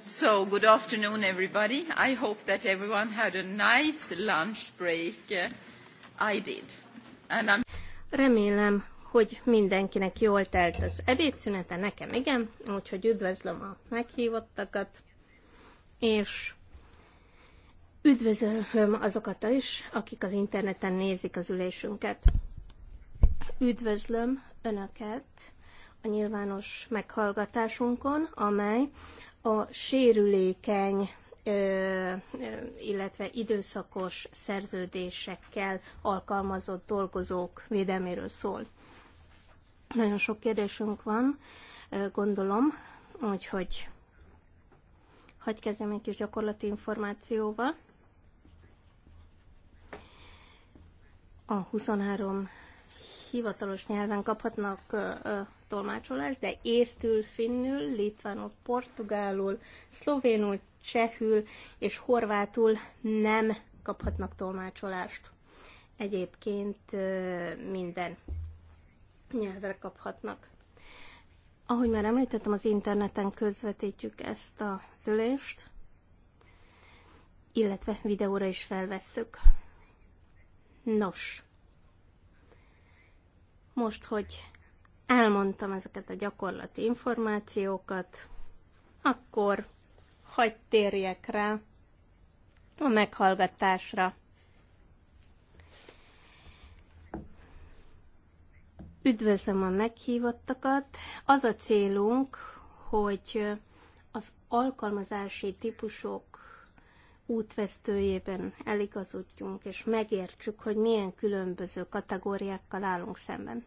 So, good afternoon, everybody. I hope that everyone had a nice lunch break. I did. And I'm... Remélem, hogy mindenkinek jól telt az ebédszünete, nekem igen, úgyhogy üdvözlöm a meghívottakat, és üdvözlöm azokat is, akik az interneten nézik az ülésünket. Üdvözlöm Önöket a nyilvános meghallgatásunkon, amely a sérülékeny, illetve időszakos szerződésekkel alkalmazott dolgozók védelméről szól. Nagyon sok kérdésünk van, gondolom, úgyhogy hagyj kezdjem egy kis gyakorlati információval. A 23 hivatalos nyelven kaphatnak tolmácsolás, de észtül, finnül, litvánul, portugálul, szlovénul, csehül és horvátul nem kaphatnak tolmácsolást. Egyébként minden nyelvre kaphatnak. Ahogy már említettem, az interneten közvetítjük ezt a ülést, illetve videóra is felvesszük. Nos, most, hogy elmondtam ezeket a gyakorlati információkat, akkor hagyd térjek rá a meghallgatásra. Üdvözlöm a meghívottakat. Az a célunk, hogy az alkalmazási típusok útvesztőjében eligazodjunk, és megértsük, hogy milyen különböző kategóriákkal állunk szemben.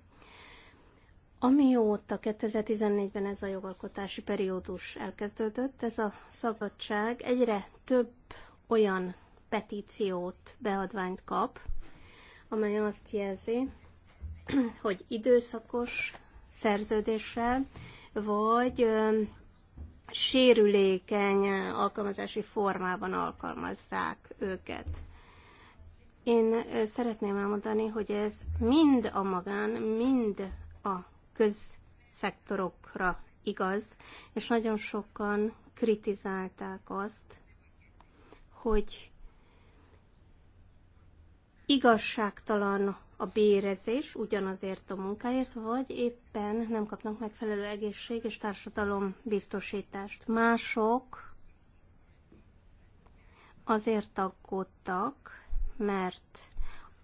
Amióta 2014-ben ez a jogalkotási periódus elkezdődött, ez a szabadság egyre több olyan petíciót, beadványt kap, amely azt jelzi, hogy időszakos szerződéssel vagy ö, sérülékeny alkalmazási formában alkalmazzák őket. Én szeretném elmondani, hogy ez mind a magán, mind a közszektorokra igaz, és nagyon sokan kritizálták azt, hogy igazságtalan a bérezés ugyanazért a munkáért, vagy éppen nem kapnak megfelelő egészség és társadalom biztosítást. Mások azért aggódtak, mert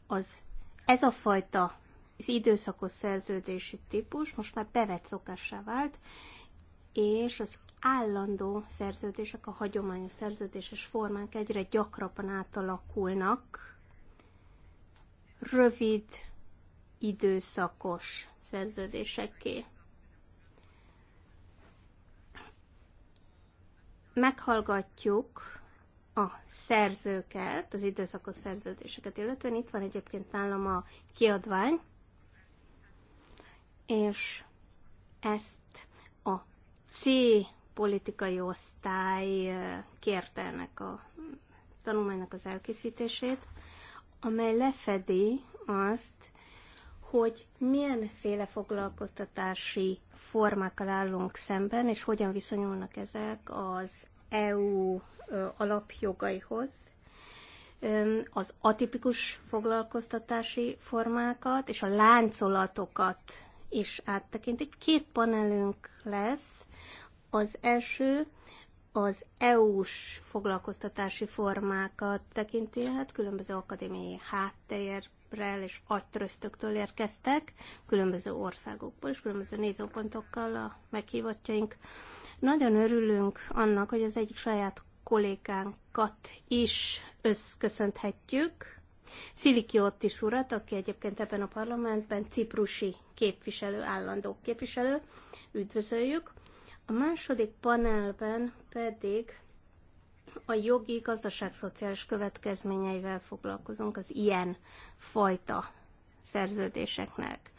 az, ez a fajta az időszakos szerződési típus most már bevett szokássá vált, és az állandó szerződések, a hagyományos szerződéses formák egyre gyakrabban átalakulnak rövid időszakos szerződésekké. Meghallgatjuk a szerzőket, az időszakos szerződéseket, illetően itt van egyébként nálam a kiadvány, és ezt a C politikai osztály kérte ennek a tanulmánynak az elkészítését, amely lefedi azt, hogy milyenféle foglalkoztatási formákkal állunk szemben, és hogyan viszonyulnak ezek az EU alapjogaihoz, az atipikus foglalkoztatási formákat és a láncolatokat és áttekintik. Két panelünk lesz. Az első az EU-s foglalkoztatási formákat tekinti, hát különböző akadémiai háttérrel és agytröztöktől érkeztek, különböző országokból és különböző nézőpontokkal a meghívottjaink. Nagyon örülünk annak, hogy az egyik saját kollégánkat is összköszönthetjük, Ottis urat, aki egyébként ebben a parlamentben ciprusi képviselő, állandó képviselő, üdvözöljük. A második panelben pedig a jogi, gazdaságszociális következményeivel foglalkozunk az ilyen fajta szerződéseknek.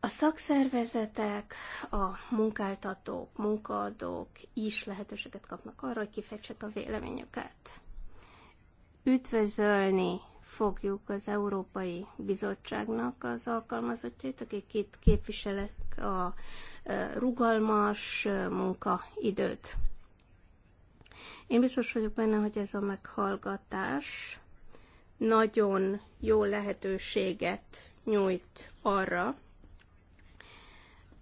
A szakszervezetek, a munkáltatók, munkaadók is lehetőséget kapnak arra, hogy kifejtsék a véleményüket üdvözölni fogjuk az Európai Bizottságnak az alkalmazottjait, akik itt képviselek a rugalmas munkaidőt. Én biztos vagyok benne, hogy ez a meghallgatás nagyon jó lehetőséget nyújt arra,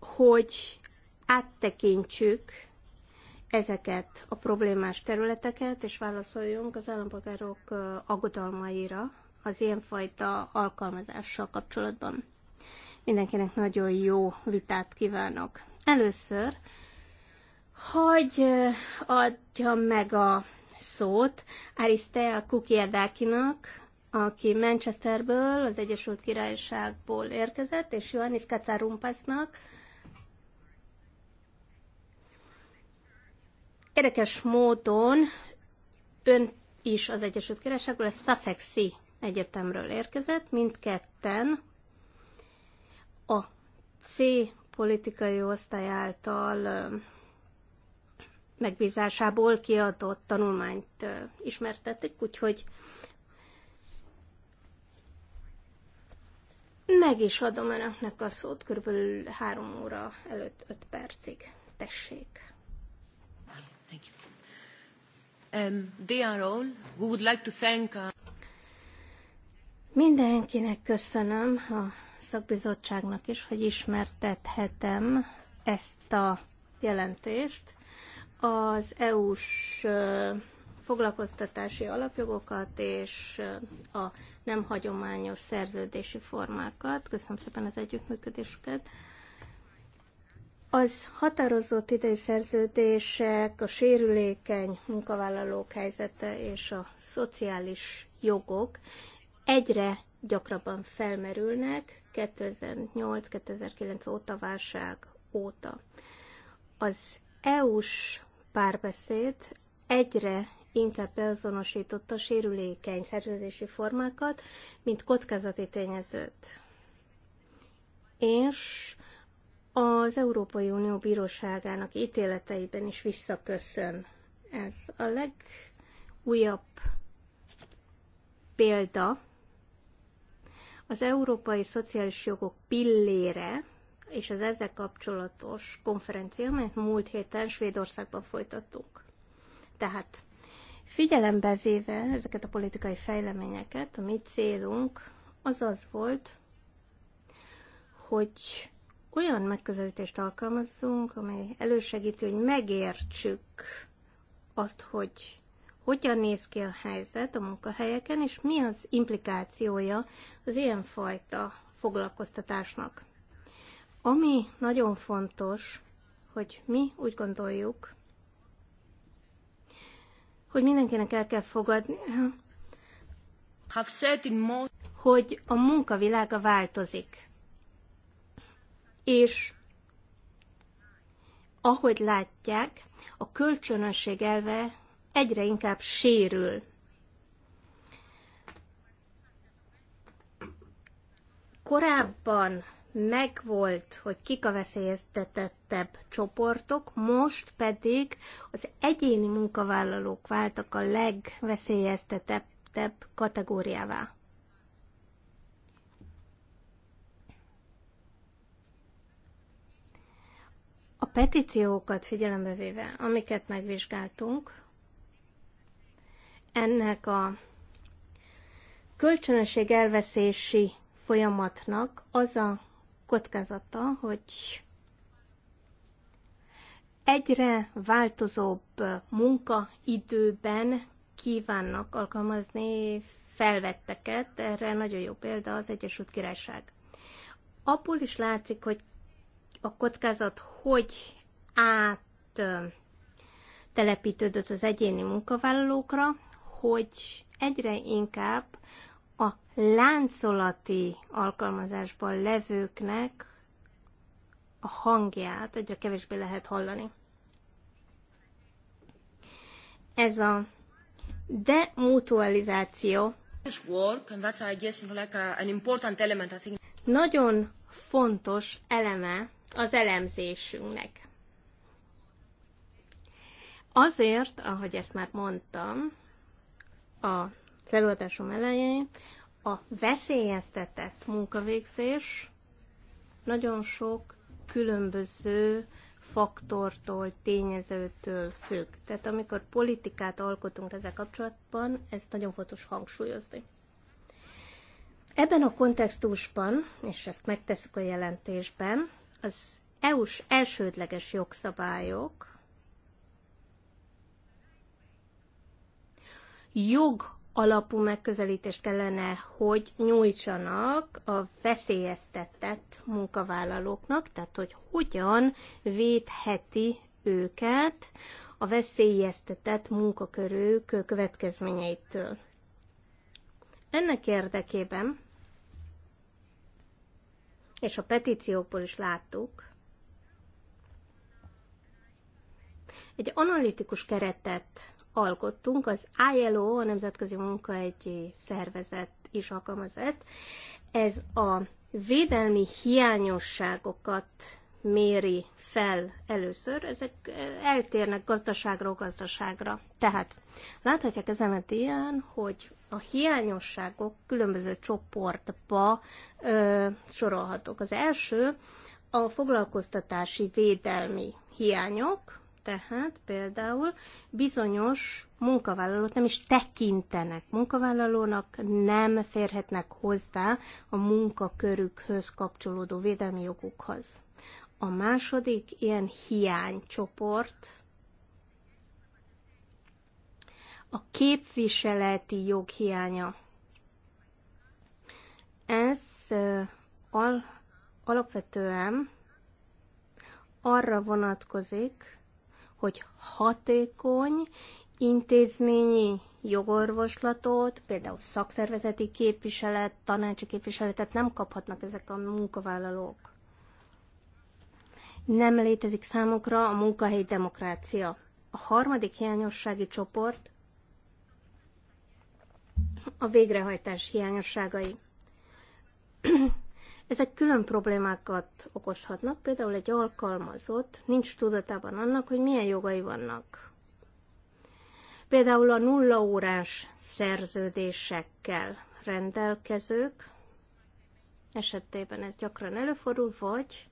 hogy áttekintsük ezeket a problémás területeket, és válaszoljunk az állampolgárok aggodalmaira az ilyenfajta alkalmazással kapcsolatban. Mindenkinek nagyon jó vitát kívánok. Először, hogy adjam meg a szót Aristea Kukiedákinak, aki Manchesterből, az Egyesült Királyságból érkezett, és Johannes Kacarumpasnak, Érdekes módon ön is az Egyesült Királyságból, a Sussexi Egyetemről érkezett, mindketten a C politikai osztály által megbízásából kiadott tanulmányt ismertették, úgyhogy meg is adom önöknek a szót körülbelül három óra előtt öt percig. Tessék! Thank you. Um, they are all. would like to thank... Uh, Mindenkinek köszönöm a szakbizottságnak is, hogy ismertethetem ezt a jelentést. Az EU-s foglalkoztatási alapjogokat és a nem hagyományos szerződési formákat. Köszönöm szépen az együttműködésüket. Az határozott időszerződések, a sérülékeny munkavállalók helyzete és a szociális jogok egyre gyakrabban felmerülnek 2008-2009 óta válság óta. Az EU-s párbeszéd egyre inkább beazonosította sérülékeny szerződési formákat, mint kockázati tényezőt. És az Európai Unió Bíróságának ítéleteiben is visszaköszön. Ez a legújabb példa az európai szociális jogok pillére, és az ezzel kapcsolatos konferencia, amelyet múlt héten Svédországban folytattunk. Tehát figyelembe véve ezeket a politikai fejleményeket, a mi célunk az az volt, hogy olyan megközelítést alkalmazzunk, amely elősegíti, hogy megértsük azt, hogy hogyan néz ki a helyzet a munkahelyeken, és mi az implikációja az ilyenfajta foglalkoztatásnak. Ami nagyon fontos, hogy mi úgy gondoljuk, hogy mindenkinek el kell fogadni, hogy a munkavilága változik és ahogy látják, a kölcsönösség elve egyre inkább sérül. Korábban megvolt, hogy kik a veszélyeztetettebb csoportok, most pedig az egyéni munkavállalók váltak a legveszélyeztetettebb kategóriává. A petíciókat figyelembe véve, amiket megvizsgáltunk, ennek a kölcsönösség elveszési folyamatnak az a kockázata, hogy egyre változóbb munkaidőben kívánnak alkalmazni felvetteket, erre nagyon jó példa az Egyesült Királyság. Abból is látszik, hogy a kockázat hogy át telepítődött az egyéni munkavállalókra, hogy egyre inkább a láncolati alkalmazásban levőknek a hangját egyre kevésbé lehet hallani. Ez a demutualizáció nagyon fontos eleme az elemzésünknek. Azért, ahogy ezt már mondtam, a előadásom elején, a veszélyeztetett munkavégzés nagyon sok különböző faktortól, tényezőtől függ. Tehát amikor politikát alkotunk ezzel kapcsolatban, ezt nagyon fontos hangsúlyozni. Ebben a kontextusban, és ezt megteszük a jelentésben, az EU-s elsődleges jogszabályok jog alapú megközelítést kellene, hogy nyújtsanak a veszélyeztetett munkavállalóknak, tehát hogy hogyan védheti őket a veszélyeztetett munkakörők következményeitől. Ennek érdekében és a petíciókból is láttuk, egy analitikus keretet alkottunk, az ILO, a Nemzetközi Munkaegyi Szervezet is alkalmazza ezt. Ez a védelmi hiányosságokat méri fel először, ezek eltérnek gazdaságról gazdaságra. Tehát láthatják ezen a ilyen, hogy a hiányosságok különböző csoportba ö, sorolhatók. Az első a foglalkoztatási védelmi hiányok, tehát például bizonyos munkavállalót nem is tekintenek munkavállalónak, nem férhetnek hozzá a munkakörükhöz kapcsolódó védelmi jogukhoz. A második ilyen hiánycsoport a képviseleti jog hiánya. Ez al- alapvetően arra vonatkozik, hogy hatékony intézményi jogorvoslatot, például szakszervezeti képviselet, tanácsi képviseletet nem kaphatnak ezek a munkavállalók. Nem létezik számukra a munkahelyi demokrácia. A harmadik hiányossági csoport a végrehajtás hiányosságai. Ezek külön problémákat okozhatnak, például egy alkalmazott nincs tudatában annak, hogy milyen jogai vannak. Például a nulla órás szerződésekkel rendelkezők esetében ez gyakran előfordul, vagy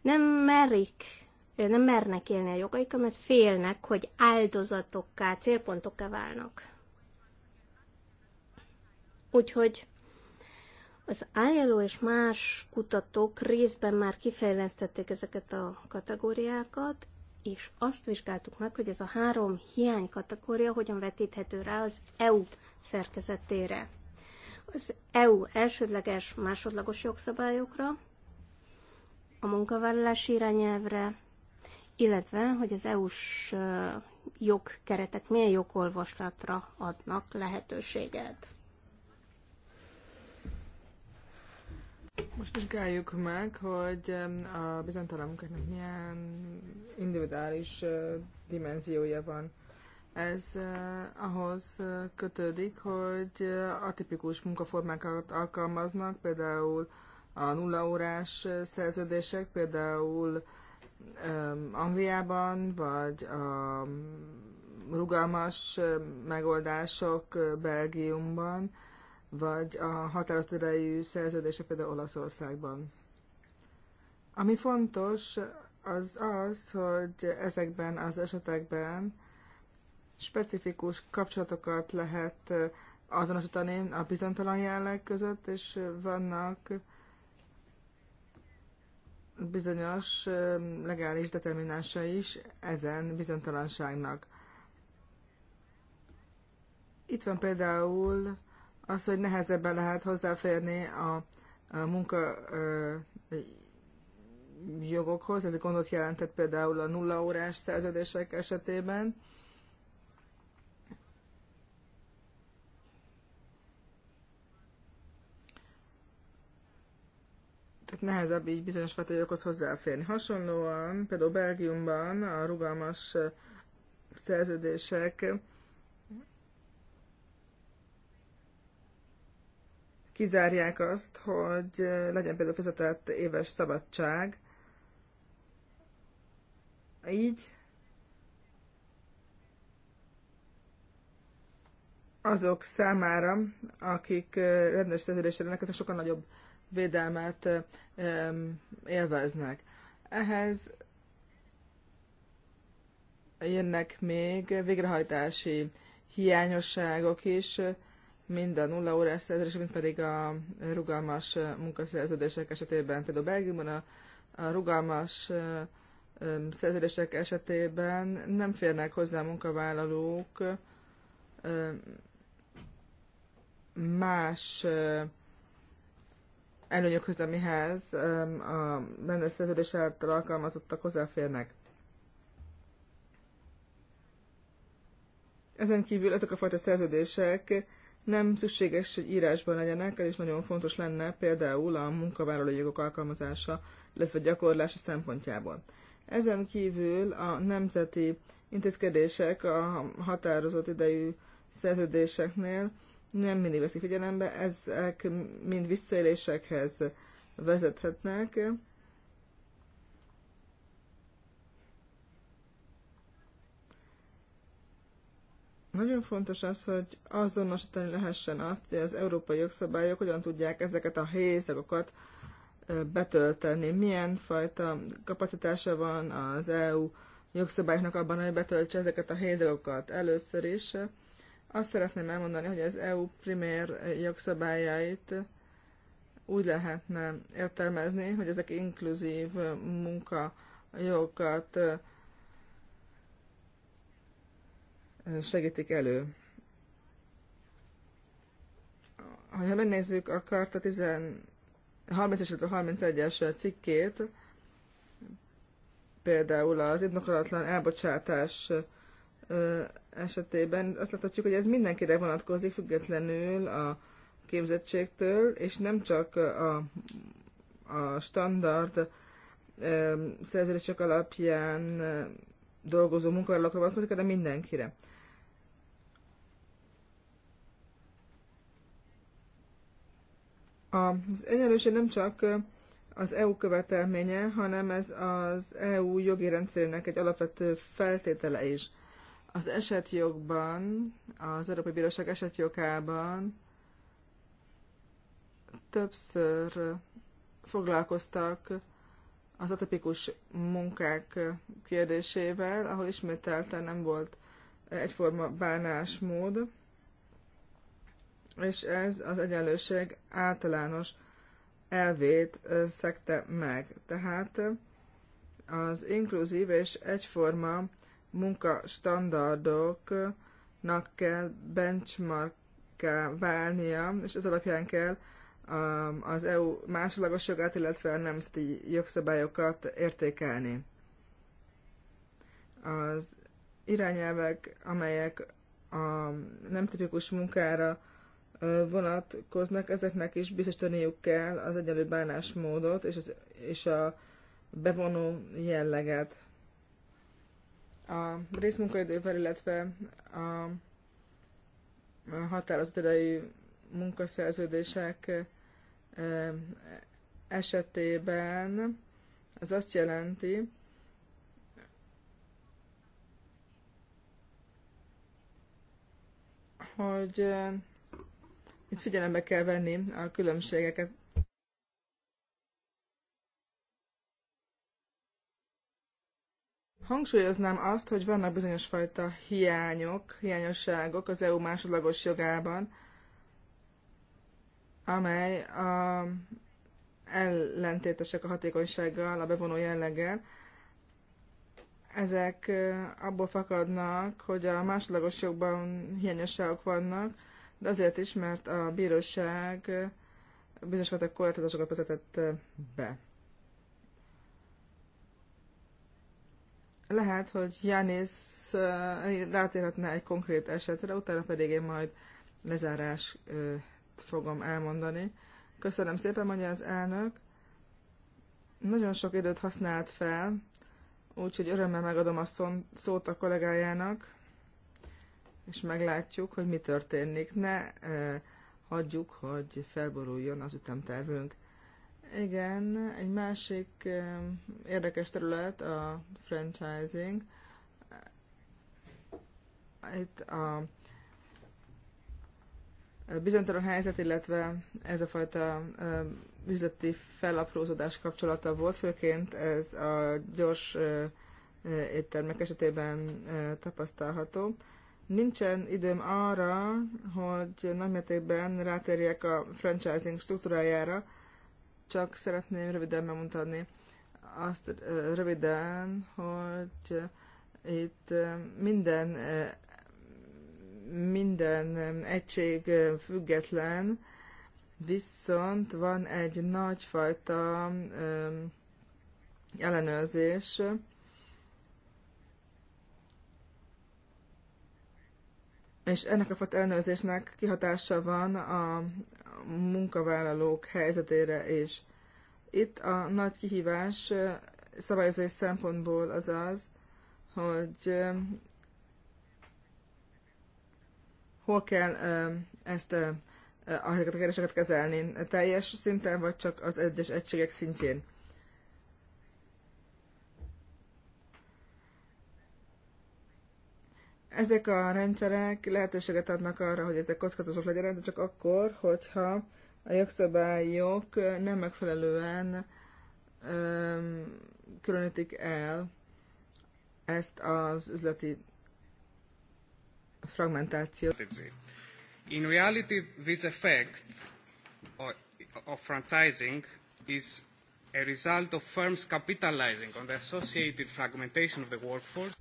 nem merik nem mernek élni a jogaikkal, mert félnek, hogy áldozatokká, célpontokká válnak. Úgyhogy az ILO és más kutatók részben már kifejlesztették ezeket a kategóriákat, és azt vizsgáltuk meg, hogy ez a három hiány kategória hogyan vetíthető rá az EU szerkezetére. Az EU elsődleges, másodlagos jogszabályokra, a munkavállalási irányelvre, illetve hogy az EU-s jogkeretek milyen jogolvaslatra adnak lehetőséget. Most vizsgáljuk meg, hogy a bizonytalan munkáknak milyen individuális dimenziója van. Ez ahhoz kötődik, hogy atipikus munkaformákat alkalmaznak, például a nullaórás szerződések, például Angliában, vagy a rugalmas megoldások Belgiumban, vagy a határozott szerződése például Olaszországban. Ami fontos, az az, hogy ezekben az esetekben specifikus kapcsolatokat lehet azonosítani a bizonytalan jelleg között, és vannak bizonyos legális determinása is ezen bizonytalanságnak. Itt van például az, hogy nehezebben lehet hozzáférni a, a munka ö, jogokhoz. Ez gondot jelentett például a órás szerződések esetében. tehát nehezebb így bizonyos fajta hozzáférni. Hasonlóan például Belgiumban a rugalmas szerződések kizárják azt, hogy legyen például fizetett éves szabadság. Így azok számára, akik rendes szerződésre rendelkeznek, sokkal nagyobb védelmet élveznek. Ehhez jönnek még végrehajtási hiányosságok is, mind a nulla órás szerződés, mint pedig a rugalmas munkaszerződések esetében. Például Belgiumban a, a rugalmas szerződések esetében nem férnek hozzá munkavállalók más előnyökhöz, amihez a rendes szerződés által alkalmazottak hozzáférnek. Ezen kívül ezek a fajta szerződések nem szükséges, hogy írásban legyenek, ez is nagyon fontos lenne például a munkavállalói jogok alkalmazása, illetve gyakorlása szempontjából. Ezen kívül a nemzeti intézkedések a határozott idejű szerződéseknél nem mindig veszik figyelembe, ezek mind visszaélésekhez vezethetnek. Nagyon fontos az, hogy azonosítani lehessen azt, hogy az európai jogszabályok hogyan tudják ezeket a helyészakokat betölteni. Milyen fajta kapacitása van az EU jogszabályoknak abban, hogy betöltse ezeket a helyzetokat először is. Azt szeretném elmondani, hogy az EU primér jogszabályait úgy lehetne értelmezni, hogy ezek inkluzív munkajogokat segítik elő. Ha megnézzük a Karta 10, 30-es, 31-es cikkét, például az indokolatlan elbocsátás esetében azt láthatjuk, hogy ez mindenkire vonatkozik, függetlenül a képzettségtől, és nem csak a, a standard szerződések alapján dolgozó munkavállalókra vonatkozik, hanem mindenkire. Az egyenlőség nem csak az EU követelménye, hanem ez az EU jogi rendszerének egy alapvető feltétele is. Az esetjogban, az Európai Bíróság esetjogában többször foglalkoztak az atipikus munkák kérdésével, ahol ismételten nem volt egyforma bánásmód, és ez az egyenlőség általános elvét szekte meg. Tehát az inkluzív és egyforma munkastandardoknak kell benchmarkká válnia, és ez alapján kell um, az EU másodlagos jogát, illetve a nemzeti jogszabályokat értékelni. Az irányelvek, amelyek a nem tipikus munkára vonatkoznak, ezeknek is biztosítaniuk kell az egyenlő bánásmódot és, az, és a bevonó jelleget a részmunkaidővel, illetve a határozott idejű munkaszerződések esetében az azt jelenti, hogy itt figyelembe kell venni a különbségeket Hangsúlyoznám azt, hogy vannak bizonyos fajta hiányok, hiányosságok az EU másodlagos jogában, amely a, ellentétesek a hatékonysággal, a bevonó jelleggel. Ezek abból fakadnak, hogy a másodlagos jogban hiányosságok vannak, de azért is, mert a bíróság bizonyos fajta korlátozásokat vezetett be. Lehet, hogy Janis eh, rátérhetne egy konkrét esetre, utána pedig én majd lezárás eh, fogom elmondani. Köszönöm szépen, mondja az elnök. Nagyon sok időt használt fel, úgyhogy örömmel megadom a szót a kollégájának, és meglátjuk, hogy mi történik. Ne eh, hagyjuk, hogy felboruljon az ütemtervünk. Igen, egy másik érdekes terület a franchising. Itt a bizonytalan helyzet, illetve ez a fajta üzleti felaprózódás kapcsolata volt, főként ez a gyors éttermek esetében tapasztalható. Nincsen időm arra, hogy nagymértékben rátérjek a franchising struktúrájára, csak szeretném röviden megmutatni azt röviden, hogy itt minden, minden egység független, viszont van egy nagyfajta ellenőrzés, és ennek a fajta ellenőrzésnek kihatása van a munkavállalók helyzetére is. Itt a nagy kihívás szabályozói szempontból az az, hogy hol kell ezt a, a kereseket kezelni, teljes szinten, vagy csak az egyes egységek szintjén. Ezek a rendszerek lehetőséget adnak arra, hogy ezek kockázatosak legyenek, de csak akkor, hogyha a jogszabályok nem megfelelően öm, különítik el ezt az üzleti fragmentációt. In reality, this effect of franchising is a result of firms capitalizing on the associated fragmentation of the workforce.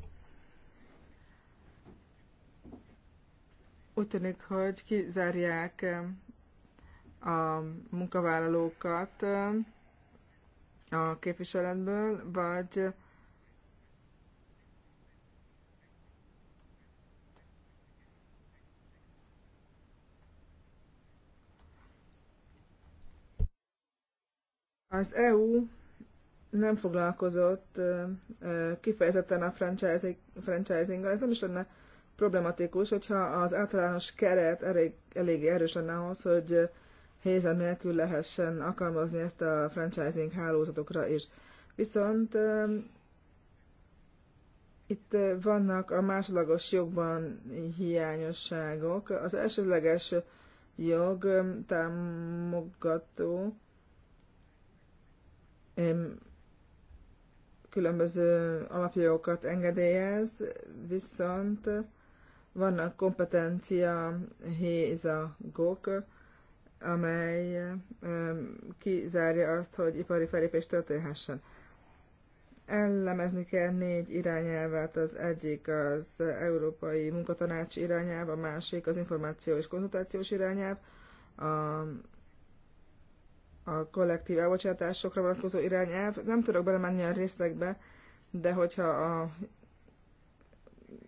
Úgy tűnik, hogy kizárják eh, a munkavállalókat eh, a képviseletből, vagy Az EU nem foglalkozott eh, kifejezetten a franchising, franchisinggal, ez nem is lenne problematikus, hogyha az általános keret elég, elég erős lenne ahhoz, hogy helyzet nélkül lehessen alkalmazni ezt a franchising hálózatokra is. Viszont itt vannak a másodlagos jogban hiányosságok. Az elsődleges jog támogató különböző alapjogokat engedélyez, viszont vannak kompetencia hézagok, amely kizárja azt, hogy ipari felépés történhessen. Ellemezni kell négy irányelvet, az egyik az Európai Munkatanács irányelv, a másik az információ és konzultációs irányelv, a, a kollektív elbocsátásokra vonatkozó irányelv. Nem tudok belemenni a részletekbe, de hogyha a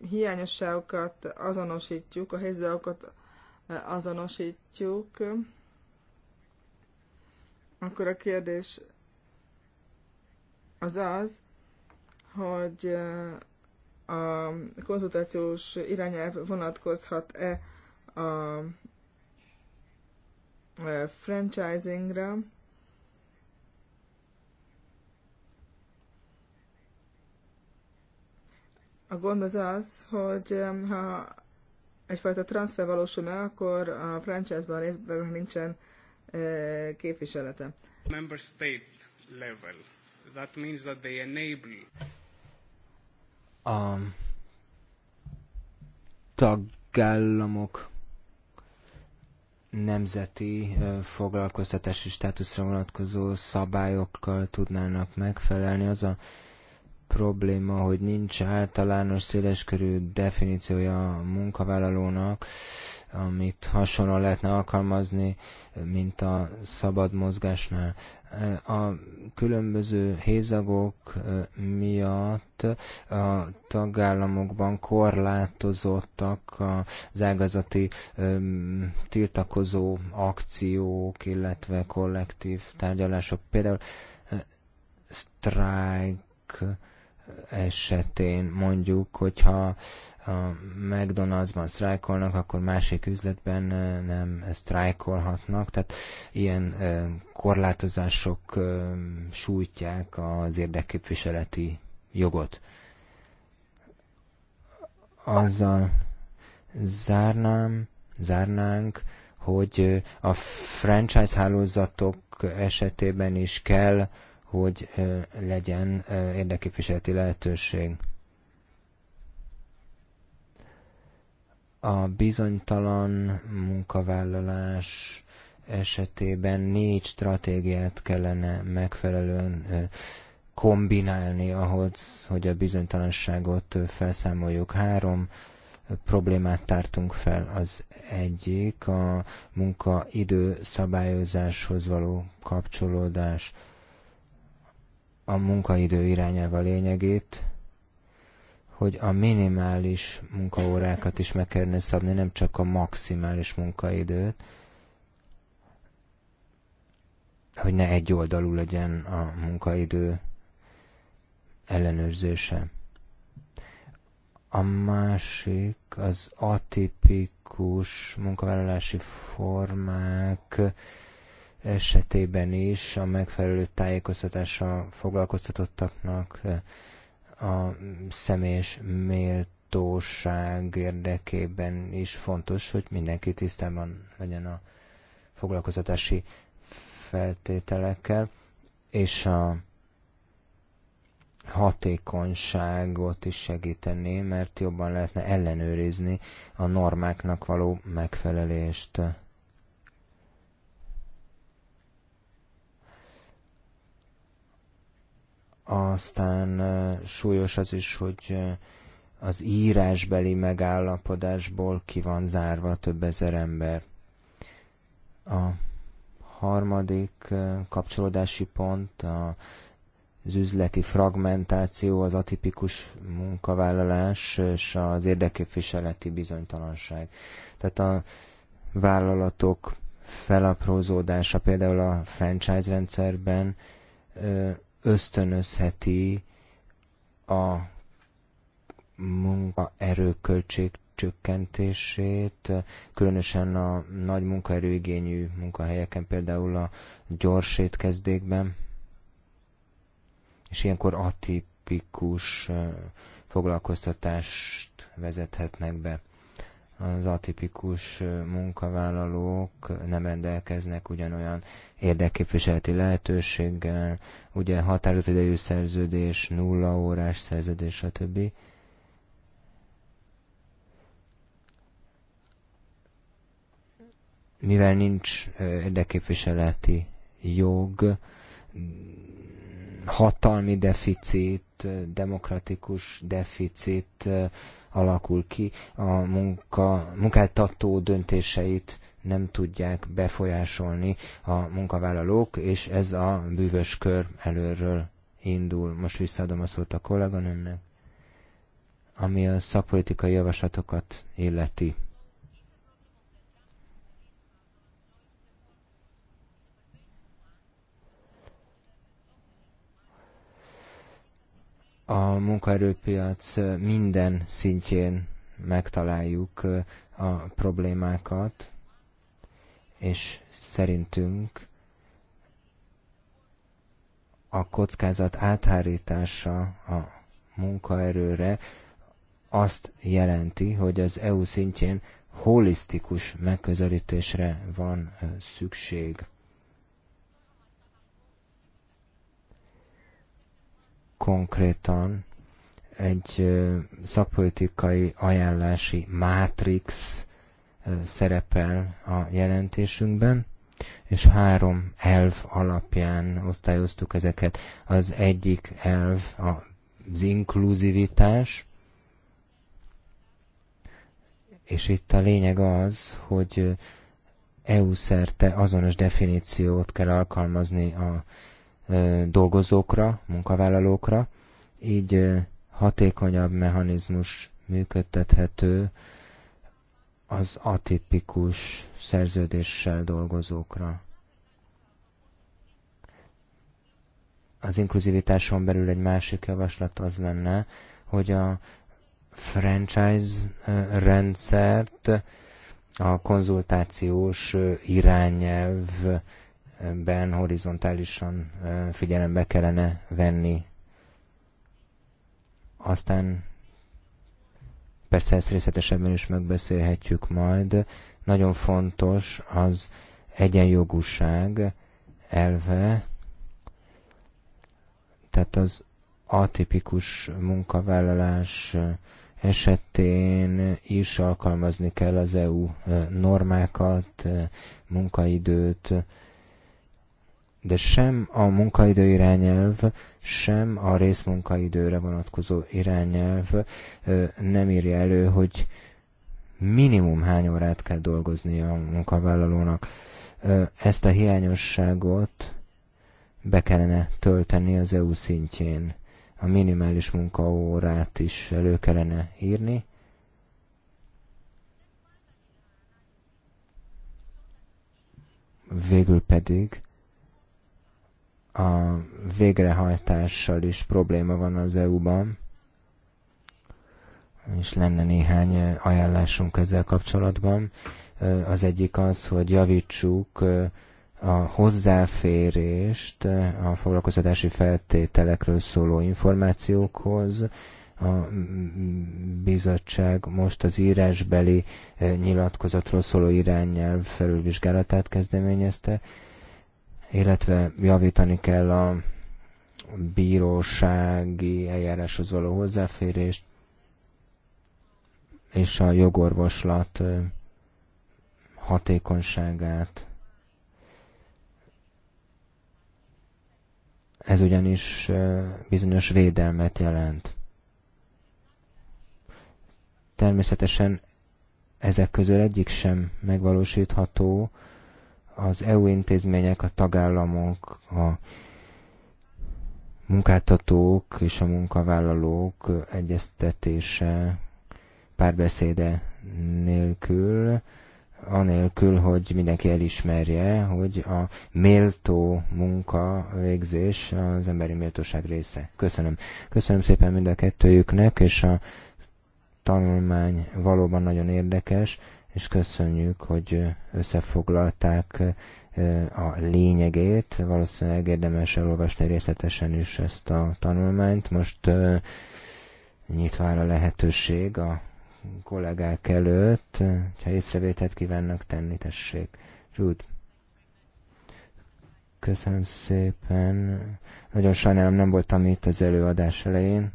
hiányosságokat azonosítjuk, a helyzeteket azonosítjuk, akkor a kérdés az az, hogy a konzultációs irányelv vonatkozhat-e a franchisingra, A gond az az, hogy ha egyfajta transfer valósul meg, akkor a franchise-ban részben nincsen e, képviselete. Member state level. That means that they enable. A tagállamok nemzeti e, foglalkoztatási státuszra vonatkozó szabályokkal tudnának megfelelni. Az a probléma, hogy nincs általános széleskörű definíciója a munkavállalónak, amit hasonlóan lehetne alkalmazni, mint a szabad mozgásnál. A különböző hézagok miatt a tagállamokban korlátozottak az ágazati tiltakozó akciók, illetve kollektív tárgyalások. Például sztrájk, esetén mondjuk, hogyha a McDonald'sban sztrájkolnak, akkor másik üzletben nem sztrájkolhatnak, tehát ilyen korlátozások sújtják az érdekképviseleti jogot. Azzal zárnám, zárnánk, hogy a franchise hálózatok esetében is kell hogy legyen érdekképviseleti lehetőség. A bizonytalan munkavállalás esetében négy stratégiát kellene megfelelően kombinálni ahhoz, hogy a bizonytalanságot felszámoljuk. Három problémát tártunk fel. Az egyik a munkaidő szabályozáshoz való kapcsolódás a munkaidő irányába lényegét, hogy a minimális munkaórákat is meg kellene szabni, nem csak a maximális munkaidőt, hogy ne egy oldalú legyen a munkaidő ellenőrzése. A másik az atipikus munkavállalási formák esetében is a megfelelő tájékoztatással foglalkoztatottaknak eh, a személyes méltóság érdekében is fontos, hogy mindenki tisztában legyen a foglalkoztatási feltételekkel, és a hatékonyságot is segíteni, mert jobban lehetne ellenőrizni a normáknak való megfelelést. Aztán súlyos az is, hogy az írásbeli megállapodásból ki van zárva több ezer ember. A harmadik kapcsolódási pont az üzleti fragmentáció, az atipikus munkavállalás és az érdekképviseleti bizonytalanság. Tehát a vállalatok felaprózódása például a franchise rendszerben ösztönözheti a munkaerőköltség csökkentését, különösen a nagy munkaerőigényű munkahelyeken, például a gyors étkezdékben, és ilyenkor atipikus foglalkoztatást vezethetnek be az atipikus munkavállalók nem rendelkeznek ugyanolyan érdekképviseleti lehetőséggel, ugye határozott idejű szerződés, nulla órás szerződés, stb. Mivel nincs érdekképviseleti jog, hatalmi deficit, demokratikus deficit alakul ki, a munka, munkáltató döntéseit nem tudják befolyásolni a munkavállalók, és ez a bűvös kör előről indul. Most visszaadom a szót a kolléganőmnek, ami a szakpolitikai javaslatokat illeti. a munkaerőpiac minden szintjén megtaláljuk a problémákat, és szerintünk a kockázat áthárítása a munkaerőre azt jelenti, hogy az EU szintjén holisztikus megközelítésre van szükség. konkrétan egy szakpolitikai ajánlási mátrix szerepel a jelentésünkben, és három elv alapján osztályoztuk ezeket. Az egyik elv az inkluzivitás, és itt a lényeg az, hogy EU szerte azonos definíciót kell alkalmazni a dolgozókra, munkavállalókra, így hatékonyabb mechanizmus működtethető az atipikus szerződéssel dolgozókra. Az inkluzivitáson belül egy másik javaslat az lenne, hogy a franchise rendszert a konzultációs irányelv ben horizontálisan figyelembe kellene venni. Aztán persze ezt részletesebben is megbeszélhetjük majd. Nagyon fontos az egyenjogúság elve, tehát az atipikus munkavállalás esetén is alkalmazni kell az EU normákat, munkaidőt, de sem a munkaidő irányelv, sem a részmunkaidőre vonatkozó irányelv nem írja elő, hogy minimum hány órát kell dolgozni a munkavállalónak. Ezt a hiányosságot be kellene tölteni az EU szintjén. A minimális munkaórát is elő kellene írni, végül pedig a végrehajtással is probléma van az EU-ban, és lenne néhány ajánlásunk ezzel kapcsolatban. Az egyik az, hogy javítsuk a hozzáférést a foglalkoztatási feltételekről szóló információkhoz. A bizottság most az írásbeli nyilatkozatról szóló irányelv felülvizsgálatát kezdeményezte, illetve javítani kell a bírósági eljáráshoz való hozzáférést, és a jogorvoslat hatékonyságát. Ez ugyanis bizonyos védelmet jelent. Természetesen ezek közül egyik sem megvalósítható, az EU intézmények, a tagállamok, a munkáltatók és a munkavállalók egyeztetése, párbeszéde nélkül, anélkül, hogy mindenki elismerje, hogy a méltó munka végzés az emberi méltóság része. Köszönöm. Köszönöm szépen mind a kettőjüknek, és a tanulmány valóban nagyon érdekes és köszönjük, hogy összefoglalták a lényegét. Valószínűleg érdemes elolvasni részletesen is ezt a tanulmányt. Most nyitva áll a lehetőség a kollégák előtt, ha észrevételt kívánnak tenni, tessék. Jude. Köszönöm szépen. Nagyon sajnálom, nem voltam itt az előadás elején.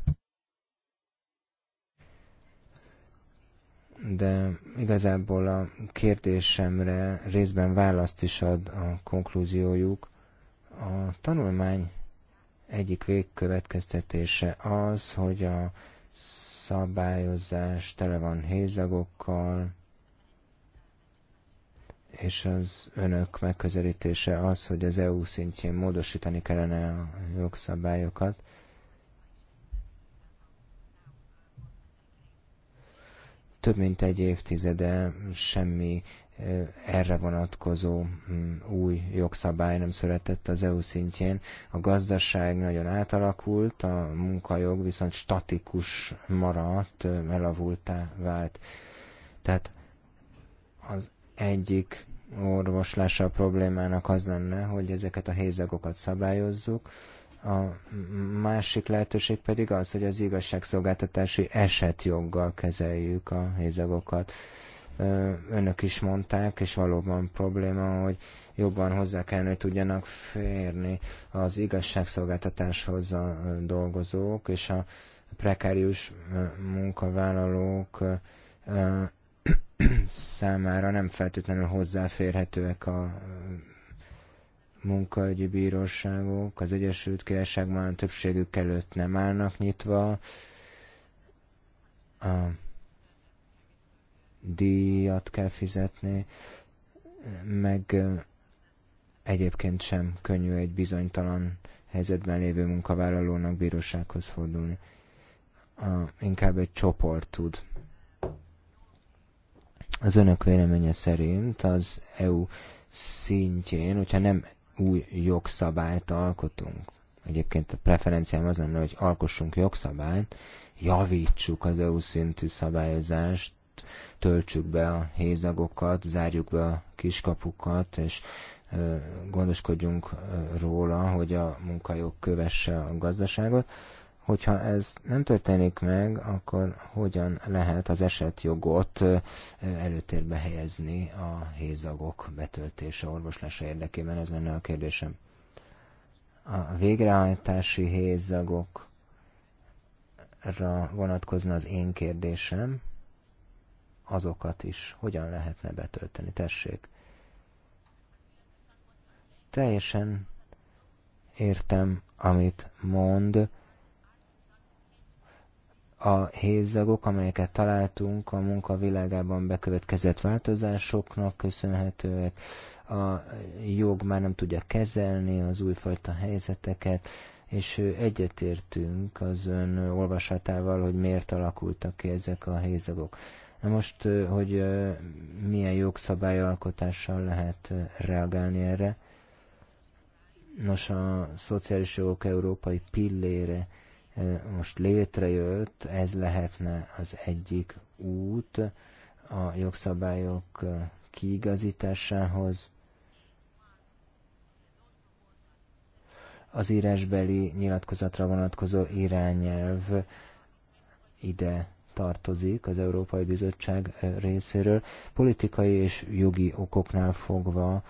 de igazából a kérdésemre részben választ is ad a konklúziójuk. A tanulmány egyik végkövetkeztetése az, hogy a szabályozás tele van hézagokkal, és az önök megközelítése az, hogy az EU szintjén módosítani kellene a jogszabályokat. Több mint egy évtizede semmi erre vonatkozó mm, új jogszabály nem született az EU szintjén. A gazdaság nagyon átalakult, a munkajog viszont statikus maradt, elavultá vált. Tehát az egyik orvoslása a problémának az lenne, hogy ezeket a hézagokat szabályozzuk, a másik lehetőség pedig az, hogy az igazságszolgáltatási esetjoggal kezeljük a hézagokat. Önök is mondták, és valóban probléma, hogy jobban hozzá kellene, hogy tudjanak férni az igazságszolgáltatáshoz a dolgozók, és a prekárius munkavállalók számára nem feltétlenül hozzáférhetőek a munkaügyi bíróságok az Egyesült Királyságban a többségük előtt nem állnak nyitva. A díjat kell fizetni, meg egyébként sem könnyű egy bizonytalan helyzetben lévő munkavállalónak bírósághoz fordulni. A, inkább egy csoport tud. Az önök véleménye szerint az EU szintjén, hogyha nem új jogszabályt alkotunk. Egyébként a preferenciám az lenne, hogy alkossunk jogszabályt, javítsuk az EU szintű szabályozást, töltsük be a hézagokat, zárjuk be a kiskapukat, és gondoskodjunk róla, hogy a munkajog kövesse a gazdaságot Hogyha ez nem történik meg, akkor hogyan lehet az esetjogot előtérbe helyezni a hézagok betöltése orvoslása érdekében? Ez lenne a kérdésem. A végrehajtási hézagokra vonatkozna az én kérdésem, azokat is hogyan lehetne betölteni? Tessék. Teljesen értem, amit mond, a hézagok, amelyeket találtunk a munka világában bekövetkezett változásoknak köszönhetőek, a jog már nem tudja kezelni az újfajta helyzeteket, és egyetértünk az ön olvasatával, hogy miért alakultak ki ezek a hézagok. Na most, hogy milyen jogszabályalkotással lehet reagálni erre? Nos, a szociális jogok európai pillére most létrejött, ez lehetne az egyik út a jogszabályok kiigazításához. Az írásbeli nyilatkozatra vonatkozó irányelv ide tartozik az Európai Bizottság részéről. Politikai és jogi okoknál fogva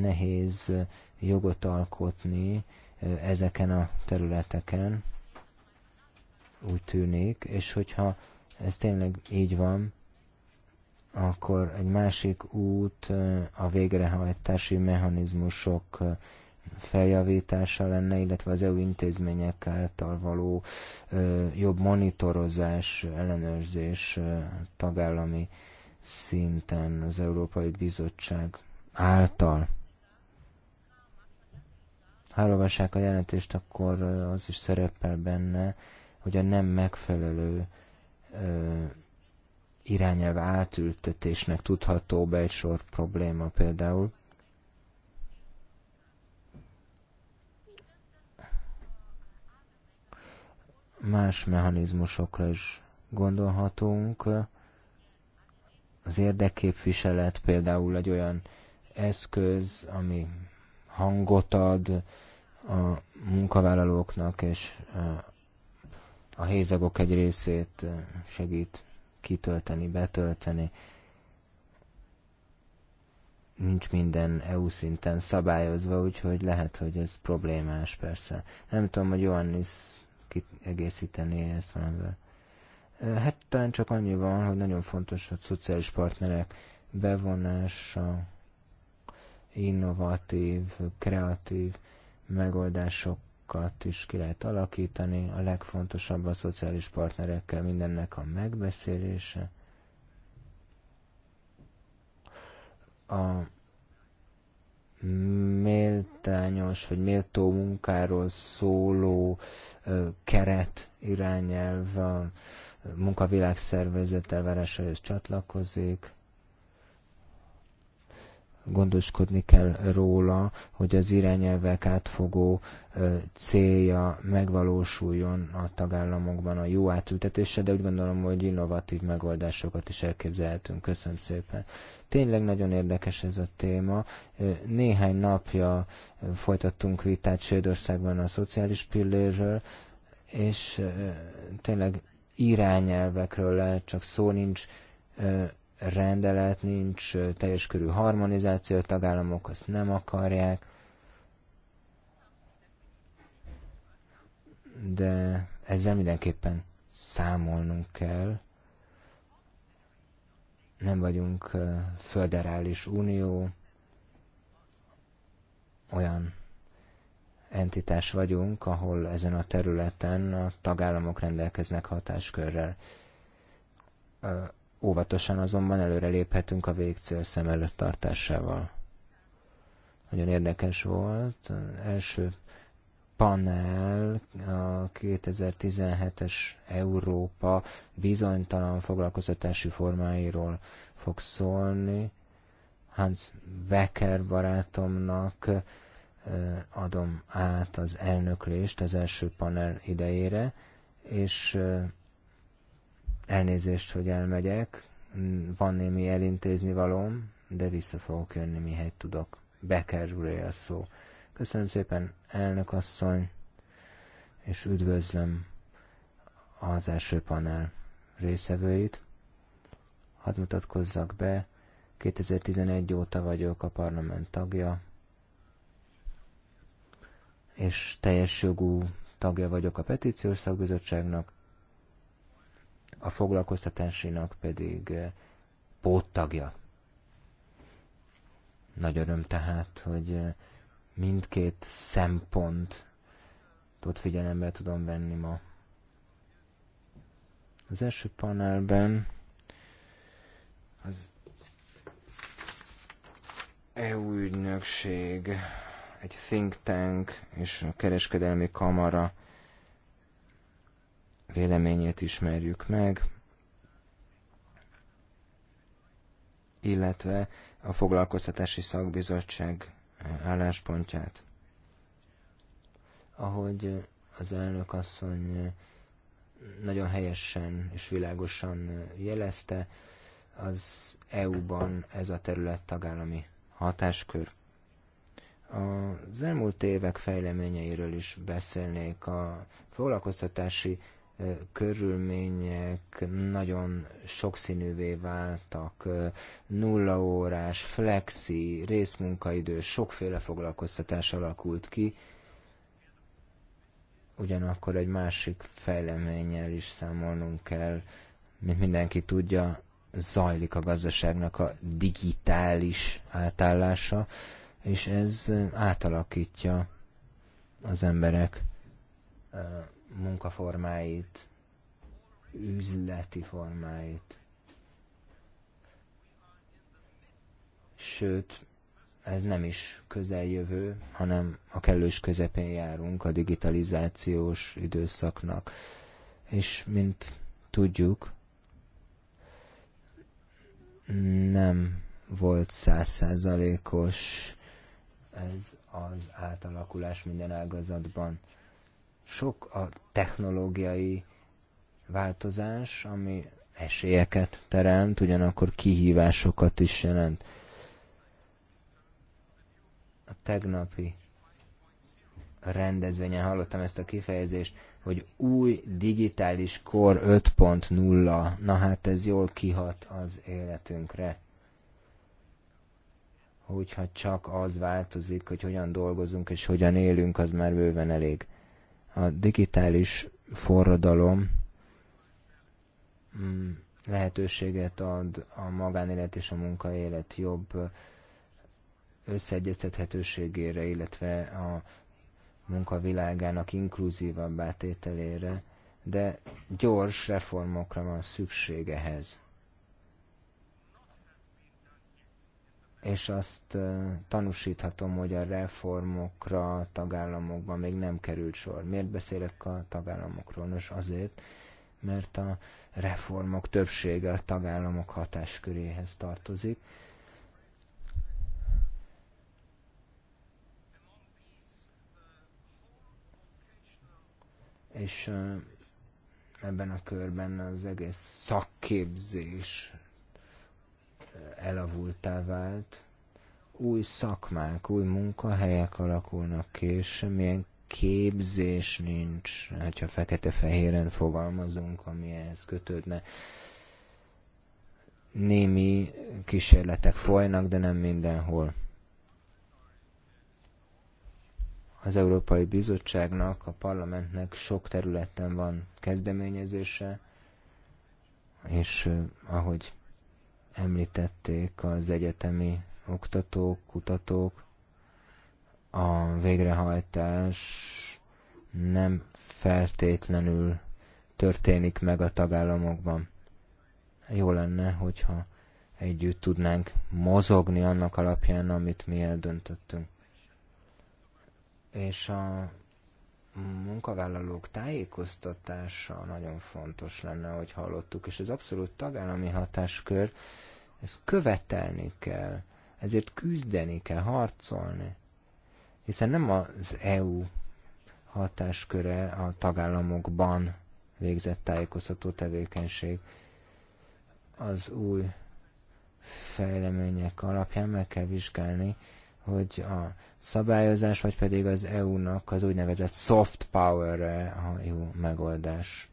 nehéz jogot alkotni ezeken a területeken úgy tűnik, és hogyha ez tényleg így van, akkor egy másik út a végrehajtási mechanizmusok feljavítása lenne, illetve az EU intézmények által való jobb monitorozás, ellenőrzés tagállami szinten az Európai Bizottság által. Ha a jelentést, akkor az is szerepel benne, hogy a nem megfelelő ö, irányelv átültetésnek tudható be egy sor probléma például. Más mechanizmusokra is gondolhatunk. Az érdekképviselet például egy olyan eszköz, ami hangot ad a munkavállalóknak és a hézagok egy részét segít kitölteni, betölteni. Nincs minden EU szinten szabályozva, úgyhogy lehet, hogy ez problémás persze. Nem tudom, hogy Johannes kiegészíteni ezt valamivel. Hát talán csak annyi van, hogy nagyon fontos a szociális partnerek bevonása, innovatív, kreatív megoldások kapcsolatokat is ki lehet alakítani. A legfontosabb a szociális partnerekkel mindennek a megbeszélése. A méltányos vagy méltó munkáról szóló ö, keret irányelv a munkavilágszervezet elvárásaihoz csatlakozik gondoskodni kell róla, hogy az irányelvek átfogó célja megvalósuljon a tagállamokban a jó átültetése, de úgy gondolom, hogy innovatív megoldásokat is elképzelhetünk. Köszönöm szépen. Tényleg nagyon érdekes ez a téma. Néhány napja folytattunk vitát Svédországban a szociális pillérről, és tényleg irányelvekről lehet, csak szó nincs rendelet, nincs teljes körű harmonizáció, a tagállamok azt nem akarják, de ezzel mindenképpen számolnunk kell. Nem vagyunk föderális unió, olyan entitás vagyunk, ahol ezen a területen a tagállamok rendelkeznek hatáskörrel Óvatosan azonban előre léphetünk a végcél szem előtt tartásával. Nagyon érdekes volt. első panel a 2017-es Európa bizonytalan foglalkoztatási formáiról fog szólni. Hans Becker barátomnak adom át az elnöklést az első panel idejére, és Elnézést, hogy elmegyek, van némi elintézni valóm, de vissza fogok jönni, mihelyt tudok. Bekerülé a szó. Köszönöm szépen, elnök asszony, és üdvözlöm az első panel részevőit. Hadd mutatkozzak be, 2011 óta vagyok a parlament tagja, és teljes jogú tagja vagyok a petíciós szakbizottságnak, a foglalkoztatásinak pedig eh, póttagja. Nagy öröm tehát, hogy eh, mindkét szempont ott figyelembe tudom venni ma. Az első panelben az EU ügynökség, egy think tank és a kereskedelmi kamara véleményét ismerjük meg, illetve a foglalkoztatási szakbizottság eh, álláspontját. Ahogy eh, az elnök asszony eh, nagyon helyesen és világosan jelezte, az EU-ban ez a terület tagállami hatáskör. Az elmúlt évek fejleményeiről is beszélnék. A foglalkoztatási körülmények nagyon sokszínűvé váltak, nulla órás, flexi, részmunkaidő, sokféle foglalkoztatás alakult ki, ugyanakkor egy másik fejleménnyel is számolnunk kell, mint mindenki tudja, zajlik a gazdaságnak a digitális átállása, és ez átalakítja az emberek munkaformáit, üzleti formáit. Sőt, ez nem is közeljövő, hanem a kellős közepén járunk a digitalizációs időszaknak. És mint tudjuk, nem volt százszázalékos ez az átalakulás minden ágazatban sok a technológiai változás, ami esélyeket teremt, ugyanakkor kihívásokat is jelent. A tegnapi rendezvényen hallottam ezt a kifejezést, hogy új digitális kor 5.0. Na hát ez jól kihat az életünkre. Hogyha csak az változik, hogy hogyan dolgozunk és hogyan élünk, az már bőven elég a digitális forradalom mm, lehetőséget ad a magánélet és a munkaélet jobb összeegyeztethetőségére, illetve a munkavilágának inkluzívabb átételére, de gyors reformokra van szükség ehhez. és azt tanúsíthatom, hogy a reformokra a tagállamokban még nem került sor. Miért beszélek a tagállamokról? Nos, azért, mert a reformok többsége a tagállamok hatásköréhez tartozik. És ebben a körben az egész szakképzés elavultá vált, új szakmák, új munkahelyek alakulnak ki, semmilyen képzés nincs, hát, ha fekete-fehéren fogalmazunk, amihez kötődne. Némi kísérletek folynak, de nem mindenhol. Az Európai Bizottságnak, a parlamentnek sok területen van kezdeményezése, és eh, ahogy említették az egyetemi oktatók, kutatók, a végrehajtás nem feltétlenül történik meg a tagállamokban. Jó lenne, hogyha együtt tudnánk mozogni annak alapján, amit mi eldöntöttünk. És a munkavállalók tájékoztatása nagyon fontos lenne, hogy hallottuk, és ez abszolút tagállami hatáskör, ezt követelni kell, ezért küzdeni kell, harcolni. Hiszen nem az EU hatásköre a tagállamokban végzett tájékoztató tevékenység. Az új fejlemények alapján meg kell vizsgálni, hogy a szabályozás, vagy pedig az EU-nak az úgynevezett soft power-re a jó e megoldás.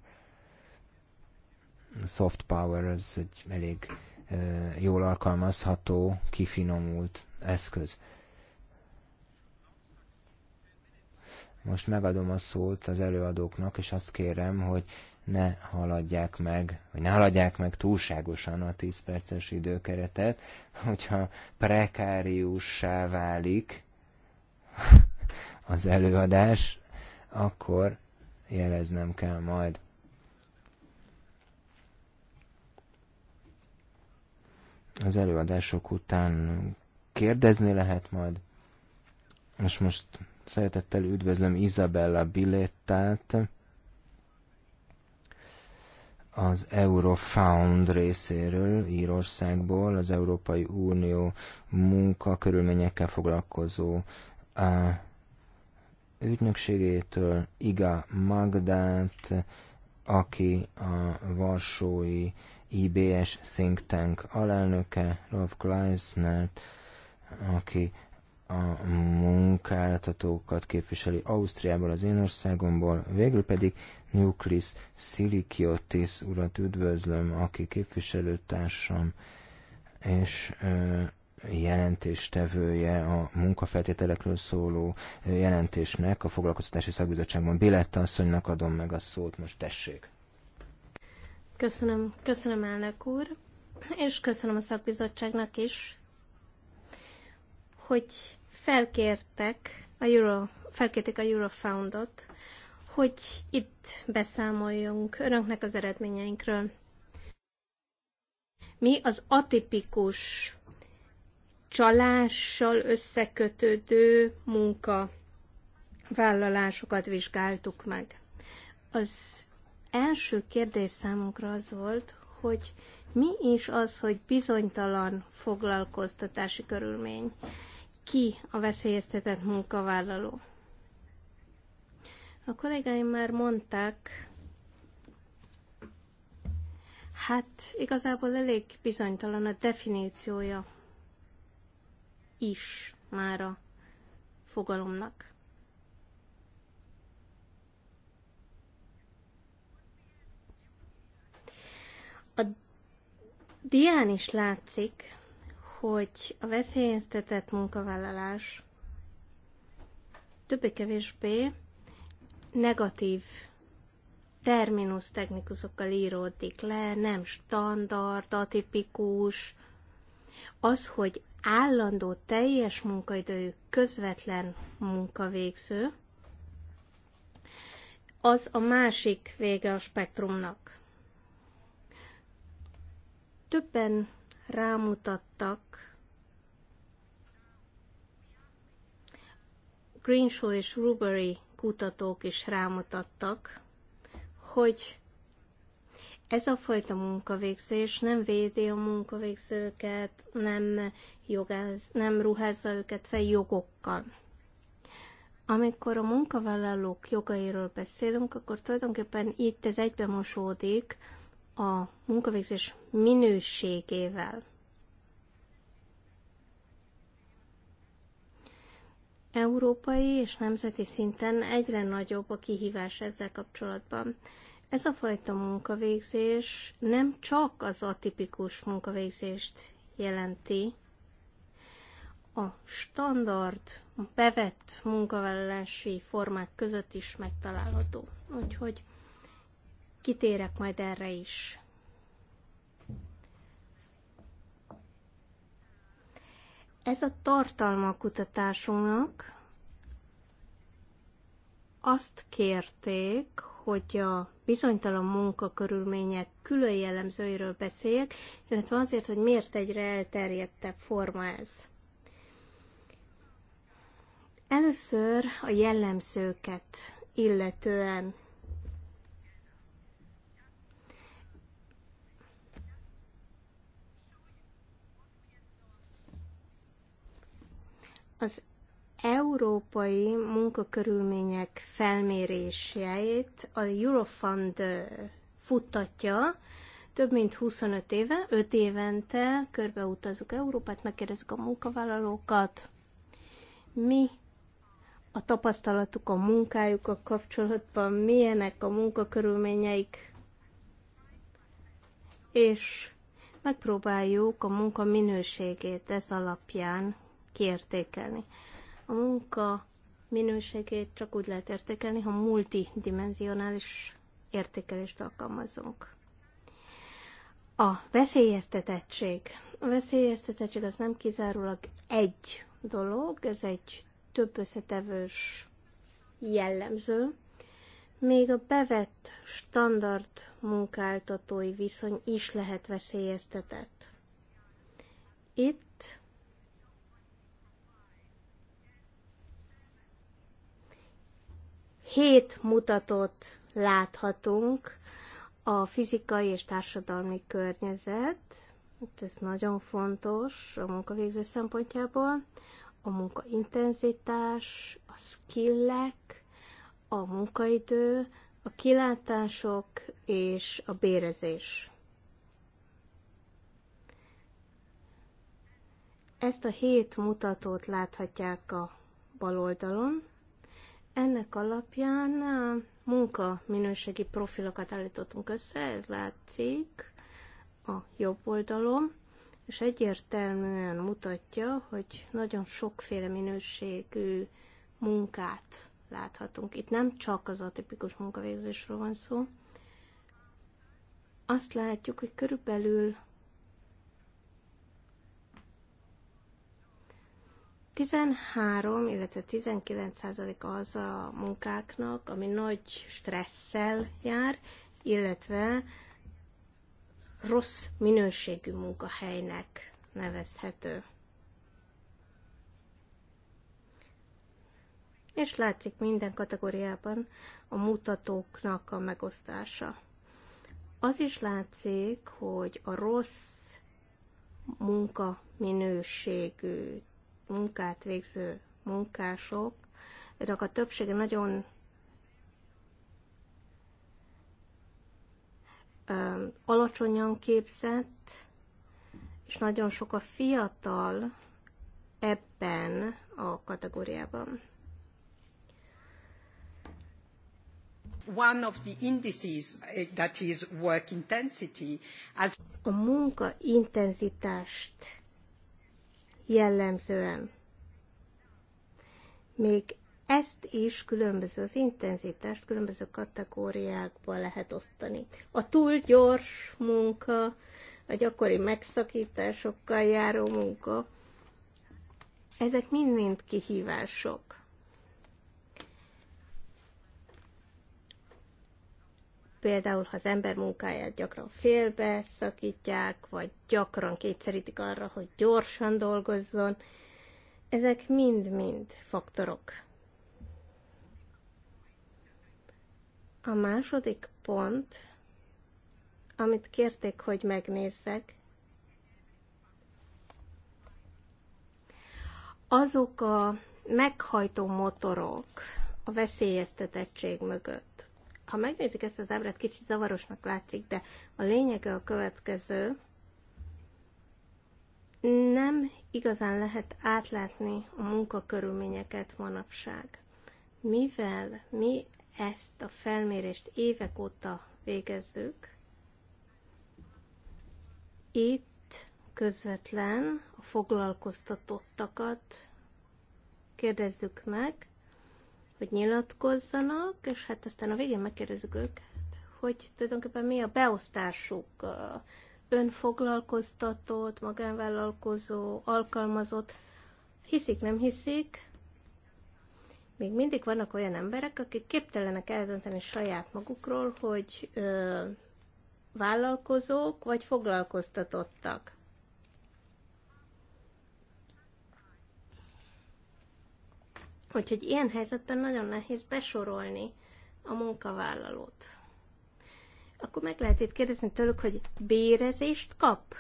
A soft power az egy elég e, jól alkalmazható, kifinomult eszköz. Most megadom a szót az előadóknak, és azt kérem, hogy ne haladják meg, vagy ne haladják meg túlságosan a 10 perces időkeretet, hogyha prekáriussá válik az előadás, akkor jeleznem kell majd. Az előadások után kérdezni lehet majd. És most szeretettel üdvözlöm Izabella Billettát az Eurofound részéről, Írországból, az Európai Unió munkakörülményekkel foglalkozó a ügynökségétől, Iga Magdát, aki a Varsói IBS Think Tank alelnöke, Rolf Gleisnert, aki a munkáltatókat képviseli Ausztriából, az én országomból, végül pedig Nuclis Silikiotis urat üdvözlöm, aki képviselőtársam és jelentéstevője a munkafeltételekről szóló jelentésnek, a foglalkoztatási szakbizottságban Biletta asszonynak adom meg a szót, most tessék. Köszönöm, köszönöm elnök úr, és köszönöm a szakbizottságnak is, hogy felkértek a Euro, felkérték a Eurofoundot, hogy itt beszámoljunk önöknek az eredményeinkről. Mi az atipikus csalással összekötődő munka vállalásokat vizsgáltuk meg. Az első kérdés számunkra az volt, hogy mi is az, hogy bizonytalan foglalkoztatási körülmény ki a veszélyeztetett munkavállaló. A kollégáim már mondták, hát igazából elég bizonytalan a definíciója is már a fogalomnak. A dián is látszik, hogy a veszélyeztetett munkavállalás többé-kevésbé negatív terminus technikusokkal íródik le, nem standard, atipikus. Az, hogy állandó teljes munkaidő közvetlen munkavégző, az a másik vége a spektrumnak. Többen rámutattak Greenshaw és Rubery kutatók is rámutattak, hogy ez a fajta munkavégzés nem védi a munkavégzőket, nem, jogáz, nem ruházza őket fel jogokkal. Amikor a munkavállalók jogairól beszélünk, akkor tulajdonképpen itt ez egybe mosódik a munkavégzés minőségével. Európai és nemzeti szinten egyre nagyobb a kihívás ezzel kapcsolatban. Ez a fajta munkavégzés nem csak az atipikus munkavégzést jelenti, a standard, bevett munkavállalási formák között is megtalálható. Úgyhogy kitérek majd erre is. Ez a tartalma a kutatásunknak. Azt kérték, hogy a bizonytalan munkakörülmények külön jellemzőiről beszéljek, illetve azért, hogy miért egyre elterjedtebb forma ez. Először a jellemzőket illetően Az európai munkakörülmények felméréseit a Eurofund futtatja, több mint 25 éve, 5 évente körbeutazunk Európát, megkérdezzük a munkavállalókat, mi a tapasztalatuk, a munkájuk a kapcsolatban, milyenek a munkakörülményeik, és megpróbáljuk a munka minőségét ez alapján kiértékelni. A munka minőségét csak úgy lehet értékelni, ha multidimensionális értékelést alkalmazunk. A veszélyeztetettség. A veszélyeztetettség az nem kizárólag egy dolog, ez egy több összetevős jellemző. Még a bevett standard munkáltatói viszony is lehet veszélyeztetett. Itt hét mutatót láthatunk, a fizikai és társadalmi környezet, ez nagyon fontos a munkavégző szempontjából, a munkaintenzitás, a skillek, a munkaidő, a kilátások és a bérezés. Ezt a hét mutatót láthatják a bal oldalon, ennek alapján munka minőségi profilokat állítottunk össze, ez látszik a jobb oldalon, és egyértelműen mutatja, hogy nagyon sokféle minőségű munkát láthatunk. Itt nem csak az atipikus munkavégzésről van szó. Azt látjuk, hogy körülbelül 13, illetve 19 százalék az a munkáknak, ami nagy stresszel jár, illetve rossz minőségű munkahelynek nevezhető. És látszik minden kategóriában a mutatóknak a megosztása. Az is látszik, hogy a rossz minőségű munkát végző munkásoknak a többsége nagyon alacsonyan képzett, és nagyon sok a fiatal ebben a kategóriában. One of the indices eh, that is work intensity as a munka intenzitást jellemzően. Még ezt is különböző, az intenzitást különböző kategóriákba lehet osztani. A túl gyors munka, a gyakori megszakításokkal járó munka, ezek mind-mind kihívások. Például, ha az ember munkáját gyakran félbe szakítják, vagy gyakran kényszerítik arra, hogy gyorsan dolgozzon. Ezek mind-mind faktorok. A második pont, amit kérték, hogy megnézzek, azok a meghajtó motorok a veszélyeztetettség mögött. Ha megnézik ezt az ábrát, kicsit zavarosnak látszik, de a lényege a következő. Nem igazán lehet átlátni a munkakörülményeket manapság. Mivel mi ezt a felmérést évek óta végezzük, itt közvetlen a foglalkoztatottakat kérdezzük meg, hogy nyilatkozzanak, és hát aztán a végén megkérdezzük őket, hogy tulajdonképpen mi a beosztásuk, önfoglalkoztatott, magánvállalkozó, alkalmazott, hiszik, nem hiszik, még mindig vannak olyan emberek, akik képtelenek eldönteni saját magukról, hogy ö, vállalkozók vagy foglalkoztatottak. Úgyhogy ilyen helyzetben nagyon nehéz besorolni a munkavállalót. Akkor meg lehet itt kérdezni tőlük, hogy bérezést kap?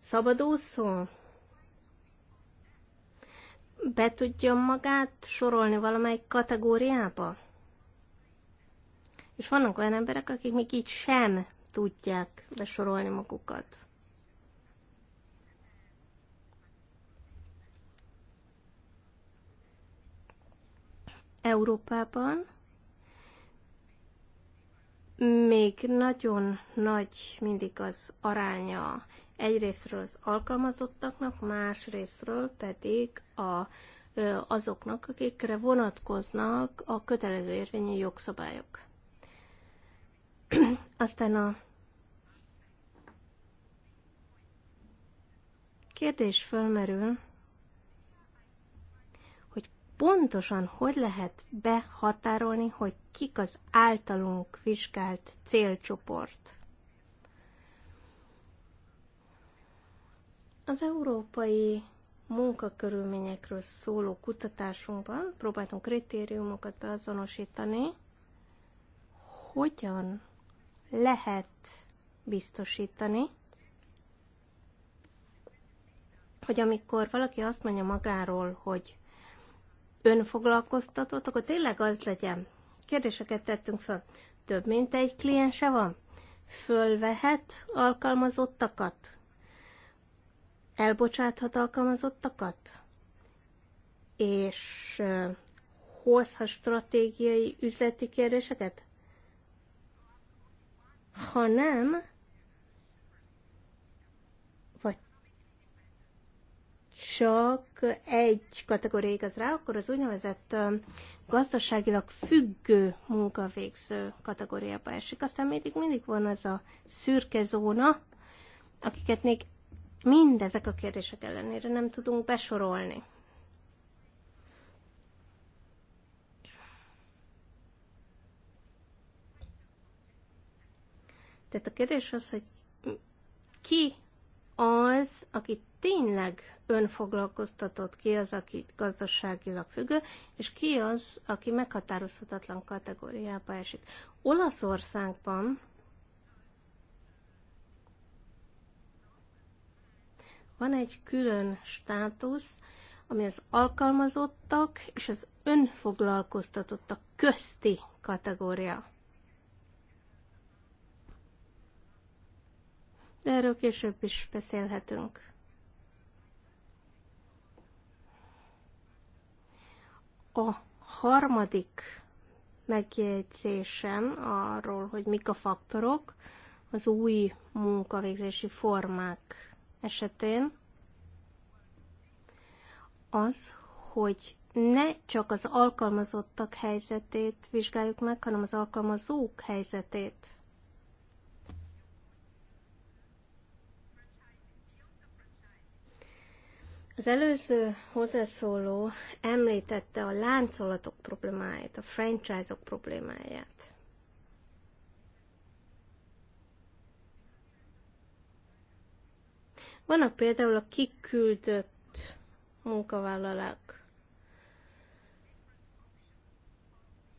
Szabadúszó? Be tudja magát sorolni valamelyik kategóriába? És vannak olyan emberek, akik még így sem tudják besorolni magukat. Európában még nagyon nagy mindig az aránya egyrésztről az alkalmazottaknak, másrésztről pedig a, azoknak, akikre vonatkoznak a kötelező érvényű jogszabályok. Aztán a kérdés fölmerül, pontosan hogy lehet behatárolni, hogy kik az általunk vizsgált célcsoport. Az európai munkakörülményekről szóló kutatásunkban próbáltunk kritériumokat beazonosítani, hogyan lehet biztosítani, hogy amikor valaki azt mondja magáról, hogy önfoglalkoztatót, akkor tényleg az legyen. Kérdéseket tettünk föl. Több mint egy kliense van? Fölvehet alkalmazottakat? Elbocsáthat alkalmazottakat? És hozhat stratégiai üzleti kérdéseket? Ha nem, csak egy kategória igaz rá, akkor az úgynevezett gazdaságilag függő munkavégző kategóriába esik. Aztán még mindig van az a szürke zóna, akiket még mindezek a kérdések ellenére nem tudunk besorolni. Tehát a kérdés az, hogy ki az, aki tényleg önfoglalkoztatott, ki az, aki gazdaságilag függő, és ki az, aki meghatározhatatlan kategóriába esik. Olaszországban van egy külön státusz, ami az alkalmazottak és az önfoglalkoztatottak közti kategória. De erről később is beszélhetünk. A harmadik megjegyzésem arról, hogy mik a faktorok az új munkavégzési formák esetén, az, hogy ne csak az alkalmazottak helyzetét vizsgáljuk meg, hanem az alkalmazók helyzetét. Az előző hozzászóló említette a láncolatok problémáját, a franchise-ok -ok problémáját. Vannak például a kiküldött munkavállalók.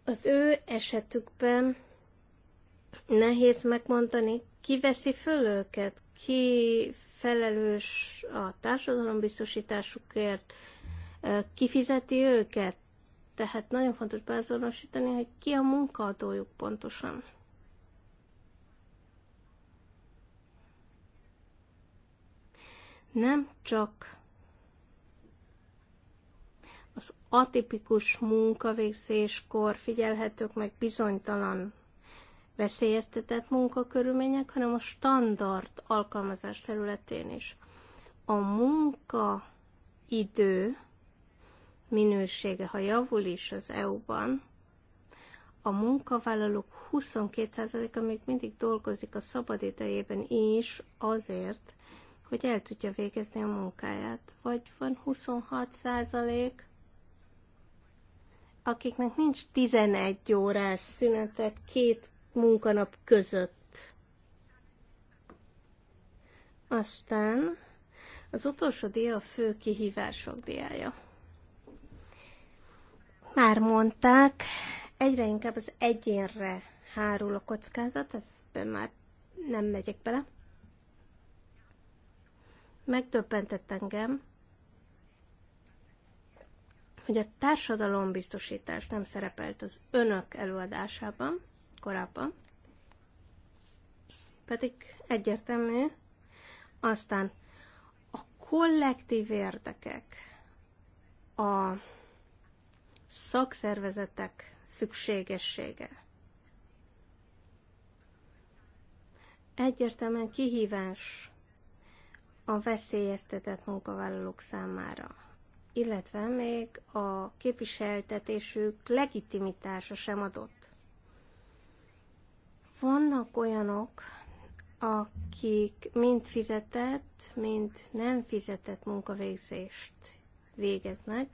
Az ő esetükben nehéz megmondani, ki veszi föl őket, ki felelős a társadalombiztosításukért, kifizeti őket. Tehát nagyon fontos beazonosítani, hogy ki a munkaadójuk pontosan. Nem csak az atipikus munkavégzéskor figyelhetők meg bizonytalan veszélyeztetett munkakörülmények, hanem a standard alkalmazás területén is. A munkaidő minősége, ha javul is az EU-ban, a munkavállalók 22%-a még mindig dolgozik a idejében is azért, hogy el tudja végezni a munkáját. Vagy van 26%, akiknek nincs 11 órás szünetek két munkanap között. Aztán az utolsó dia a fő kihívások diája. Már mondták, egyre inkább az egyénre hárul a kockázat, ezben már nem megyek bele. Megdöbbentett engem, hogy a társadalombiztosítás nem szerepelt az önök előadásában, korábban, pedig egyértelmű. Aztán a kollektív érdekek, a szakszervezetek szükségessége. Egyértelműen kihívás a veszélyeztetett munkavállalók számára, illetve még a képviseltetésük legitimitása sem adott. Vannak olyanok, akik mind fizetett, mind nem fizetett munkavégzést végeznek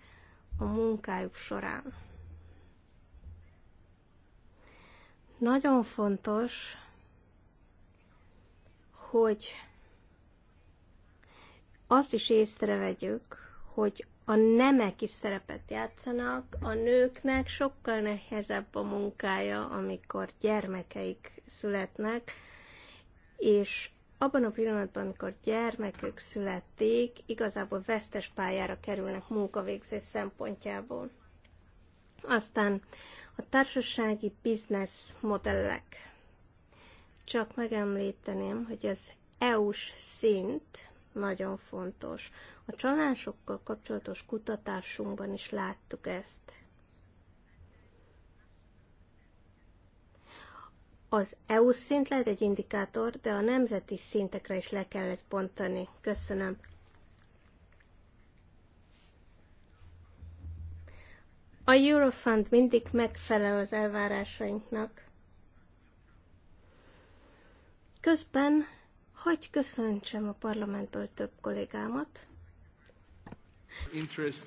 a munkájuk során. Nagyon fontos, hogy azt is észrevegyük, hogy a nemek is szerepet játszanak, a nőknek sokkal nehezebb a munkája, amikor gyermekeik születnek, és abban a pillanatban, amikor gyermekük születték, igazából vesztes pályára kerülnek munkavégzés szempontjából. Aztán a társasági biznesz modellek. Csak megemlíteném, hogy az EU-s szint nagyon fontos. A csalásokkal kapcsolatos kutatásunkban is láttuk ezt. Az EU szint lehet egy indikátor, de a nemzeti szintekre is le kell ezt bontani. Köszönöm. A Eurofund mindig megfelel az elvárásainknak. Közben hogy köszöntsem a parlamentből több kollégámat. Interest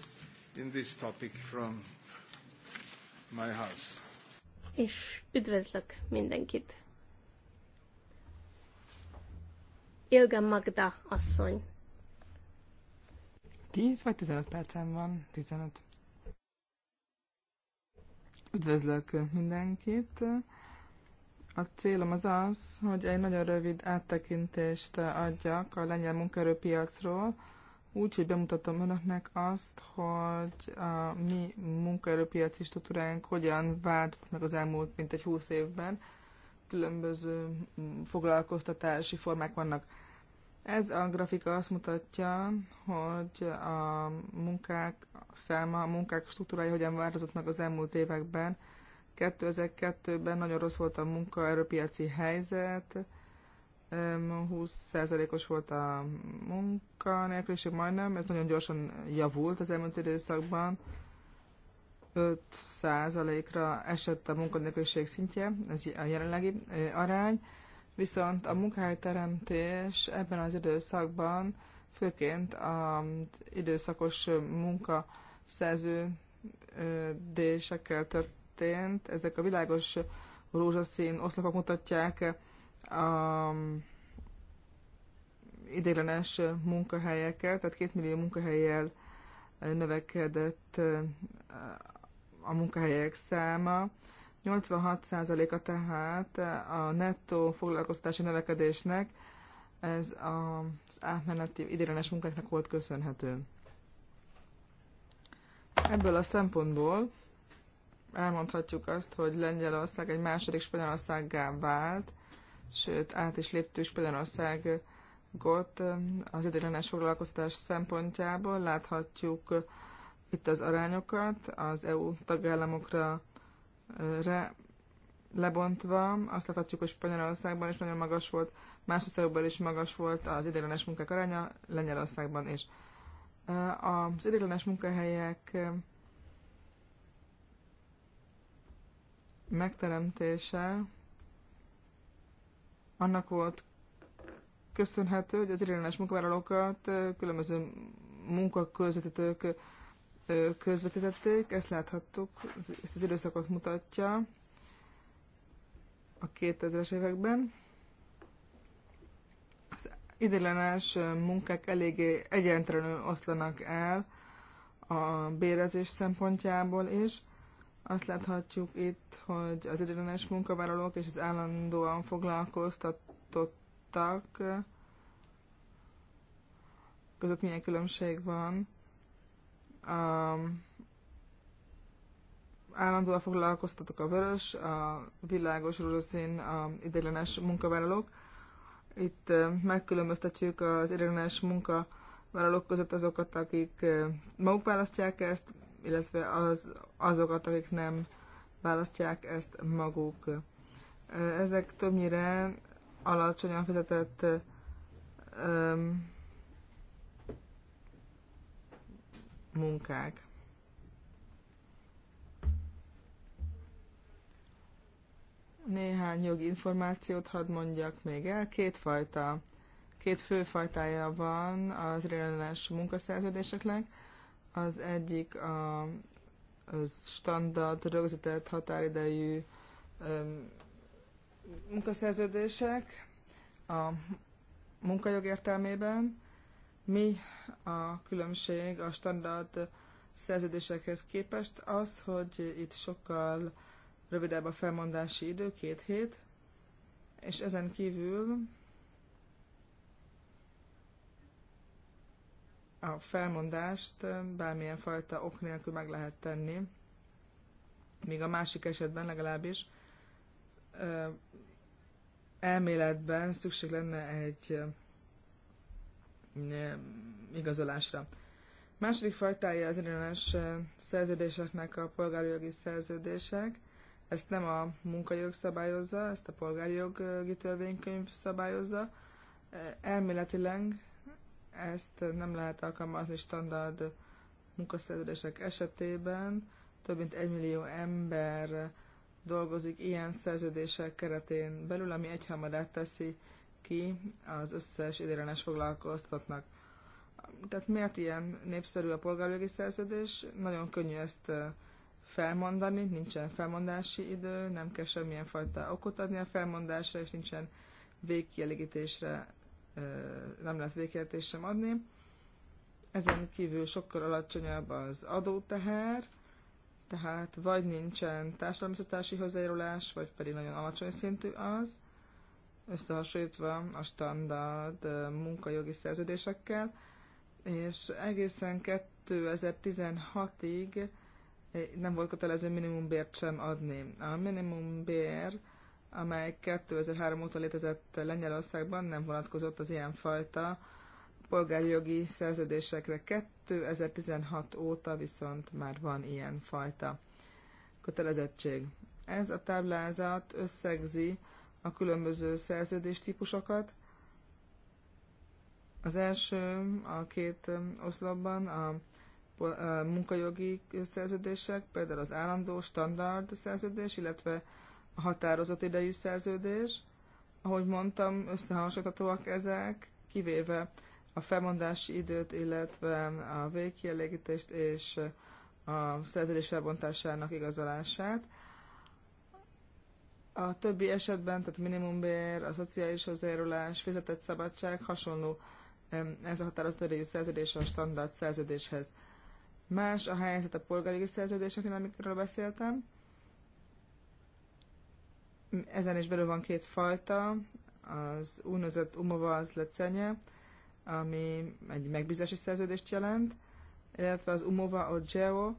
in this topic from my house. És üdvözlök mindenkit. Ilga Magda asszony. 10 vagy 15 percem van? 15. Üdvözlök mindenkit. A célom az az, hogy egy nagyon rövid áttekintést adjak a lengyel munkaerőpiacról, úgy, hogy bemutatom önöknek azt, hogy a mi munkaerőpiaci struktúránk hogyan változott meg az elmúlt mintegy 20 évben. Különböző foglalkoztatási formák vannak. Ez a grafika azt mutatja, hogy a munkák száma, a munkák struktúrája hogyan változott meg az elmúlt években, 2002-ben nagyon rossz volt a munkaerőpiaci helyzet, 20%-os volt a munkanélküliség majdnem, ez nagyon gyorsan javult az elmúlt időszakban. 5%-ra esett a munkanélküliség szintje, ez a jelenlegi arány, viszont a munkahelyteremtés ebben az időszakban főként az időszakos munkaszerződésekkel történt, történt. Ezek a világos rózsaszín oszlopok mutatják a um, idéglenes munkahelyeket, tehát két millió munkahelyjel növekedett uh, a munkahelyek száma. 86%-a tehát a nettó foglalkoztatási növekedésnek ez az átmeneti idéglenes munkáknak volt köszönhető. Ebből a szempontból elmondhatjuk azt, hogy Lengyelország egy második Spanyolországgá vált, sőt át is léptük Spanyolországot um, az időrendes foglalkoztatás szempontjából. Láthatjuk uh, itt az arányokat az EU tagállamokra uh, re, lebontva. Azt láthatjuk, hogy Spanyolországban is nagyon magas volt, más országokban is magas volt az időrendes munkák aránya, Lengyelországban is. Uh, az ideiglenes munkahelyek um, megteremtése annak volt köszönhető, hogy az irányos munkavállalókat különböző munkaközvetítők közvetítették, ezt láthattuk, ezt az időszakot mutatja a 2000-es években. Az idélenes munkák eléggé egyentelenül oszlanak el a bérezés szempontjából is. Azt láthatjuk itt, hogy az idegenes munkavállalók és az állandóan foglalkoztatottak között milyen különbség van. A állandóan foglalkoztatok a vörös, a világos rózsaszín, a ideiglenes munkavállalók. Itt megkülönböztetjük az ideiglenes munkavállalók között azokat, akik maguk választják ezt, illetve az, azokat, akik nem választják ezt maguk. Ezek többnyire alacsonyan fizetett um, munkák. Néhány jogi információt hadd mondjak még el. Két fajta, két fő fajtája van az irányellenes munkaszerződéseknek. Az egyik a standard rögzített határidejű munkaszerződések a munkajog értelmében. Mi a különbség a standard szerződésekhez képest az, hogy itt sokkal rövidebb a felmondási idő, két hét, és ezen kívül a felmondást bármilyen fajta ok nélkül meg lehet tenni, míg a másik esetben legalábbis elméletben szükség lenne egy igazolásra. Második fajtája az erőnes szerződéseknek a polgári jogi szerződések. Ezt nem a munkajog szabályozza, ezt a polgári jogi törvénykönyv szabályozza. Elméletileg ezt nem lehet alkalmazni standard munkaszerződések esetében. Több mint egy millió ember dolgozik ilyen szerződések keretén belül, ami egyhamadát teszi ki az összes idérenes foglalkoztatnak. Tehát miért ilyen népszerű a polgárjogi szerződés? Nagyon könnyű ezt felmondani, nincsen felmondási idő, nem kell semmilyen fajta okot adni a felmondásra, és nincsen végkielégítésre nem lehet végértést sem adni. Ezen kívül sokkal alacsonyabb az adóteher, tehát vagy nincsen társadalomszatási hozzájárulás, vagy pedig nagyon alacsony szintű az, összehasonlítva a standard munkajogi szerződésekkel, és egészen 2016-ig eh, nem volt kötelező minimumbért sem adni. A minimumbér amely 2003 óta létezett Lengyelországban, nem vonatkozott az ilyenfajta polgári jogi szerződésekre. 2016 óta viszont már van ilyen fajta kötelezettség. Ez a táblázat összegzi a különböző szerződéstípusokat. Az első a két oszlopban a munkajogi szerződések, például az állandó standard szerződés, illetve határozott idejű szerződés. Ahogy mondtam, összehasonlíthatóak ezek, kivéve a felmondási időt, illetve a végkielégítést és a szerződés felbontásának igazolását. A többi esetben, tehát minimumbér, a szociális hozzájárulás, fizetett szabadság hasonló ez a határozott idejű szerződés a standard szerződéshez. Más a helyzet a polgári szerződéseknél, amikről beszéltem. Ezen is belül van két fajta, az úgynevezett umova az lecenye, ami egy megbízási szerződést jelent, illetve az umova o geo,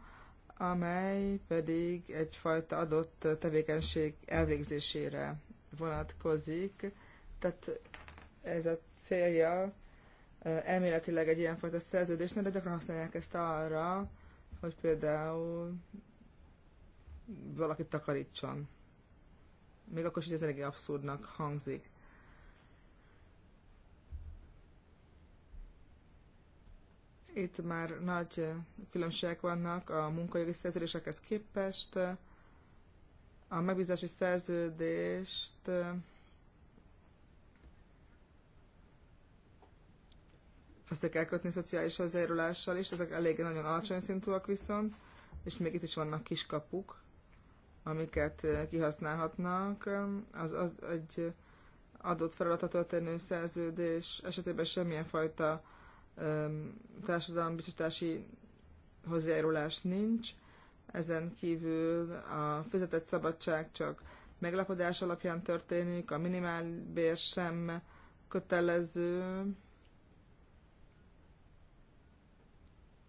amely pedig egyfajta adott tevékenység elvégzésére vonatkozik. Tehát ez a célja elméletileg egy ilyenfajta szerződésnél, de gyakran használják ezt arra, hogy például valaki takarítson még akkor is, hogy ez eléggé abszurdnak hangzik. Itt már nagy eh, különbségek vannak a munkajogi szerződésekhez képest. A megbízási szerződést eh, azt kell kötni szociális hozzájárulással is, ezek elég nagyon alacsony szintűek viszont, és még itt is vannak kiskapuk amiket eh, kihasználhatnak. Az, az egy adott feladatot történő szerződés esetében semmilyen fajta társadalmi biztosítási hozzájárulás nincs. Ezen kívül a fizetett szabadság csak meglapodás alapján történik, a minimálbér sem kötelező,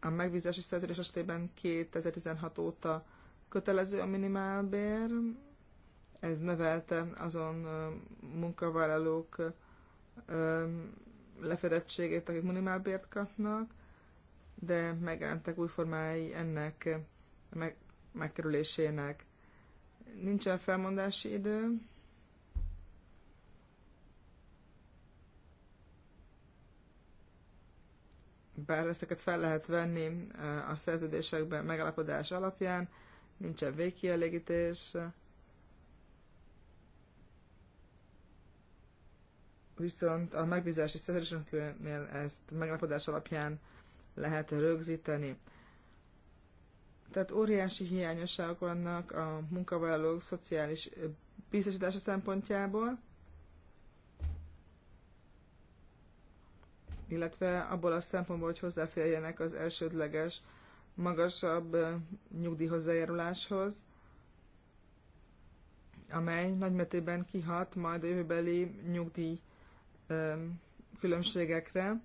a megbízási szerződés esetében 2016 óta kötelező a minimálbér, ez növelte azon munkavállalók lefedettségét, akik minimálbért kapnak, de megjelentek új formái ennek meg, megkerülésének. Nincsen felmondási idő. Bár ezeket fel lehet venni a szerződésekben megállapodás alapján, nincsen végkielégítés, viszont a megbízási szerződésünknél ezt megállapodás alapján lehet rögzíteni. Tehát óriási hiányosságok vannak a munkavállalók szociális biztosítása szempontjából, illetve abból a szempontból, hogy hozzáférjenek az elsődleges magasabb nyugdíjhozzájáruláshoz, amely nagymetében kihat majd a jövőbeli nyugdíj különbségekre.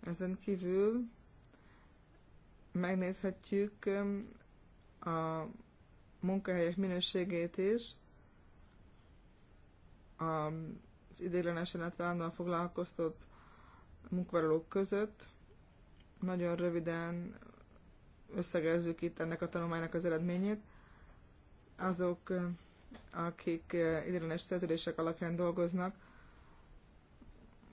Ezen kívül megnézhetjük a munkahelyek minőségét is az idéglenes illetve állandóan foglalkoztott munkavállalók között. Nagyon röviden összegezzük itt ennek a tanulmánynak az eredményét. Azok, akik idéglenes szerződések alapján dolgoznak,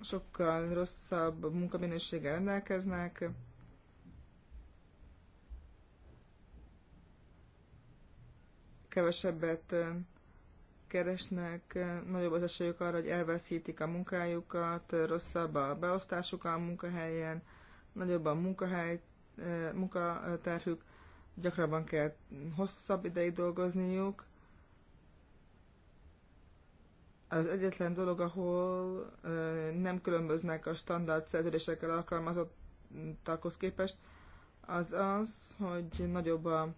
sokkal rosszabb munkaminőséggel rendelkeznek, kevesebbet keresnek, nagyobb az esélyük arra, hogy elveszítik a munkájukat, rosszabb a beosztásuk a munkahelyen, nagyobb a munkahely, munkaterhük, gyakrabban kell hosszabb ideig dolgozniuk. Az egyetlen dolog, ahol nem különböznek a standard szerződésekkel alkalmazottakhoz képest, az az, hogy nagyobb a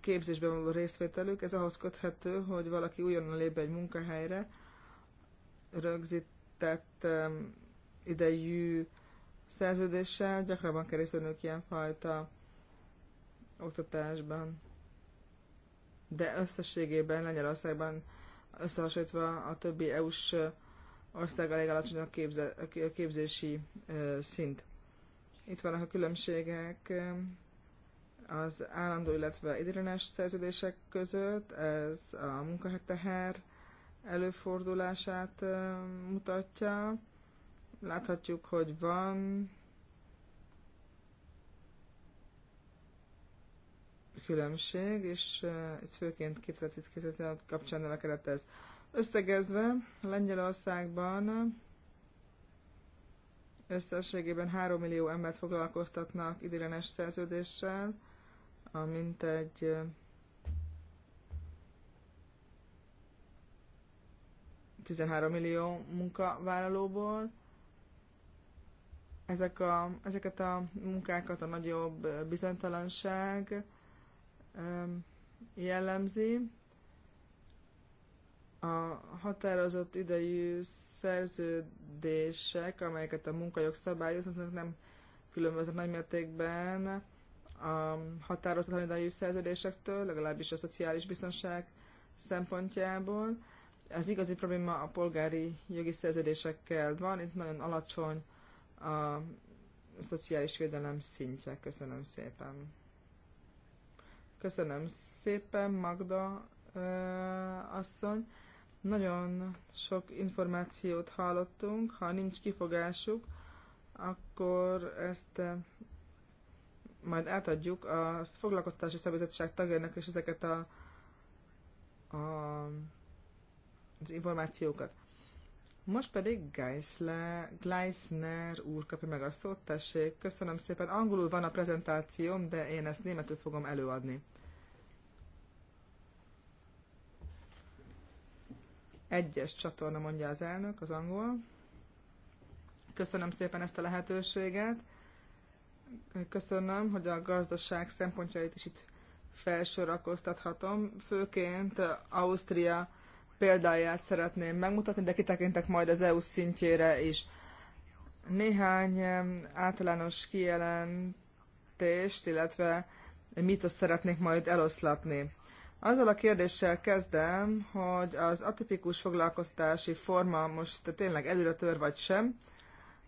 képzésben való részvételük, ez ahhoz köthető, hogy valaki újonnan lép egy munkahelyre, rögzített idejű szerződéssel, gyakrabban kell részt vennünk ilyenfajta oktatásban. De összességében Lengyelországban összehasonlítva a többi EU-s ország a legalacsonyabb a képzési szint. Itt vannak a különbségek az állandó, illetve idéglenes szerződések között, ez a munkaheteher előfordulását mutatja. Láthatjuk, hogy van különbség, és itt főként 2016 kapcsán növekedett ez. Összegezve, Lengyelországban összességében 3 millió embert foglalkoztatnak idélenes szerződéssel, egy uh, 13 millió munkavállalóból. Ezek a, ezeket a munkákat a nagyobb bizonytalanság jellemzi. A határozott idejű szerződések, amelyeket a munkajog szabályoz, azok nem különböznek nagymértékben a határozatlan idejű szerződésektől, legalábbis a szociális biztonság szempontjából. Az igazi probléma a polgári jogi szerződésekkel van, itt nagyon alacsony a szociális védelem szintje. Köszönöm szépen. Köszönöm szépen, Magda ö, asszony. Nagyon sok információt hallottunk. Ha nincs kifogásuk, akkor ezt majd átadjuk a foglalkoztatási szabályozottság tagjának és ezeket a, a, az információkat. Most pedig Geisler, Gleisner úr kapja meg a szót, tessék, köszönöm szépen. Angolul van a prezentációm, de én ezt németül fogom előadni. Egyes csatorna, mondja az elnök, az angol. Köszönöm szépen ezt a lehetőséget köszönöm, hogy a gazdaság szempontjait is itt felsorakoztathatom. Főként Ausztria példáját szeretném megmutatni, de kitekintek majd az EU szintjére is. Néhány általános kijelentést, illetve mitos szeretnék majd eloszlatni. Azzal a kérdéssel kezdem, hogy az atipikus foglalkoztási forma most tényleg előre tör vagy sem.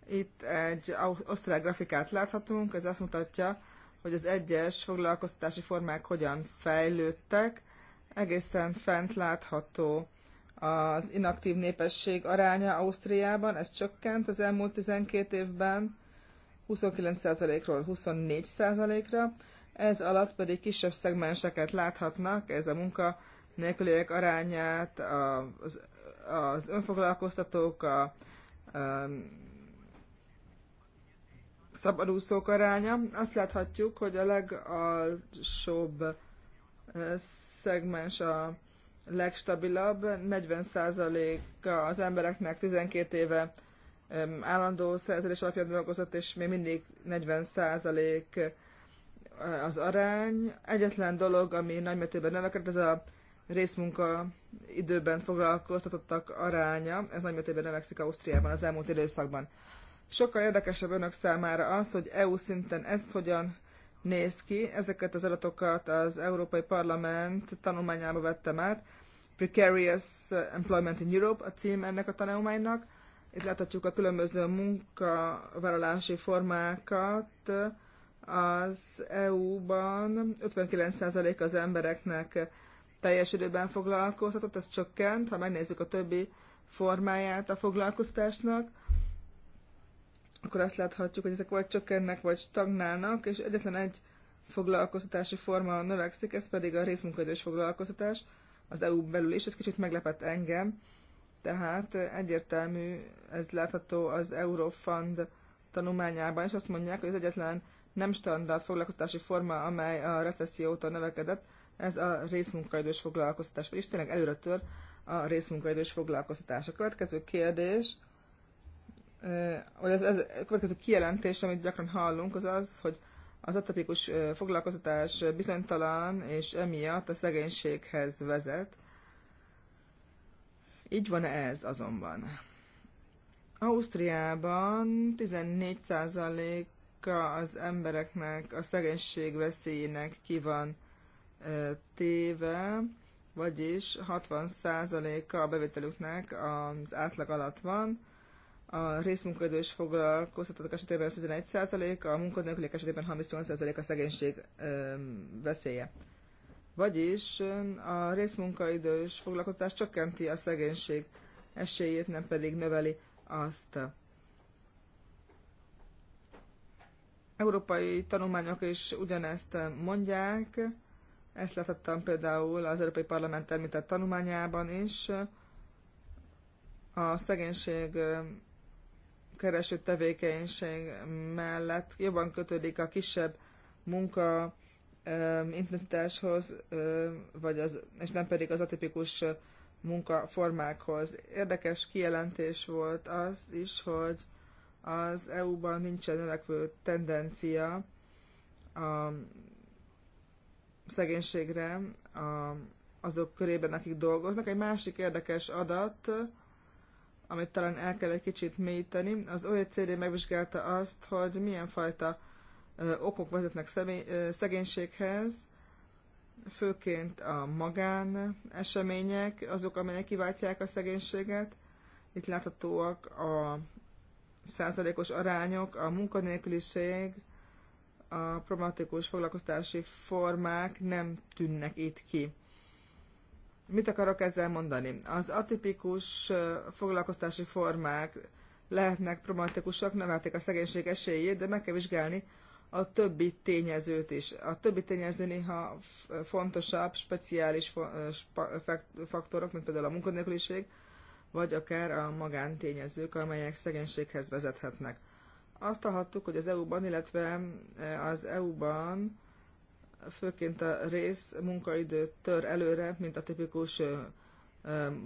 Itt egy osztrák grafikát láthatunk, ez azt mutatja, hogy az egyes foglalkoztatási formák hogyan fejlődtek. Egészen fent látható az inaktív népesség aránya Ausztriában, ez csökkent az elmúlt 12 évben 29%-ról 24%-ra, ez alatt pedig kisebb szegmenseket láthatnak, ez a munka nélküliek arányát, az, az önfoglalkoztatók, a, a szabadúszók aránya. Azt láthatjuk, hogy a legalsóbb eh, szegmens a legstabilabb, 40%-a az embereknek 12 éve állandó szerződés alapján dolgozott, és még mindig 40% eh, az arány. Egyetlen dolog, ami nagymértékben növekedett, ez a részmunka időben foglalkoztatottak aránya, ez nagymértékben növekszik Ausztriában az elmúlt időszakban. Sokkal érdekesebb önök számára az, hogy EU szinten ez hogyan néz ki. Ezeket az adatokat az Európai Parlament tanulmányába vettem át. Precarious Employment in Europe a cím ennek a tanulmánynak. Itt láthatjuk a különböző munkavállalási formákat. Az EU-ban 59% az embereknek teljes időben foglalkoztatott, ez csökkent, ha megnézzük a többi formáját a foglalkoztásnak akkor azt láthatjuk, hogy ezek vagy csökkennek, vagy stagnálnak, és egyetlen egy foglalkoztatási forma növekszik, ez pedig a részmunkaidős foglalkoztatás az EU belül is. Ez kicsit meglepett engem, tehát egyértelmű, ez látható az Eurofund tanulmányában, és azt mondják, hogy az egyetlen nem standard foglalkoztatási forma, amely a recesszió óta növekedett, ez a részmunkaidős foglalkoztatás, vagyis tényleg előre tör a részmunkaidős foglalkoztatás. A következő kérdés, vagy az, az, a következő kijelentés, amit gyakran hallunk, az az, hogy az atapikus foglalkoztatás bizonytalan, és emiatt a szegénységhez vezet. Így van ez azonban. Ausztriában 14%-a az embereknek a szegénység veszélyének ki van téve, vagyis 60%-a a bevételüknek az átlag alatt van, a részmunkaidős foglalkoztatottak esetében 11%, a munkanélküliek esetében 38% a szegénység veszélye. Vagyis a részmunkaidős foglalkoztatás csökkenti a szegénység esélyét, nem pedig növeli azt. Európai tanulmányok is ugyanezt mondják, ezt láthattam például az Európai Parlament említett tanulmányában is. A szegénység kereső tevékenység mellett jobban kötődik a kisebb munka intenzitáshoz, vagy az, és nem pedig az atipikus munkaformákhoz. Érdekes kijelentés volt az is, hogy az EU-ban nincsen növekvő tendencia a szegénységre a, azok körében, akik dolgoznak. Egy másik érdekes adat amit talán el kell egy kicsit mélyíteni. Az OECD megvizsgálta azt, hogy milyen fajta okok vezetnek személy, szegénységhez, főként a magán események, azok, amelyek kiváltják a szegénységet. Itt láthatóak a százalékos arányok, a munkanélküliség, a problematikus foglalkoztási formák nem tűnnek itt ki. Mit akarok ezzel mondani? Az atipikus foglalkoztási formák lehetnek problematikusak, növelték a szegénység esélyét, de meg kell vizsgálni a többi tényezőt is. A többi tényező néha fontosabb, speciális faktorok, mint például a munkanélküliség, vagy akár a magántényezők, amelyek szegénységhez vezethetnek. Azt hallhattuk, hogy az EU-ban, illetve az EU-ban főként a rész munkaidő tör előre, mint a tipikus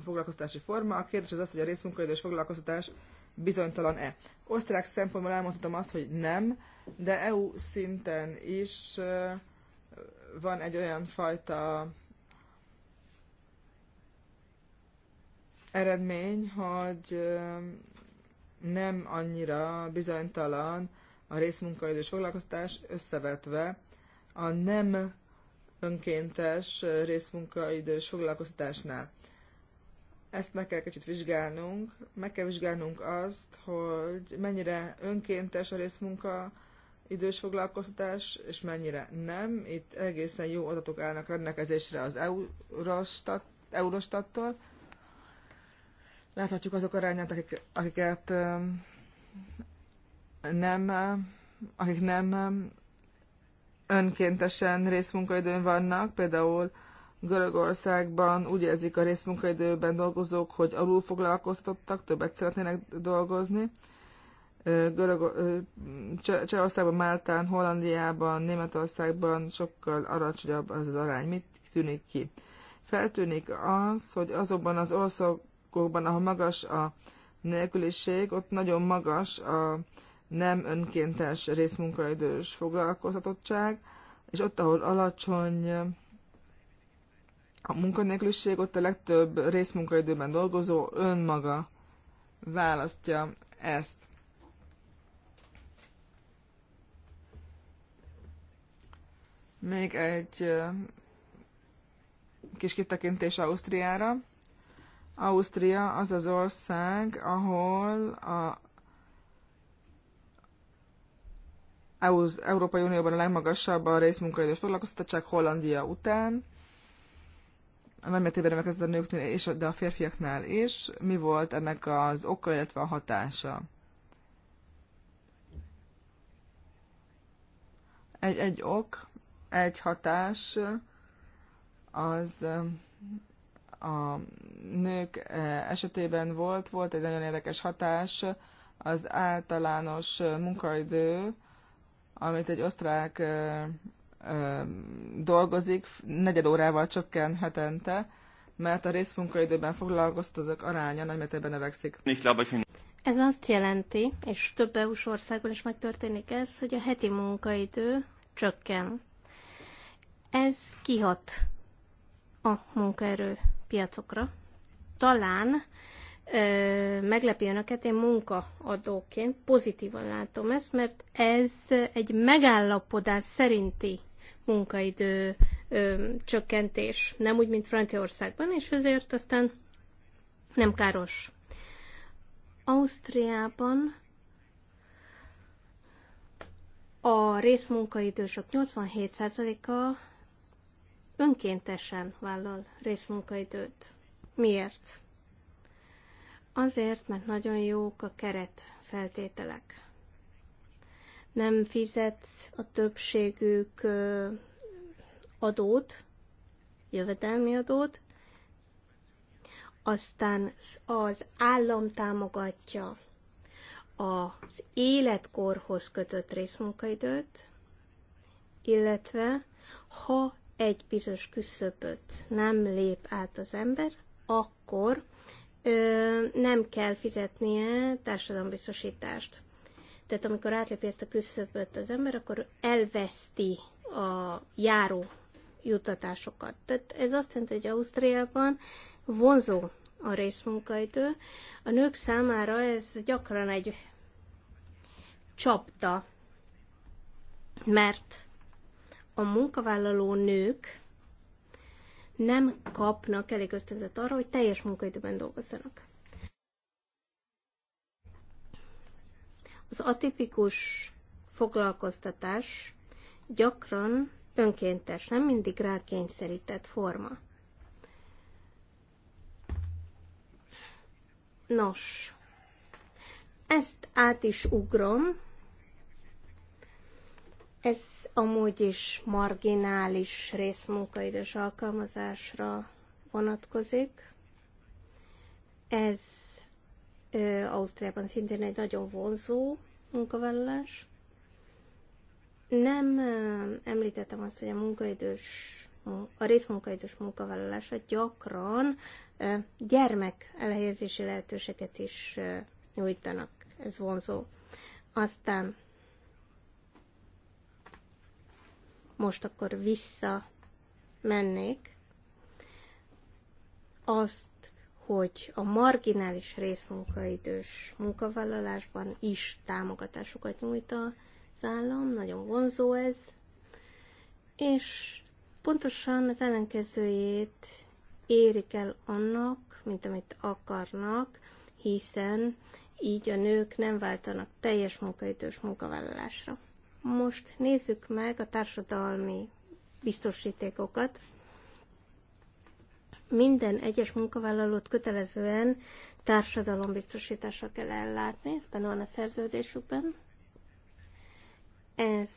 foglalkoztatási forma. A kérdés az az, hogy a részmunkaidős foglalkoztatás bizonytalan-e. Osztrák szempontból elmondhatom azt, hogy nem, de EU szinten is van egy olyan fajta eredmény, hogy nem annyira bizonytalan a részmunkaidős foglalkoztatás összevetve a nem önkéntes részmunkaidős foglalkoztatásnál. Ezt meg kell kicsit vizsgálnunk, meg kell vizsgálnunk azt, hogy mennyire önkéntes a részmunka idős foglalkoztatás, és mennyire nem. Itt egészen jó adatok állnak rendelkezésre az Eurostattól. Láthatjuk azok arányát, akik, akiket nem, akik nem önkéntesen részmunkaidőn vannak, például Görögországban úgy érzik a részmunkaidőben dolgozók, hogy alul foglalkoztattak, többet szeretnének dolgozni. Görög, Cseh Csehországban, Máltán, Hollandiában, Németországban sokkal alacsonyabb az az arány. Mit tűnik ki? Feltűnik az, hogy azokban az országokban, ahol magas a nélküliség, ott nagyon magas a nem önkéntes részmunkaidős foglalkoztatottság, és ott, ahol alacsony a munkanélküliség, ott a legtöbb részmunkaidőben dolgozó önmaga választja ezt. Még egy kis kitekintés Ausztriára. Ausztria az az ország, ahol a E az Európai Unióban a legmagasabb a részmunkaidős foglalkoztatottság Hollandia után. A nagymértékben remek ez a nőknél, és, de a férfiaknál is. Mi volt ennek az oka, illetve a hatása? Egy, egy ok, egy hatás az a nők e, esetében volt, volt egy nagyon érdekes hatás, az általános munkaidő amit egy osztrák ö, ö, dolgozik, negyed órával csökken hetente, mert a részmunkaidőben foglalkoztatók aránya nagymértékben növekszik. Ez azt jelenti, és több eu országban is megtörténik ez, hogy a heti munkaidő csökken. Ez kihat a munkaerő piacokra. Talán meglepi önöket, én munkaadóként pozitívan látom ezt, mert ez egy megállapodás szerinti munkaidő ö, csökkentés, nem úgy, mint Franciaországban, és ezért aztán nem káros. Ausztriában a részmunkaidősök 87%-a önkéntesen vállal részmunkaidőt. Miért? Azért, mert nagyon jók a keret feltételek. Nem fizetsz a többségük adót, jövedelmi adót, aztán az állam támogatja az életkorhoz kötött részmunkaidőt, illetve ha egy bizonyos küszöböt nem lép át az ember, akkor nem kell fizetnie társadalombiztosítást. Tehát amikor átlépi ezt a küszöböt az ember, akkor elveszti a járó juttatásokat. Tehát ez azt jelenti, hogy Ausztriában vonzó a részmunkaidő. A nők számára ez gyakran egy csapta, mert a munkavállaló nők nem kapnak elég ösztönzet arra, hogy teljes munkaidőben dolgozzanak. Az atipikus foglalkoztatás gyakran önkéntes, nem mindig rákényszerített forma. Nos, ezt át is ugrom, ez amúgy is marginális részmunkaidős alkalmazásra vonatkozik. Ez ö, Ausztriában szintén egy nagyon vonzó munkavállalás. Nem ö, említettem azt, hogy a munkaidős a részmunkaidős munkavállalása gyakran ö, gyermek elhelyezési lehetőséget is ö, nyújtanak. Ez vonzó. Aztán most akkor vissza mennék, azt, hogy a marginális részmunkaidős munkavállalásban is támogatásokat nyújt az állam, nagyon vonzó ez, és pontosan az ellenkezőjét érik el annak, mint amit akarnak, hiszen így a nők nem váltanak teljes munkaidős munkavállalásra. Most nézzük meg a társadalmi biztosítékokat. Minden egyes munkavállalót kötelezően társadalombiztosításra kell ellátni, ez benne van a szerződésükben. Ez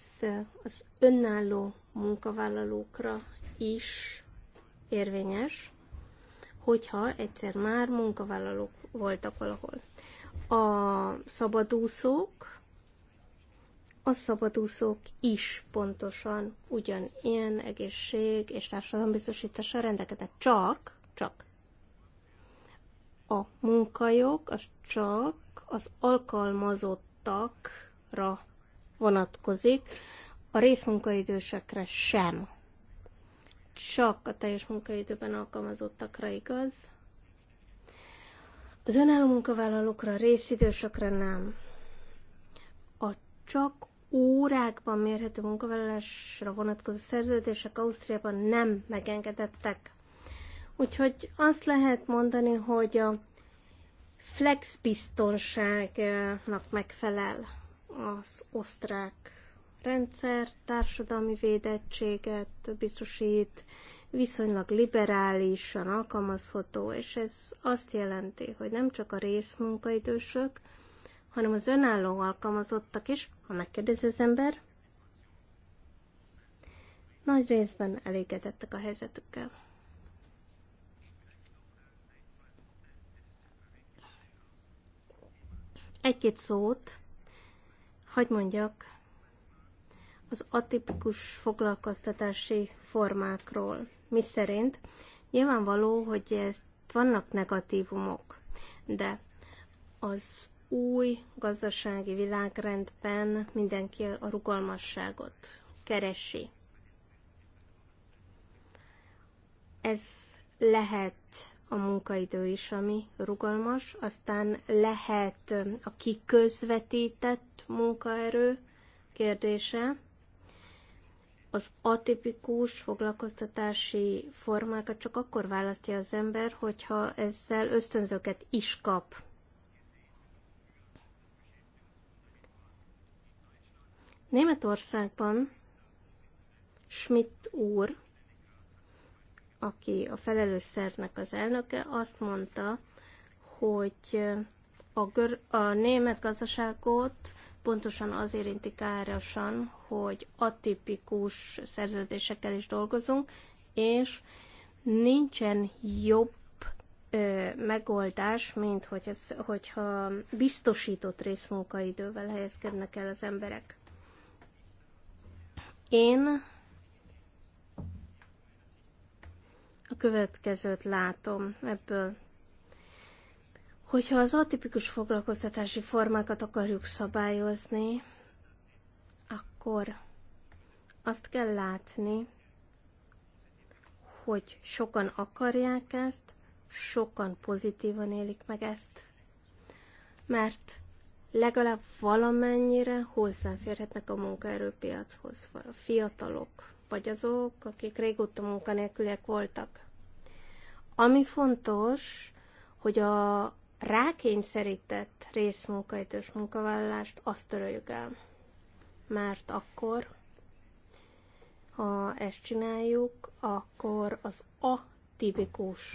az önálló munkavállalókra is érvényes, hogyha egyszer már munkavállalók voltak valahol. A szabadúszók, a szabadúszók is pontosan ugyanilyen egészség és társadalombiztosítással rendelkeznek. Csak, csak a munkajog az csak az alkalmazottakra vonatkozik, a részmunkaidősekre sem. Csak a teljes munkaidőben alkalmazottakra igaz. Az önálló munkavállalókra, részidősökre nem. A csak órákban mérhető munkavállalásra vonatkozó szerződések Ausztriában nem megengedettek. Úgyhogy azt lehet mondani, hogy a flex biztonságnak megfelel az osztrák rendszer, társadalmi védettséget biztosít, viszonylag liberálisan alkalmazható, és ez azt jelenti, hogy nem csak a részmunkaidősök, hanem az önálló alkalmazottak is, ha megkérdezi az ember, nagy részben elégedettek a helyzetükkel. Egy-két szót, hagyd mondjak, az atipikus foglalkoztatási formákról. Mi szerint nyilvánvaló, hogy ez vannak negatívumok, de az új gazdasági világrendben mindenki a rugalmasságot keresi. Ez lehet a munkaidő is, ami rugalmas, aztán lehet a kiközvetített munkaerő kérdése, az atipikus foglalkoztatási formákat csak akkor választja az ember, hogyha ezzel ösztönzőket is kap. Németországban Schmidt úr, aki a felelős szervnek az elnöke, azt mondta, hogy a, gör, a német gazdaságot pontosan az érinti károsan, hogy atipikus szerződésekkel is dolgozunk, és nincsen jobb ö, megoldás, mint hogy ez, hogyha biztosított részmunkaidővel helyezkednek el az emberek. Én a következőt látom ebből. Hogyha az atipikus foglalkoztatási formákat akarjuk szabályozni, akkor azt kell látni, hogy sokan akarják ezt, sokan pozitívan élik meg ezt, mert legalább valamennyire hozzáférhetnek a munkaerőpiachoz a fiatalok, vagy azok, akik régóta munkanélküliek voltak. Ami fontos, hogy a rákényszerített részmunkaidős munkavállalást azt töröljük el. Mert akkor, ha ezt csináljuk, akkor az a tipikus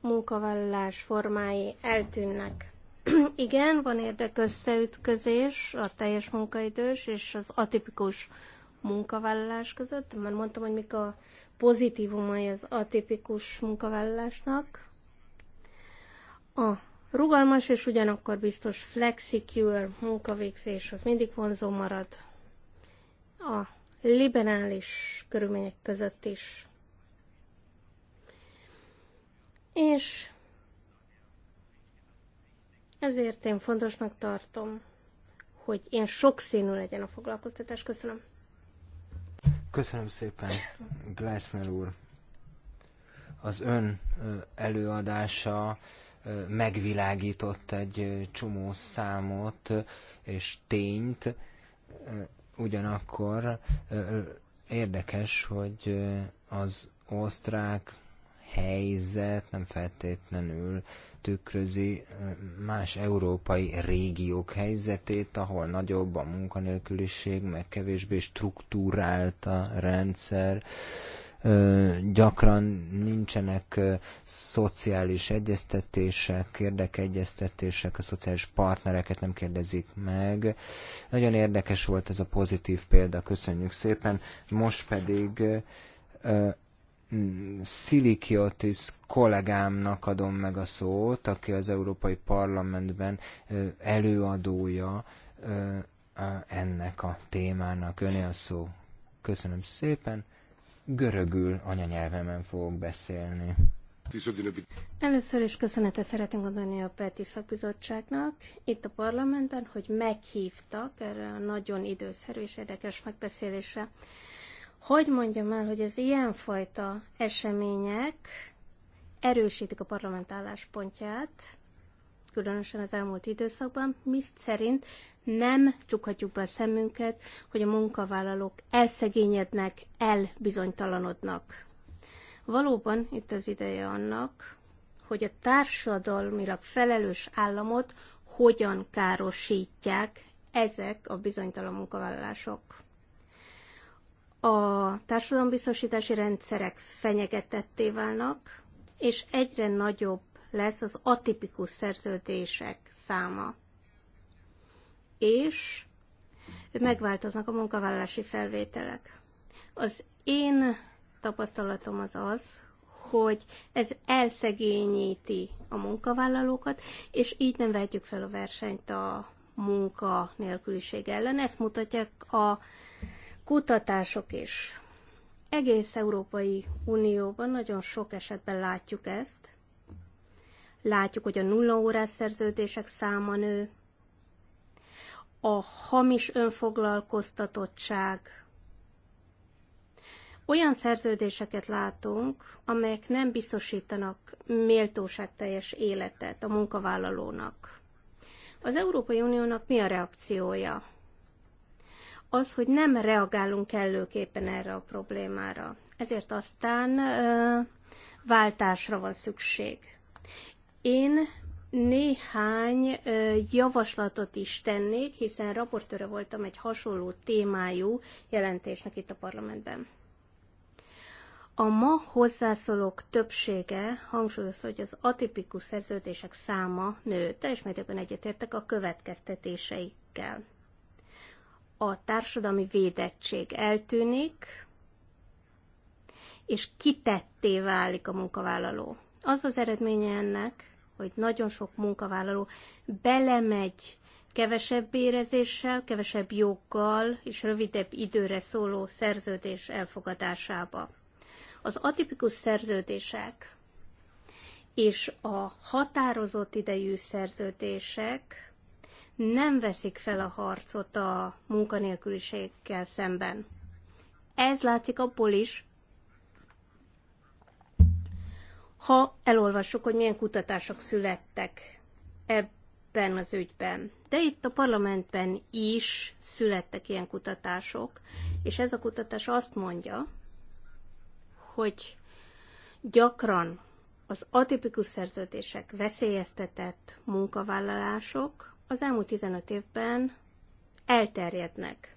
munkavállalás formái eltűnnek. Igen, van érdekösszeütközés a teljes munkaidős és az atipikus munkavállalás között, már mondtam, hogy mik a pozitívumai az atipikus munkavállalásnak. A rugalmas és ugyanakkor biztos flexicure munkavégzés az mindig vonzó marad a liberális körülmények között is. És ezért én fontosnak tartom, hogy én sokszínű legyen a foglalkoztatás. Köszönöm. Köszönöm szépen, Glassner úr. Az ön előadása megvilágított egy csomó számot és tényt, ugyanakkor érdekes, hogy az osztrák helyzet nem feltétlenül tükrözi más európai régiók helyzetét, ahol nagyobb a munkanélküliség, meg kevésbé struktúrált a rendszer, gyakran nincsenek szociális egyeztetések, érdekegyeztetések, a szociális partnereket nem kérdezik meg. Nagyon érdekes volt ez a pozitív példa, köszönjük szépen. Most pedig Mm, Szilikiotis kollégámnak adom meg a szót, aki az Európai Parlamentben előadója ennek a témának. Öné a szó. Köszönöm szépen. Görögül anyanyelvemen fogok beszélni. Először is köszönetet szeretném mondani a PETI szakbizottságnak itt a parlamentben, hogy meghívtak erre a nagyon időszerű és érdekes megbeszélésre. Hogy mondjam el, hogy az ilyenfajta események erősítik a parlament álláspontját, különösen az elmúlt időszakban, mi szerint nem csukhatjuk be a szemünket, hogy a munkavállalók elszegényednek, elbizonytalanodnak. Valóban itt az ideje annak, hogy a társadalmilag felelős államot hogyan károsítják ezek a bizonytalan munkavállalások a társadalombiztosítási rendszerek fenyegetetté válnak, és egyre nagyobb lesz az atipikus szerződések száma. És megváltoznak a munkavállalási felvételek. Az én tapasztalatom az az, hogy ez elszegényíti a munkavállalókat, és így nem vehetjük fel a versenyt a munka nélküliség ellen. Ezt mutatják a Kutatások is. Egész Európai Unióban nagyon sok esetben látjuk ezt. Látjuk, hogy a nulla órás szerződések száma nő, a hamis önfoglalkoztatottság. Olyan szerződéseket látunk, amelyek nem biztosítanak méltóságteljes életet a munkavállalónak. Az Európai Uniónak mi a reakciója? az, hogy nem reagálunk kellőképpen erre a problémára. Ezért aztán ö, váltásra van szükség. Én néhány ö, javaslatot is tennék, hiszen raportőre voltam egy hasonló témájú jelentésnek itt a parlamentben. A ma hozzászólók többsége hangsúlyozza, hogy az atipikus szerződések száma nő. Teljes mértékben egyetértek a következtetéseikkel a társadalmi védettség eltűnik, és kitetté válik a munkavállaló. Az az eredménye ennek, hogy nagyon sok munkavállaló belemegy kevesebb érezéssel, kevesebb joggal és rövidebb időre szóló szerződés elfogadásába. Az atipikus szerződések és a határozott idejű szerződések nem veszik fel a harcot a munkanélküliséggel szemben. Ez látszik abból is, ha elolvassuk, hogy milyen kutatások születtek ebben az ügyben. De itt a parlamentben is születtek ilyen kutatások, és ez a kutatás azt mondja, hogy gyakran az atipikus szerződések veszélyeztetett munkavállalások az elmúlt 15 évben elterjednek.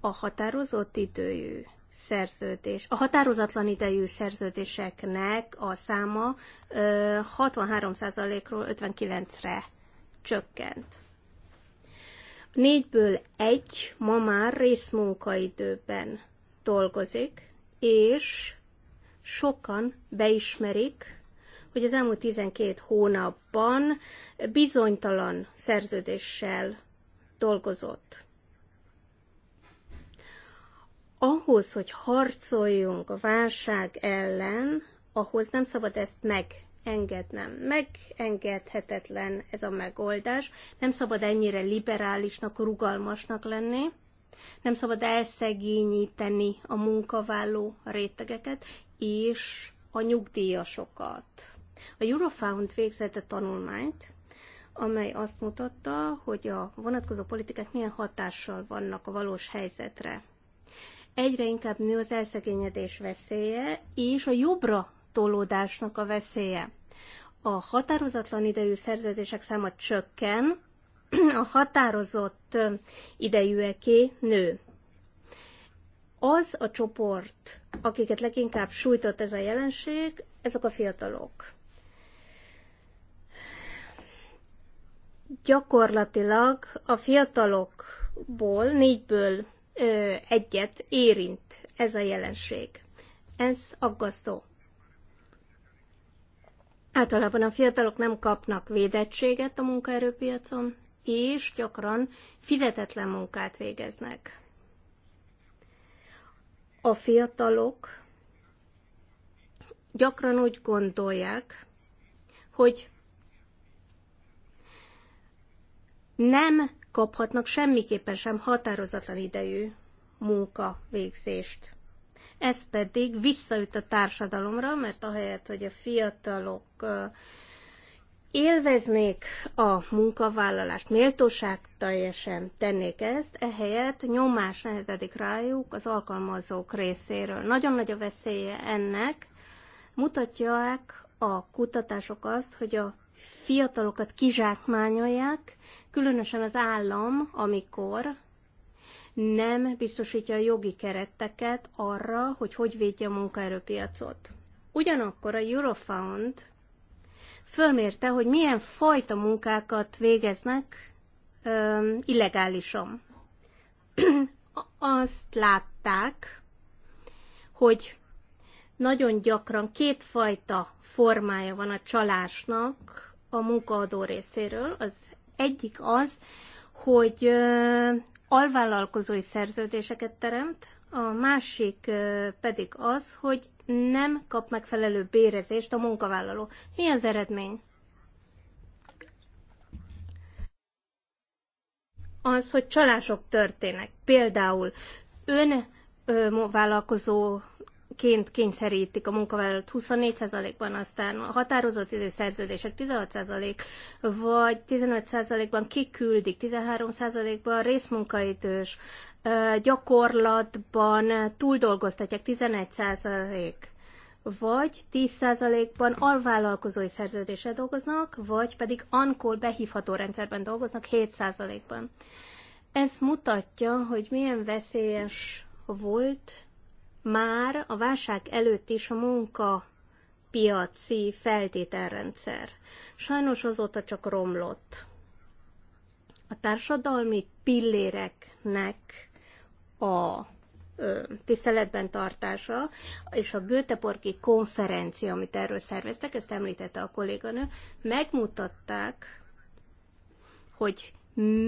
A határozott idejű szerződés, a határozatlan idejű szerződéseknek a száma 63%-ról 59-re csökkent. Négyből egy ma már részmunkaidőben dolgozik, és sokan beismerik, hogy az elmúlt 12 hónapban bizonytalan szerződéssel dolgozott. Ahhoz, hogy harcoljunk a válság ellen, ahhoz nem szabad ezt megengednem. Megengedhetetlen ez a megoldás. Nem szabad ennyire liberálisnak, rugalmasnak lenni. Nem szabad elszegényíteni a munkavállaló rétegeket és a nyugdíjasokat. A Eurofound végzett a tanulmányt, amely azt mutatta, hogy a vonatkozó politikák milyen hatással vannak a valós helyzetre. Egyre inkább nő az elszegényedés veszélye, és a jobbra tolódásnak a veszélye. A határozatlan idejű szerződések száma csökken, a határozott idejűeké nő. Az a csoport, akiket leginkább sújtott ez a jelenség, ezek a fiatalok. gyakorlatilag a fiatalokból négyből ö, egyet érint ez a jelenség. Ez aggasztó. Általában a fiatalok nem kapnak védettséget a munkaerőpiacon, és gyakran fizetetlen munkát végeznek. A fiatalok gyakran úgy gondolják, hogy nem kaphatnak semmiképpen sem határozatlan idejű munka végzést. Ez pedig visszaüt a társadalomra, mert ahelyett, hogy a fiatalok élveznék a munkavállalást, méltóság teljesen tennék ezt, ehelyett nyomás nehezedik rájuk az alkalmazók részéről. Nagyon nagy a veszélye ennek, mutatják a kutatások azt, hogy a fiatalokat kizsákmányolják, különösen az állam, amikor nem biztosítja a jogi kereteket arra, hogy hogy védje a munkaerőpiacot. Ugyanakkor a Eurofound fölmérte, hogy milyen fajta munkákat végeznek ö, illegálisan. Azt látták, hogy nagyon gyakran kétfajta formája van a csalásnak a munkaadó részéről. Az egyik az, hogy alvállalkozói szerződéseket teremt, a másik pedig az, hogy nem kap megfelelő bérezést a munkavállaló. Mi az eredmény? Az, hogy csalások történnek. Például ön vállalkozó ként kényszerítik a munkavállalót 24%-ban, aztán a határozott időszerződések 16%, vagy 15%-ban kiküldik, 13%-ban részmunkaidős, gyakorlatban túldolgoztatják 11%, vagy 10%-ban alvállalkozói szerződésre dolgoznak, vagy pedig ankol behívható rendszerben dolgoznak 7%-ban. Ez mutatja, hogy milyen veszélyes volt már a válság előtt is a munka piaci feltételrendszer. Sajnos azóta csak romlott. A társadalmi pilléreknek a ö, tiszteletben tartása, és a Göteborgi konferencia, amit erről szerveztek, ezt említette a kolléganő, megmutatták, hogy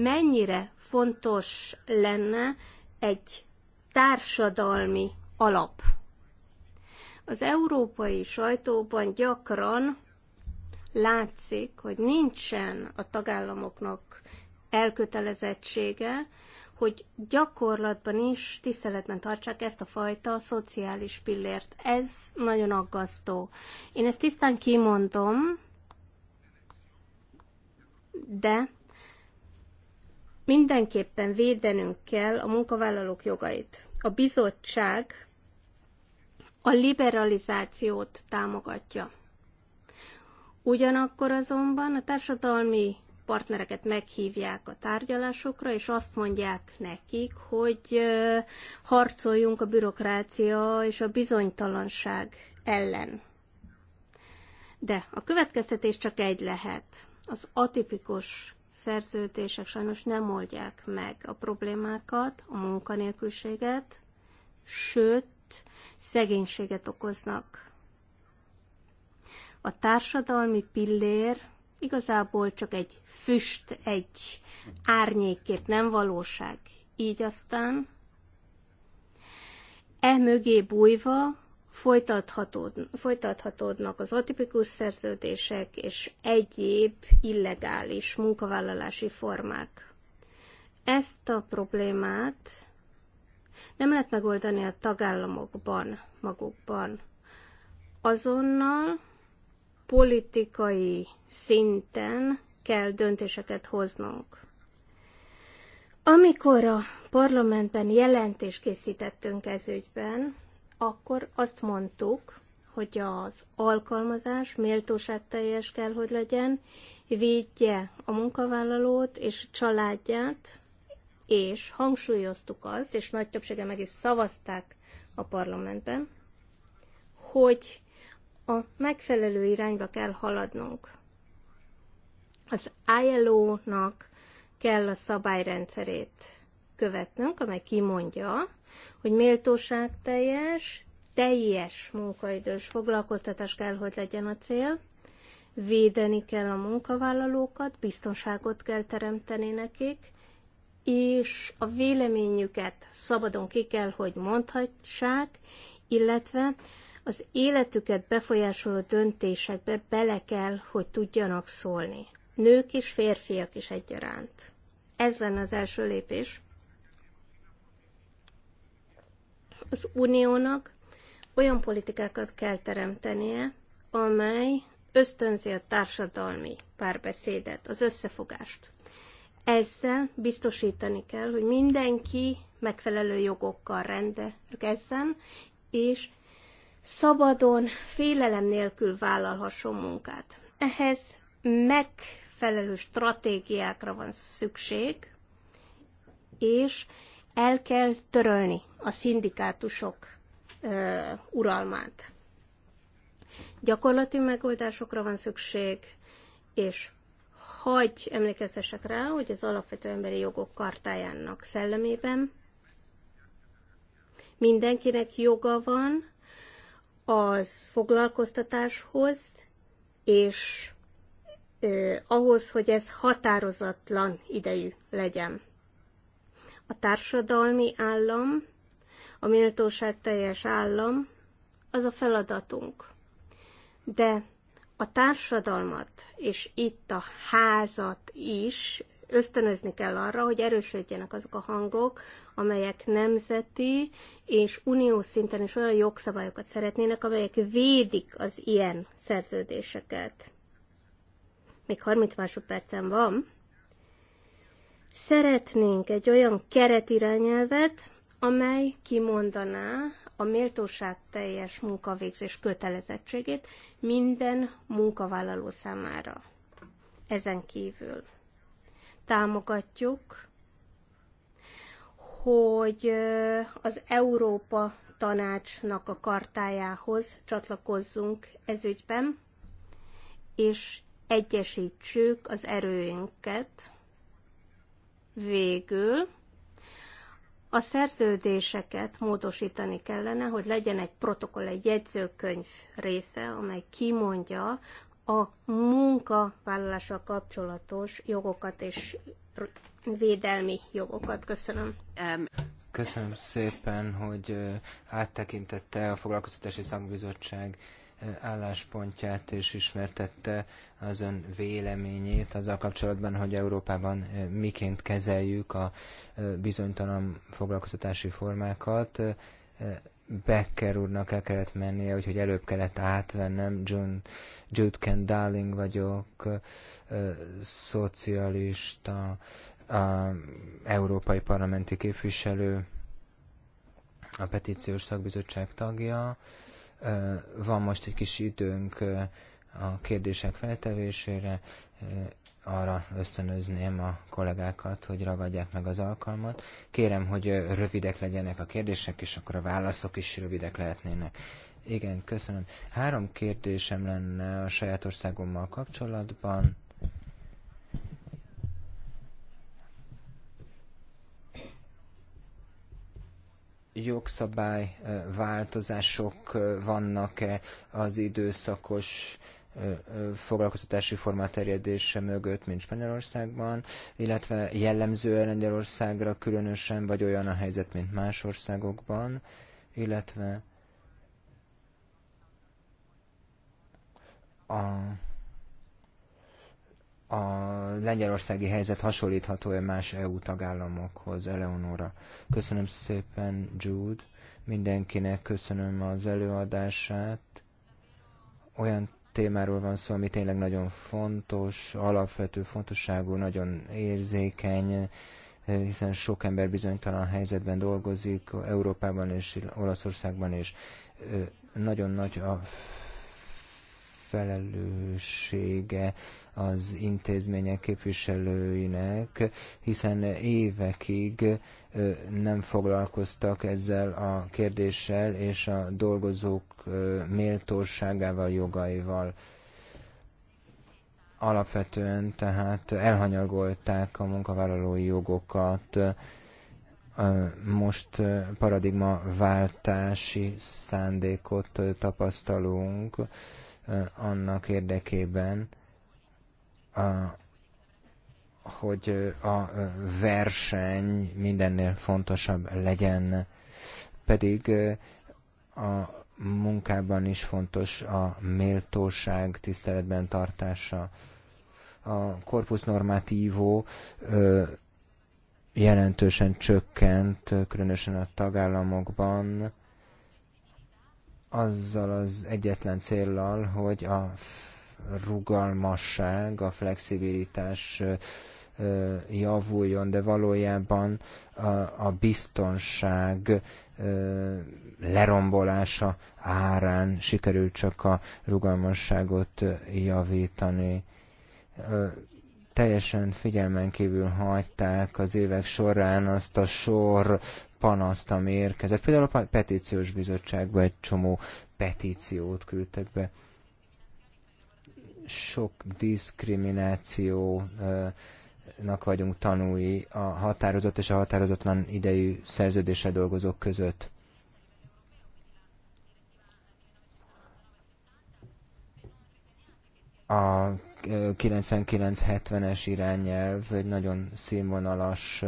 mennyire fontos lenne egy társadalmi alap. Az európai sajtóban gyakran látszik, hogy nincsen a tagállamoknak elkötelezettsége, hogy gyakorlatban is tiszteletben tartsák ezt a fajta szociális pillért. Ez nagyon aggasztó. Én ezt tisztán kimondom, de mindenképpen védenünk kell a munkavállalók jogait. A bizottság a liberalizációt támogatja. Ugyanakkor azonban a társadalmi partnereket meghívják a tárgyalásokra, és azt mondják nekik, hogy harcoljunk a bürokrácia és a bizonytalanság ellen. De a következtetés csak egy lehet. Az atipikus szerződések sajnos nem oldják meg a problémákat, a munkanélküliséget, sőt, szegénységet okoznak. A társadalmi pillér igazából csak egy füst, egy árnyékkép, nem valóság. Így aztán e mögé bújva folytathatódnak az atipikus szerződések és egyéb illegális munkavállalási formák. Ezt a problémát nem lehet megoldani a tagállamokban, magukban. Azonnal politikai szinten kell döntéseket hoznunk. Amikor a parlamentben jelentést készítettünk ez ügyben, akkor azt mondtuk, hogy az alkalmazás méltóságteljes kell, hogy legyen, védje a munkavállalót és családját, és hangsúlyoztuk azt, és nagy többsége meg is szavazták a parlamentben, hogy a megfelelő irányba kell haladnunk. Az ILO-nak kell a szabályrendszerét követnünk, amely kimondja, hogy méltóság teljes, teljes munkaidős foglalkoztatás kell, hogy legyen a cél, védeni kell a munkavállalókat, biztonságot kell teremteni nekik, és a véleményüket szabadon ki kell, hogy mondhassák, illetve az életüket befolyásoló döntésekbe bele kell, hogy tudjanak szólni. Nők és férfiak is egyaránt. Ez lenne az első lépés. Az uniónak olyan politikákat kell teremtenie, amely ösztönzi a társadalmi párbeszédet, az összefogást. Ezzel biztosítani kell, hogy mindenki megfelelő jogokkal rendelkezzen, és szabadon, félelem nélkül vállalhasson munkát. Ehhez megfelelő stratégiákra van szükség, és el kell törölni a szindikátusok ö, uralmát. Gyakorlati megoldásokra van szükség, és hagy emlékeztessek rá, hogy az alapvető emberi jogok kartájának szellemében mindenkinek joga van az foglalkoztatáshoz, és ö, ahhoz, hogy ez határozatlan idejű legyen. A társadalmi állam, a méltóság teljes állam, az a feladatunk. De a társadalmat, és itt a házat is ösztönözni kell arra, hogy erősödjenek azok a hangok, amelyek nemzeti és uniós szinten is olyan jogszabályokat szeretnének, amelyek védik az ilyen szerződéseket. Még 30 másodpercen van. Szeretnénk egy olyan keretirányelvet, amely kimondaná a méltóság teljes munkavégzés kötelezettségét minden munkavállaló számára. Ezen kívül támogatjuk, hogy az Európa tanácsnak a kartájához csatlakozzunk ezügyben, és egyesítsük az erőinket. Végül a szerződéseket módosítani kellene, hogy legyen egy protokoll, egy jegyzőkönyv része, amely kimondja a munkavállalással kapcsolatos jogokat és védelmi jogokat. Köszönöm. Um, Köszönöm szépen, hogy áttekintette a Foglalkoztatási Szakbizottság álláspontját és ismertette az ön véleményét azzal kapcsolatban, hogy Európában eh, miként kezeljük a eh, bizonytalan foglalkoztatási formákat. Eh, Becker úrnak el kellett mennie, úgyhogy előbb kellett átvennem. John, Jude Ken Darling vagyok, szocialista, a európai parlamenti képviselő, a petíciós szakbizottság tagja. Van most egy kis időnk a kérdések feltevésére, arra ösztönözném a kollégákat, hogy ragadják meg az alkalmat. Kérem, hogy rövidek legyenek a kérdések, és akkor a válaszok is rövidek lehetnének. Igen, köszönöm. Három kérdésem lenne a saját országommal kapcsolatban. jogszabály változások vannak-e az időszakos foglalkoztatási forma terjedése mögött, mint Spanyolországban, illetve jellemző Lengyelországra különösen, vagy olyan a helyzet, mint más országokban, illetve a a lengyelországi helyzet hasonlítható-e más EU tagállamokhoz, Eleonora? Köszönöm szépen, Jude. Mindenkinek köszönöm az előadását. Olyan témáról van szó, ami tényleg nagyon fontos, alapvető fontosságú, nagyon érzékeny, hiszen sok ember bizonytalan helyzetben dolgozik Európában és Olaszországban, és nagyon nagy a felelőssége az intézmények képviselőinek, hiszen évekig nem foglalkoztak ezzel a kérdéssel és a dolgozók méltóságával, jogaival alapvetően tehát elhanyagolták a munkavállalói jogokat, most paradigmaváltási szándékot tapasztalunk, annak érdekében, hogy a verseny mindennél fontosabb legyen, pedig a munkában is fontos a méltóság tiszteletben tartása. A korpus normatívó jelentősen csökkent, különösen a tagállamokban, azzal az egyetlen céllal, hogy a rugalmasság, a flexibilitás javuljon, de valójában a, a biztonság lerombolása árán sikerült csak a rugalmasságot javítani. Teljesen figyelmen kívül hagyták az évek során azt a sor panaszt, ami érkezett. Például a petíciós bizottságban egy csomó petíciót küldtek be. Sok diszkriminációnak vagyunk tanúi a határozott és a határozatlan idejű szerződésre dolgozók között. a 99-70-es irányelv egy nagyon színvonalas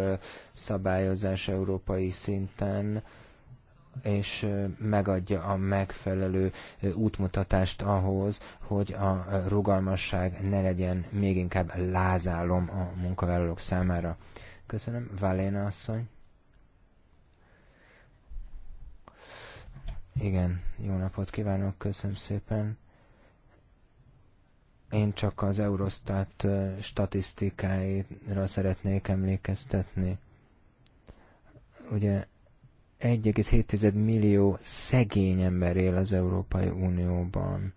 szabályozás európai szinten, és megadja a megfelelő útmutatást ahhoz, hogy a rugalmasság ne legyen még inkább lázálom a munkavállalók számára. Köszönöm, Valéna asszony. Igen, jó napot kívánok, köszönöm szépen. Én csak az Eurostat statisztikáira szeretnék emlékeztetni. Ugye 1,7 millió szegény ember él az Európai Unióban.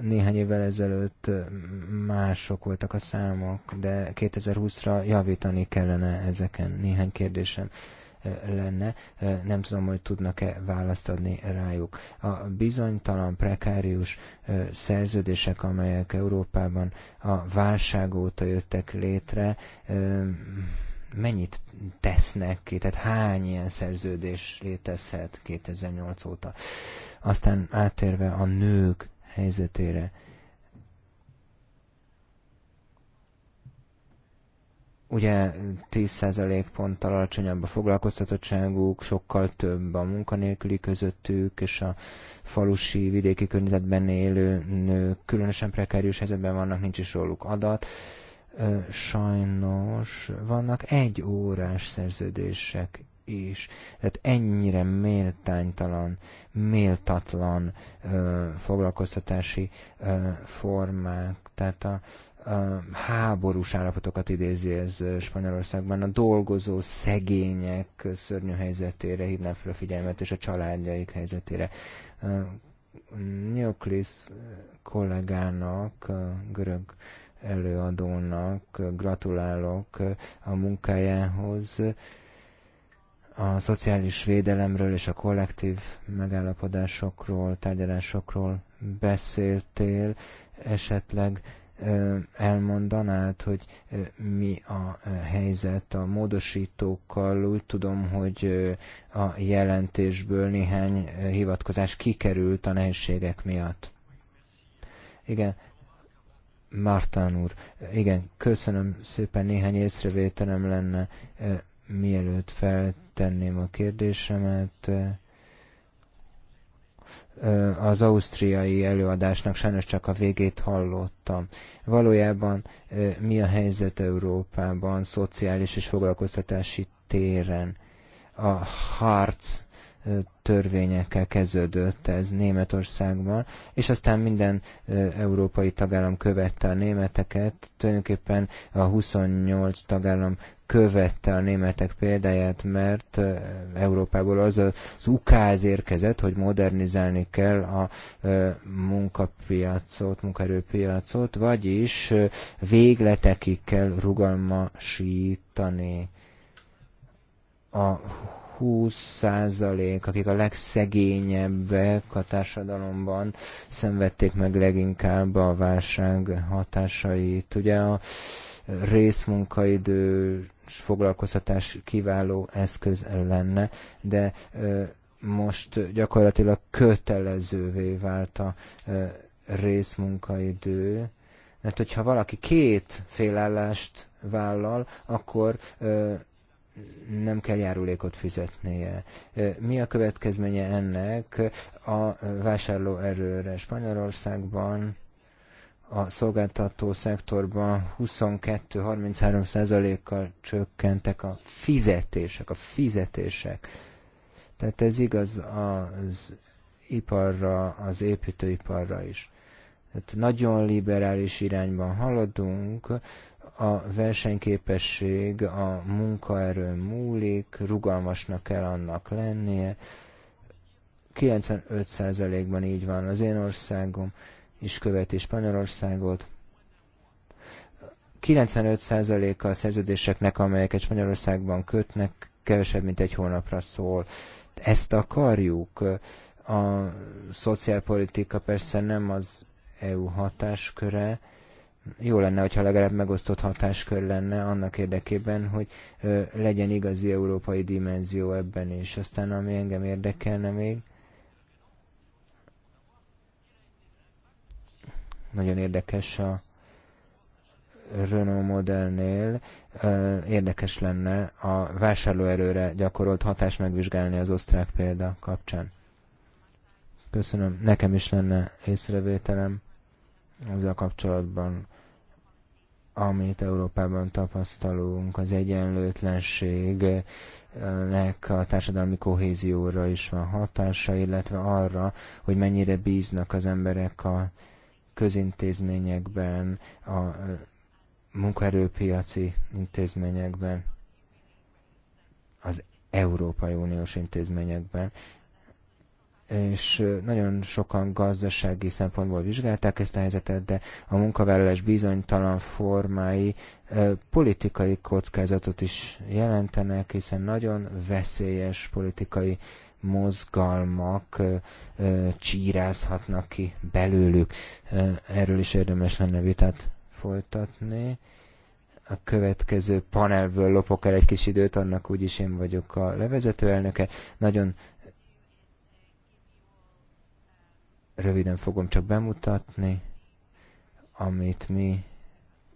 Néhány évvel ezelőtt mások voltak a számok, de 2020-ra javítani kellene ezeken. Néhány kérdésem lenne, nem tudom, hogy tudnak-e választ adni rájuk. A bizonytalan, prekárius szerződések, amelyek Európában a válság óta jöttek létre, mennyit tesznek ki, tehát hány ilyen szerződés létezhet 2008 óta. Aztán átérve a nők helyzetére Ugye 10% ponttal alacsonyabb a foglalkoztatottságuk, sokkal több a munkanélküli közöttük, és a falusi, vidéki környezetben élő nők különösen prekárius helyzetben vannak, nincs is róluk adat sajnos vannak egy órás szerződések is. Tehát ennyire méltánytalan, méltatlan ö, foglalkoztatási ö, formák. Tehát a háborús állapotokat idézi ez Spanyolországban, a dolgozó szegények szörnyű helyzetére hívnám fel a figyelmet, és a családjaik helyzetére. Nyoklis kollégának, görög előadónak gratulálok a munkájához. A szociális védelemről és a kollektív megállapodásokról, tárgyalásokról beszéltél, esetleg elmondanád, hogy mi a helyzet a módosítókkal. Úgy tudom, hogy a jelentésből néhány hivatkozás kikerült a nehézségek miatt. Igen, Martán úr, igen, köszönöm szépen, néhány észrevételem lenne, mielőtt feltenném a kérdésemet az ausztriai előadásnak sajnos csak a végét hallottam. Valójában mi a helyzet Európában, szociális és foglalkoztatási téren? A Harc törvényekkel kezdődött ez Németországban, és aztán minden európai tagállam követte a németeket, tulajdonképpen a 28 tagállam követte a németek példáját, mert Európából az az ukáz érkezett, hogy modernizálni kell a munkapiacot, munkaerőpiacot, vagyis végletekig kell rugalmasítani a 20% akik a legszegényebbek a társadalomban szenvedték meg leginkább a válság hatásait. Ugye a részmunkaidő foglalkoztatás kiváló eszköz lenne, de most gyakorlatilag kötelezővé vált a részmunkaidő, mert hogyha valaki két félállást vállal, akkor nem kell járulékot fizetnie. Mi a következménye ennek a vásárlóerőre? Spanyolországban a szolgáltató szektorban 22-33 százalékkal csökkentek a fizetések, a fizetések. Tehát ez igaz az iparra, az építőiparra is. Tehát nagyon liberális irányban haladunk, a versenyképesség a munkaerőn múlik, rugalmasnak kell annak lennie. 95%-ban így van az én országom, és követi Spanyolországot. 95%-a a szerződéseknek, amelyeket Spanyolországban kötnek, kevesebb, mint egy hónapra szól. Ezt akarjuk. A szociálpolitika persze nem az EU hatásköre, jó lenne, hogyha legalább megosztott hatáskör lenne annak érdekében, hogy ö, legyen igazi európai dimenzió ebben is. Aztán ami engem érdekelne még, nagyon érdekes a Renault modellnél, ö, érdekes lenne a vásárlóerőre gyakorolt hatás megvizsgálni az osztrák példa kapcsán. Köszönöm, nekem is lenne észrevételem ezzel kapcsolatban, amit Európában tapasztalunk, az egyenlőtlenségnek a társadalmi kohézióra is van hatása, illetve arra, hogy mennyire bíznak az emberek a közintézményekben, a munkaerőpiaci intézményekben, az Európai Uniós intézményekben és nagyon sokan gazdasági szempontból vizsgálták ezt a helyzetet, de a munkavállalás bizonytalan formái politikai kockázatot is jelentenek, hiszen nagyon veszélyes politikai mozgalmak csírázhatnak ki belőlük. Erről is érdemes lenne vitát folytatni. A következő panelből lopok el egy kis időt, annak úgyis én vagyok a levezető elnöke. Nagyon Röviden fogom csak bemutatni, amit mi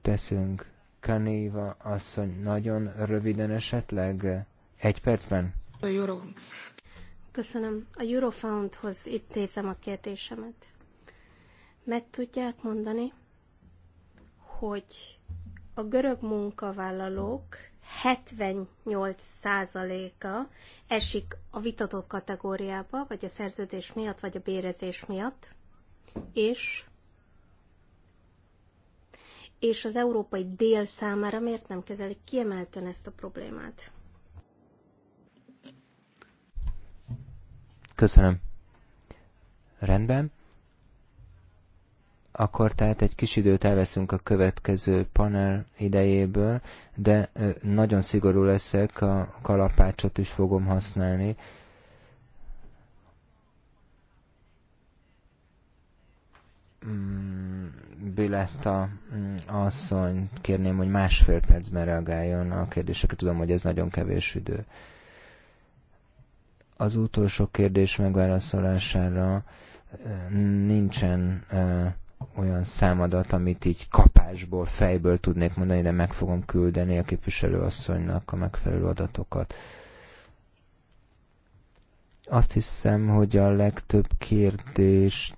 teszünk. Kanéva asszony, nagyon röviden esetleg, egy percben. A Euro. Köszönöm. A Eurofoundhoz intézem a kérdésemet. Meg tudják mondani, hogy a görög munkavállalók 78%-a esik a vitatott kategóriába, vagy a szerződés miatt, vagy a bérezés miatt, és és az európai dél számára miért nem kezelik kiemelten ezt a problémát? Köszönöm. Rendben akkor tehát egy kis időt elveszünk a következő panel idejéből, de nagyon szigorú leszek, a kalapácsot is fogom használni. Mm, Biletta mm, asszony, kérném, hogy másfél percben reagáljon a kérdésekre. Tudom, hogy ez nagyon kevés idő. Az utolsó kérdés megválaszolására nincsen uh, olyan számadat, amit így kapásból, fejből tudnék mondani, de meg fogom küldeni a képviselőasszonynak a megfelelő adatokat. Azt hiszem, hogy a legtöbb kérdés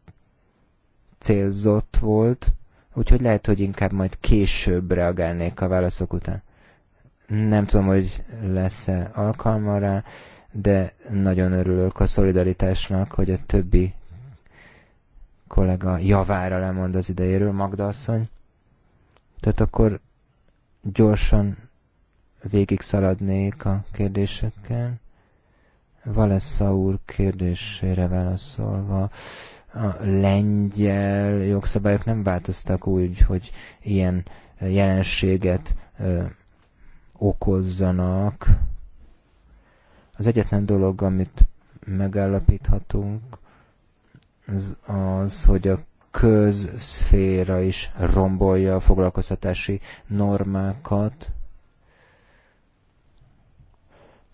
célzott volt, úgyhogy lehet, hogy inkább majd később reagálnék a válaszok után. Nem tudom, hogy lesz-e alkalma rá, de nagyon örülök a szolidaritásnak, hogy a többi kollega javára lemond az idejéről, Magda asszony. Tehát akkor gyorsan végig szaladnék a kérdéseken. Valessa úr kérdésére válaszolva, a lengyel jogszabályok nem változtak úgy, hogy ilyen eh, jelenséget ö, eh, okozzanak. Az egyetlen dolog, amit megállapíthatunk, az az, hogy a közszféra is rombolja a foglalkoztatási normákat.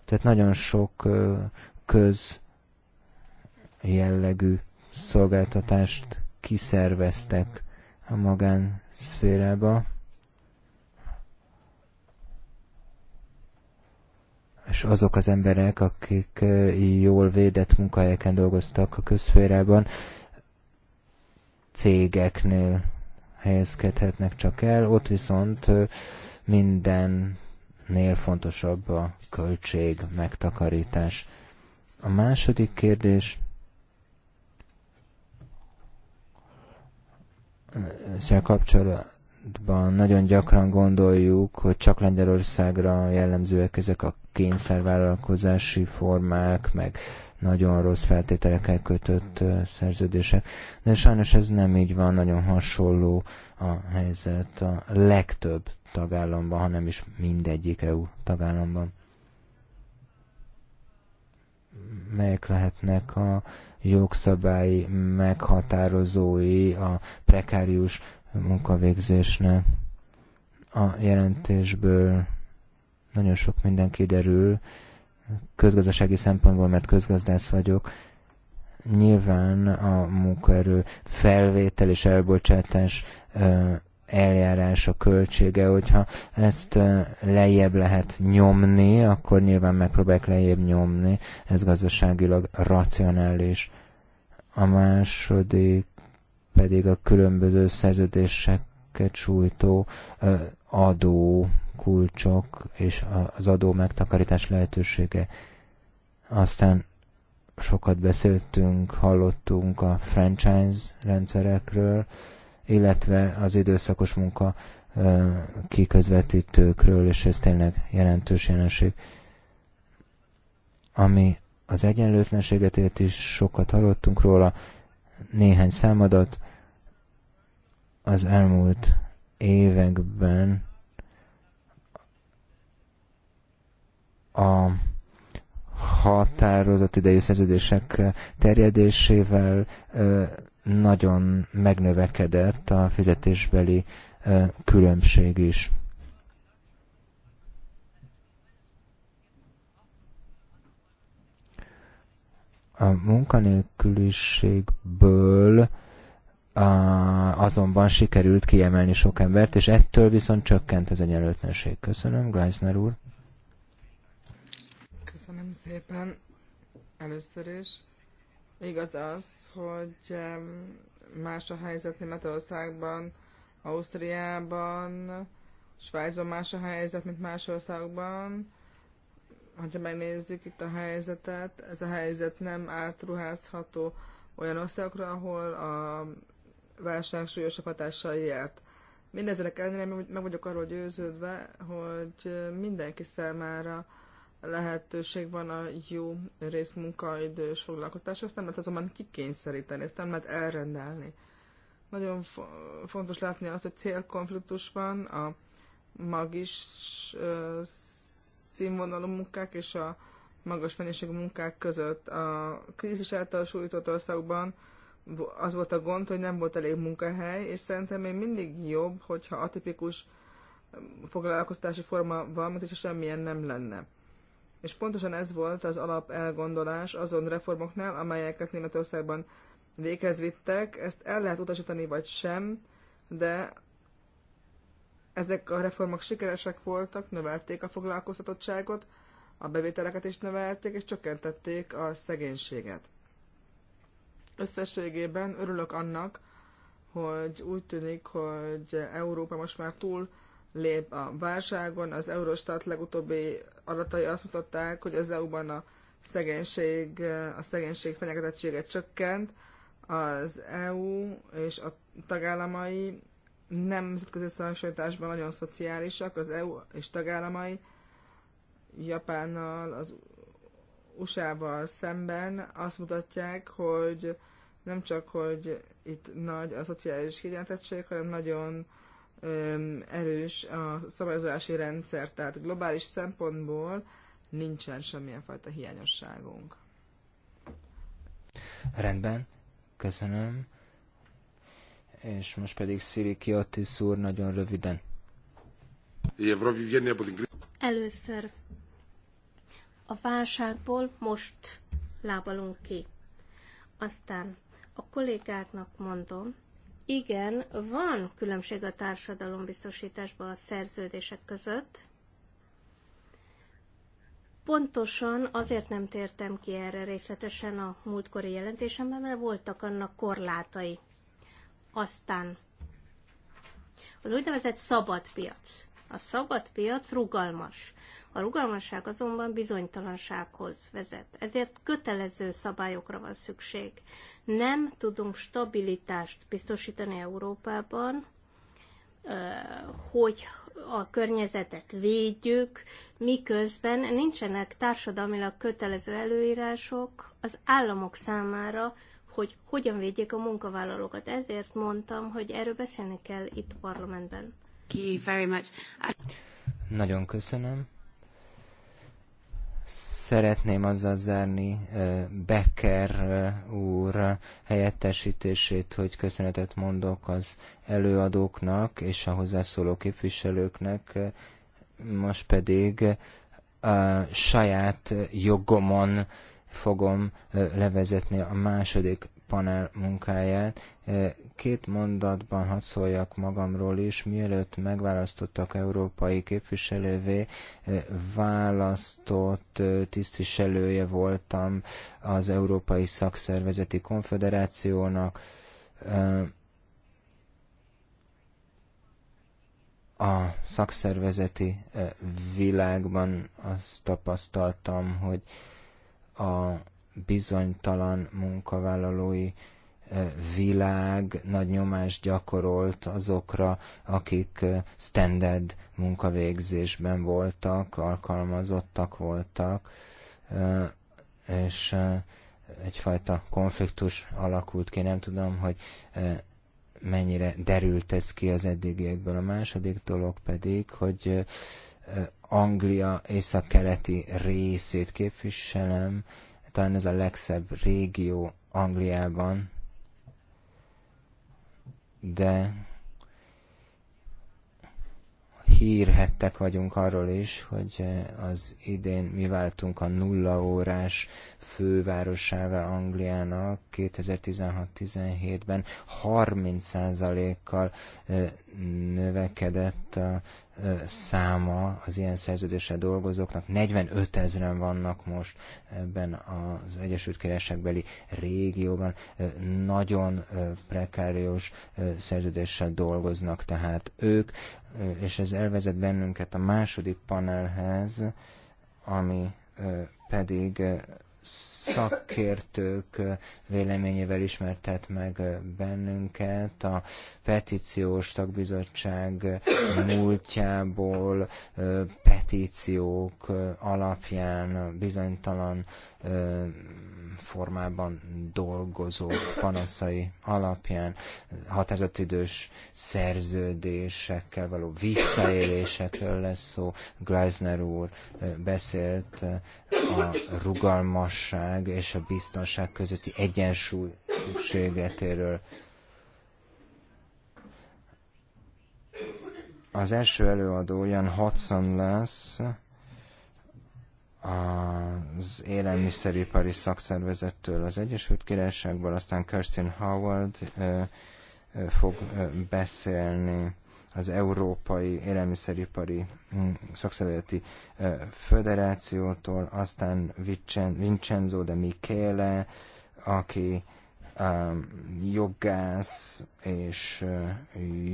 Tehát nagyon sok köz jellegű szolgáltatást kiszerveztek a magánszférába. és azok az emberek, akik jól védett munkahelyeken dolgoztak a közférában, cégeknél helyezkedhetnek csak el, ott viszont mindennél fontosabb a költség, megtakarítás. A második kérdés, ezzel kapcsolatban nagyon gyakran gondoljuk, hogy csak Lengyelországra jellemzőek ezek a kényszervállalkozási formák, meg nagyon rossz feltételekkel kötött szerződések. De sajnos ez nem így van, nagyon hasonló a helyzet a legtöbb tagállamban, hanem is mindegyik EU tagállamban. Melyek lehetnek a jogszabályi meghatározói a prekárius munkavégzésnek? A jelentésből nagyon sok minden kiderül, közgazdasági szempontból, mert közgazdász vagyok, nyilván a munkaerő felvétel és elbocsátás eljárása költsége, hogyha ezt lejjebb lehet nyomni, akkor nyilván megpróbálják lejjebb nyomni, ez gazdaságilag racionális. A második pedig a különböző szerződéseket sújtó adó kulcsok és az adó megtakarítás lehetősége. Aztán sokat beszéltünk, hallottunk a franchise rendszerekről, illetve az időszakos munka kiközvetítőkről, és ez tényleg jelentős jelenség. Ami az egyenlőtlenséget ért is sokat hallottunk róla, néhány számadat az elmúlt években a határozott idejű szerződések terjedésével nagyon megnövekedett a fizetésbeli különbség is. A munkanélküliségből azonban sikerült kiemelni sok embert, és ettől viszont csökkent az egyenlőtlenség. Köszönöm, Gleisner úr. Köszönöm szépen először is. Igaz az, hogy más a helyzet Németországban, Ausztriában, Svájcban más a helyzet, mint más országban. Ha megnézzük itt a helyzetet, ez a helyzet nem átruházható olyan országokra, ahol a válság súlyosabb hatással járt. Mindezenek ellenére meg vagyok arról győződve, hogy mindenki számára lehetőség van a jó részmunkaidős foglalkoztásra, ezt nem lehet azonban kikényszeríteni, ezt nem lehet elrendelni. Nagyon fo- fontos látni azt, hogy célkonfliktus van a magis ö, színvonalú munkák és a magas mennyiségű munkák között. A krízis által sújtott országban az volt a gond, hogy nem volt elég munkahely, és szerintem még mindig jobb, hogyha atipikus foglalkoztási forma van, mint hogyha semmilyen nem lenne. És pontosan ez volt az alap elgondolás azon reformoknál, amelyeket Németországban véghez vittek. Ezt el lehet utasítani, vagy sem, de ezek a reformok sikeresek voltak, növelték a foglalkoztatottságot, a bevételeket is növelték, és csökkentették a szegénységet. Összességében örülök annak, hogy úgy tűnik, hogy Európa most már túl lép a válságon. Az Eurostat legutóbbi adatai azt mutatták, hogy az EU-ban a szegénység, a szegénység fenyegetettsége csökkent, az EU és a tagállamai nemzetközi összehasonlításban nagyon szociálisak, az EU és tagállamai Japánnal, az USA-val szemben azt mutatják, hogy nem csak, hogy itt nagy a szociális kényeltettség, hanem nagyon erős a szabályozási rendszer, tehát globális szempontból nincsen semmilyen fajta hiányosságunk. Rendben, köszönöm. És most pedig Sziri Kiotis úr nagyon röviden. Először a válságból most lábalunk ki. Aztán a kollégáknak mondom, igen, van különbség a társadalombiztosításban a szerződések között. Pontosan azért nem tértem ki erre részletesen a múltkori jelentésemben, mert voltak annak korlátai. Aztán az úgynevezett szabad piac. A szabad piac rugalmas. A rugalmasság azonban bizonytalansághoz vezet, ezért kötelező szabályokra van szükség. Nem tudunk stabilitást biztosítani Európában, hogy a környezetet védjük, miközben nincsenek társadalmilag kötelező előírások az államok számára, hogy hogyan védjék a munkavállalókat. Ezért mondtam, hogy erről beszélni kell itt a parlamentben. Thank you very much. Nagyon köszönöm. Szeretném azzal zárni eh, Becker eh, úr helyettesítését, hogy köszönetet mondok az előadóknak és a hozzászóló képviselőknek, most pedig eh, a saját jogomon fogom levezetni a második panel munkáját, E, két mondatban hadd szóljak magamról is, mielőtt megválasztottak európai képviselővé, e, választott e, tisztviselője voltam az Európai Szakszervezeti Konfederációnak. A szakszervezeti világban azt tapasztaltam, hogy a bizonytalan munkavállalói világ nagy nyomást gyakorolt azokra, akik eh, standard munkavégzésben voltak, alkalmazottak voltak, eh, és eh, egyfajta konfliktus alakult ki. Nem tudom, hogy mennyire derült ez ki az eddigiekből. A második dolog pedig, hogy Anglia keleti részét képviselem, talán ez a legszebb régió Angliában, de hírhettek vagyunk arról is, hogy eh, az idén mi váltunk a nulla órás fővárosává Angliának 2016-17-ben 30%-kal eh, növekedett a száma az ilyen szerződéssel dolgozóknak. 45 ezeren vannak most ebben az Egyesült Királyságbeli régióban. Nagyon prekáriós szerződéssel dolgoznak tehát ők, és ez elvezet bennünket a második panelhez, ami pedig szakértők véleményével ismertet meg bennünket. A petíciós szakbizottság múltjából petíciók alapján bizonytalan formában dolgozó panaszai alapján határozatidős szerződésekkel való visszaélésekről lesz szó. Gleisner úr beszélt a rugalmasság és a biztonság közötti egyensúly szükségletéről. Az első előadó olyan Hudson lesz, az élelmiszeripari szakszervezettől az Egyesült Királyságból, aztán Kirsten Howard fog beszélni az Európai Élelmiszeripari hm, Szakszervezeti Föderációtól, aztán Vincenzo de Michele, aki jogász és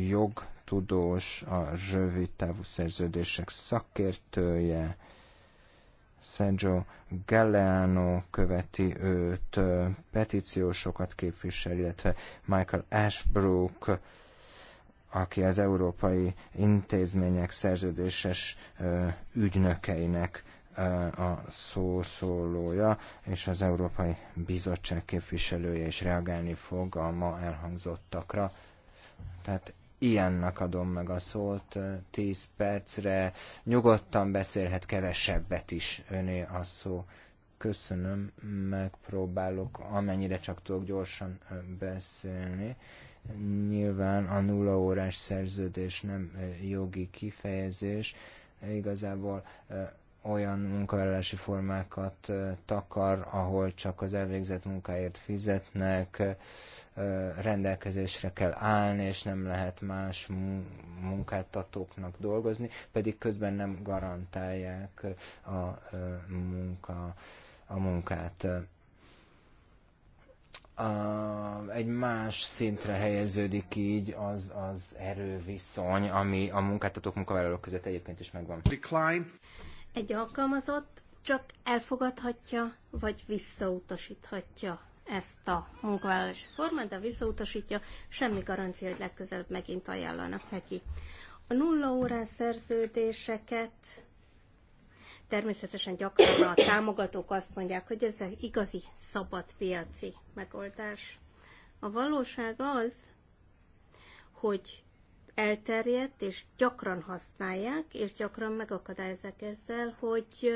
jogtudós, a rövid távú szerződések szakértője, Sergio Galleano követi őt, petíciósokat képvisel, illetve Michael Ashbrook, aki az európai intézmények szerződéses ügynökeinek a szószólója, és az Európai Bizottság képviselője is reagálni fog a ma elhangzottakra. Tehát Ilyennek adom meg a szót 10 percre. Nyugodtan beszélhet kevesebbet is öné a szó. Köszönöm, megpróbálok amennyire csak tudok gyorsan beszélni. Nyilván a nulla órás szerződés nem jogi kifejezés, igazából olyan munkavállalási formákat takar, ahol csak az elvégzett munkáért fizetnek, rendelkezésre kell állni, és nem lehet más munkáltatóknak dolgozni, pedig közben nem garantálják a, munka, a munkát. A, egy más szintre helyeződik így az, az erőviszony, ami a munkáltatók munkavállalók között egyébként is megvan. Decline. Egy alkalmazott csak elfogadhatja, vagy visszautasíthatja ezt a munkavállalási formát, de visszautasítja, semmi garancia, hogy legközelebb megint ajánlanak neki. A nulla órás szerződéseket természetesen gyakran a támogatók azt mondják, hogy ez egy igazi szabadpiaci megoldás. A valóság az, hogy elterjedt, és gyakran használják, és gyakran megakadályozzák ezzel, hogy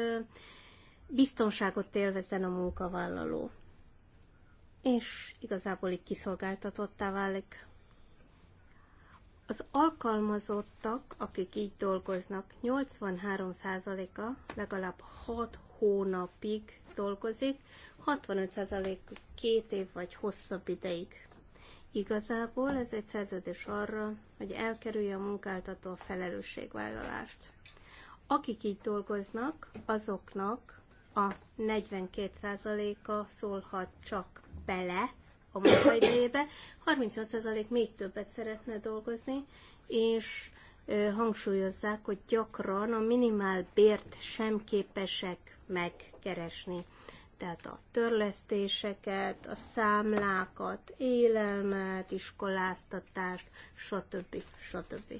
biztonságot élvezzen a munkavállaló és igazából így kiszolgáltatottá válik. Az alkalmazottak, akik így dolgoznak, 83%-a legalább 6 hónapig dolgozik, 65%-uk két év vagy hosszabb ideig. Igazából ez egy szerződés arra, hogy elkerülje a munkáltató a felelősségvállalást. Akik így dolgoznak, azoknak a 42%-a szólhat csak bele a munkaidejébe, 38% még többet szeretne dolgozni, és hangsúlyozzák, hogy gyakran a minimál bért sem képesek megkeresni. Tehát a törlesztéseket, a számlákat, élelmet, iskoláztatást, stb. stb.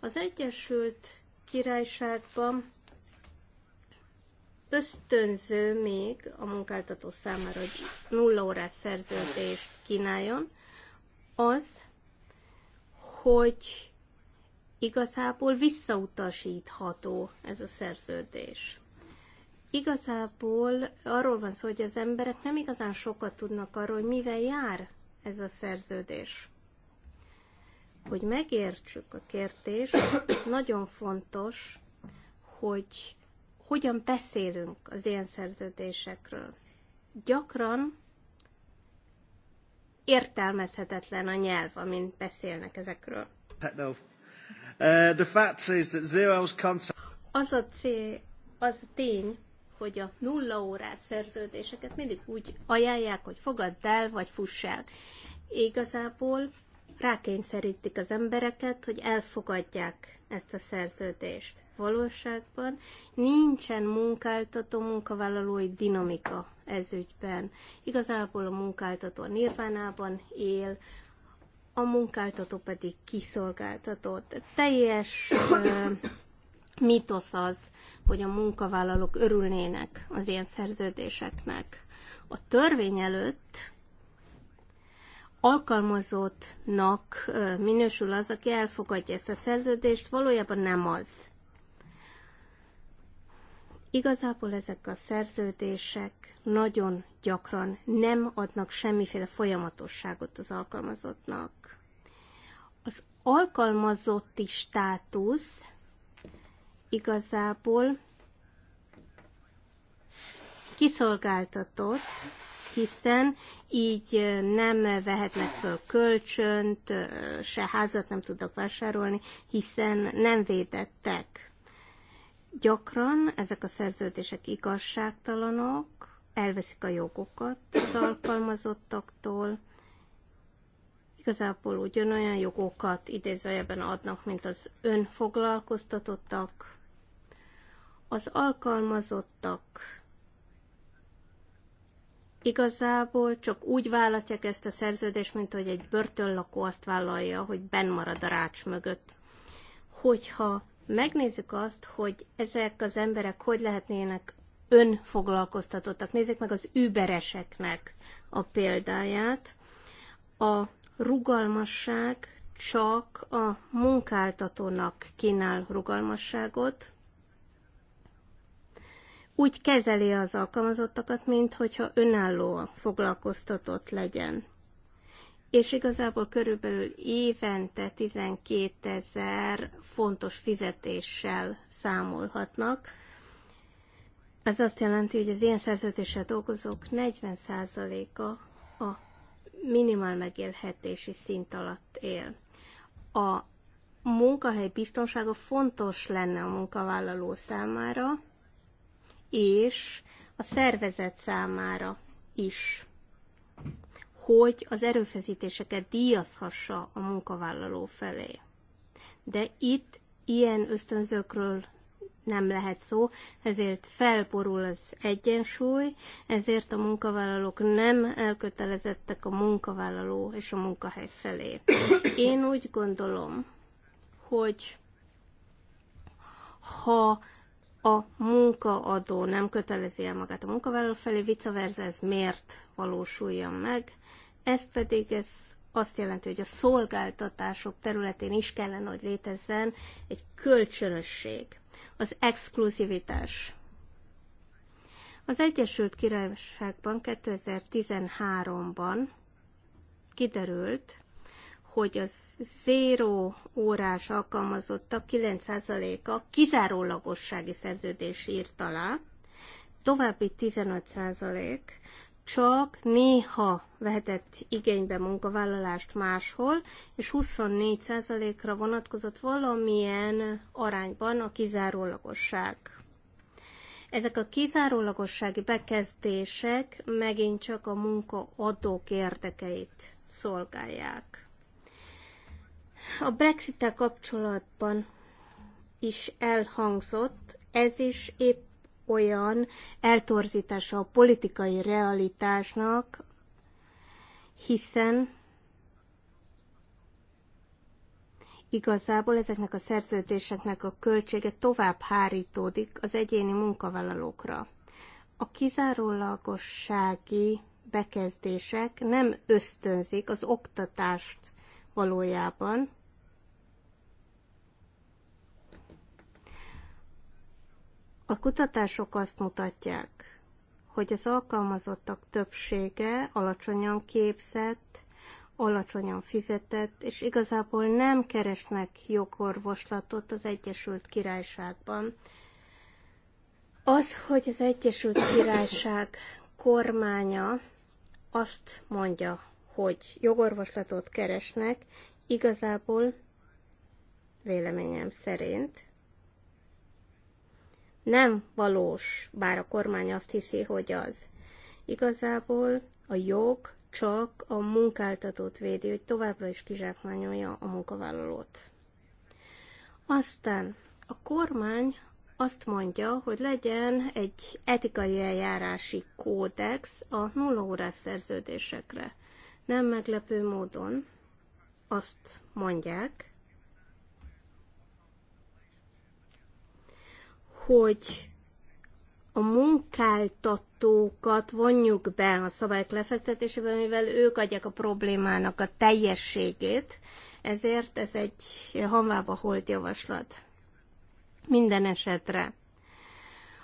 Az Egyesült Királyságban ösztönző még a munkáltató számára, hogy nulla órás szerződést kínáljon, az, hogy igazából visszautasítható ez a szerződés. Igazából arról van szó, hogy az emberek nem igazán sokat tudnak arról, hogy mivel jár ez a szerződés. Hogy megértsük a kértést, nagyon fontos, hogy hogyan beszélünk az ilyen szerződésekről. Gyakran értelmezhetetlen a nyelv, amin beszélnek ezekről. Uh, the fact is that zero's concept... Az a, cél, az a tény, hogy a nulla órás szerződéseket mindig úgy ajánlják, hogy fogadd el, vagy fuss el. Igazából rákényszerítik az embereket, hogy elfogadják ezt a szerződést. Valóságban nincsen munkáltató munkavállalói dinamika ez ügyben. Igazából a munkáltató nirvánában él, a munkáltató pedig kiszolgáltató Teljes mitosz az, hogy a munkavállalók örülnének az ilyen szerződéseknek. A törvény előtt alkalmazottnak minősül az, aki elfogadja ezt a szerződést, valójában nem az. Igazából ezek a szerződések nagyon gyakran nem adnak semmiféle folyamatosságot az alkalmazottnak. Az alkalmazotti státusz igazából kiszolgáltatott, hiszen így nem vehetnek föl kölcsönt, se házat nem tudnak vásárolni, hiszen nem védettek. Gyakran ezek a szerződések igazságtalanok, elveszik a jogokat az alkalmazottaktól, igazából ugyanolyan jogokat idézőjelben adnak, mint az önfoglalkoztatottak. Az alkalmazottak Igazából csak úgy választják ezt a szerződést, mint hogy egy börtönlakó azt vállalja, hogy benn marad a rács mögött. Hogyha megnézzük azt, hogy ezek az emberek hogy lehetnének önfoglalkoztatottak, nézzük meg az übereseknek a példáját. A rugalmasság csak a munkáltatónak kínál rugalmasságot, úgy kezeli az alkalmazottakat, mint hogyha önállóan foglalkoztatott legyen. És igazából körülbelül évente 12 ezer fontos fizetéssel számolhatnak. Ez azt jelenti, hogy az ilyen szerződéssel dolgozók 40%-a a minimál megélhetési szint alatt él. A munkahely biztonsága fontos lenne a munkavállaló számára, és a szervezet számára is, hogy az erőfeszítéseket díjazhassa a munkavállaló felé. De itt ilyen ösztönzőkről nem lehet szó, ezért felporul az egyensúly, ezért a munkavállalók nem elkötelezettek a munkavállaló és a munkahely felé. Én úgy gondolom, hogy ha a munkaadó nem kötelezi el magát a munkavállaló felé, vice versa, ez miért valósuljon meg. Ez pedig ez azt jelenti, hogy a szolgáltatások területén is kellene, hogy létezzen egy kölcsönösség, az exkluzivitás. Az Egyesült Királyságban 2013-ban kiderült, hogy az zéró órás alkalmazottak 9%-a kizárólagossági szerződés írt alá, további 15% csak néha vehetett igénybe munkavállalást máshol, és 24%-ra vonatkozott valamilyen arányban a kizárólagosság. Ezek a kizárólagossági bekezdések megint csak a munkaadók érdekeit szolgálják. A brexit kapcsolatban is elhangzott, ez is épp olyan eltorzítása a politikai realitásnak, hiszen igazából ezeknek a szerződéseknek a költsége tovább hárítódik az egyéni munkavállalókra. A kizárólagossági bekezdések nem ösztönzik az oktatást valójában, A kutatások azt mutatják, hogy az alkalmazottak többsége alacsonyan képzett, alacsonyan fizetett, és igazából nem keresnek jogorvoslatot az Egyesült Királyságban. Az, hogy az Egyesült Királyság kormánya azt mondja, hogy jogorvoslatot keresnek, igazából véleményem szerint nem valós, bár a kormány azt hiszi, hogy az. Igazából a jog csak a munkáltatót védi, hogy továbbra is kizsákmányolja a munkavállalót. Aztán a kormány azt mondja, hogy legyen egy etikai eljárási kódex a nulla órás szerződésekre. Nem meglepő módon azt mondják, hogy a munkáltatókat vonjuk be a szabályok lefektetésébe, mivel ők adják a problémának a teljességét, ezért ez egy hamvába holt javaslat. Minden esetre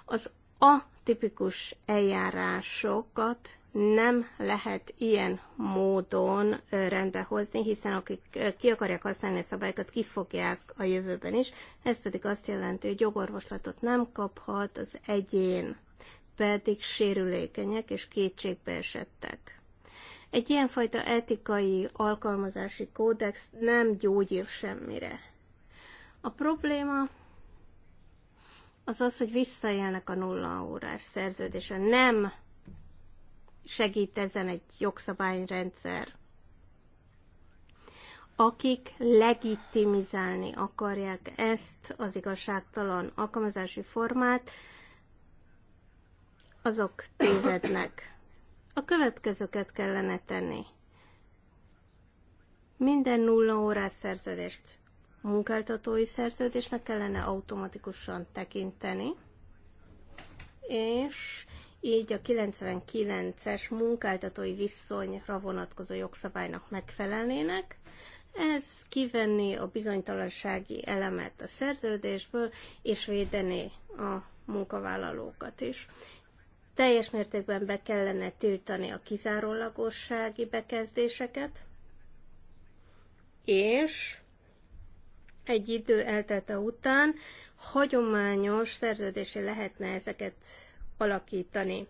az a tipikus eljárásokat nem lehet ilyen módon rendbe hozni, hiszen akik ki akarják használni a szabályokat, kifogják a jövőben is. Ez pedig azt jelenti, hogy jogorvoslatot nem kaphat az egyén, pedig sérülékenyek és kétségbeesettek. Egy ilyenfajta etikai alkalmazási kódex nem gyógyír semmire. A probléma az az, hogy visszaélnek a nulla órás szerződése. Nem segít ezen egy jogszabályrendszer. Akik legitimizálni akarják ezt az igazságtalan alkalmazási formát, azok tévednek. A következőket kellene tenni. Minden nulla órás szerződést munkáltatói szerződésnek kellene automatikusan tekinteni, és így a 99-es munkáltatói viszonyra vonatkozó jogszabálynak megfelelnének. Ez kivenni a bizonytalansági elemet a szerződésből, és védeni a munkavállalókat is. Teljes mértékben be kellene tiltani a kizárólagossági bekezdéseket, és egy idő eltelte után hagyományos szerződési lehetne ezeket alakítani.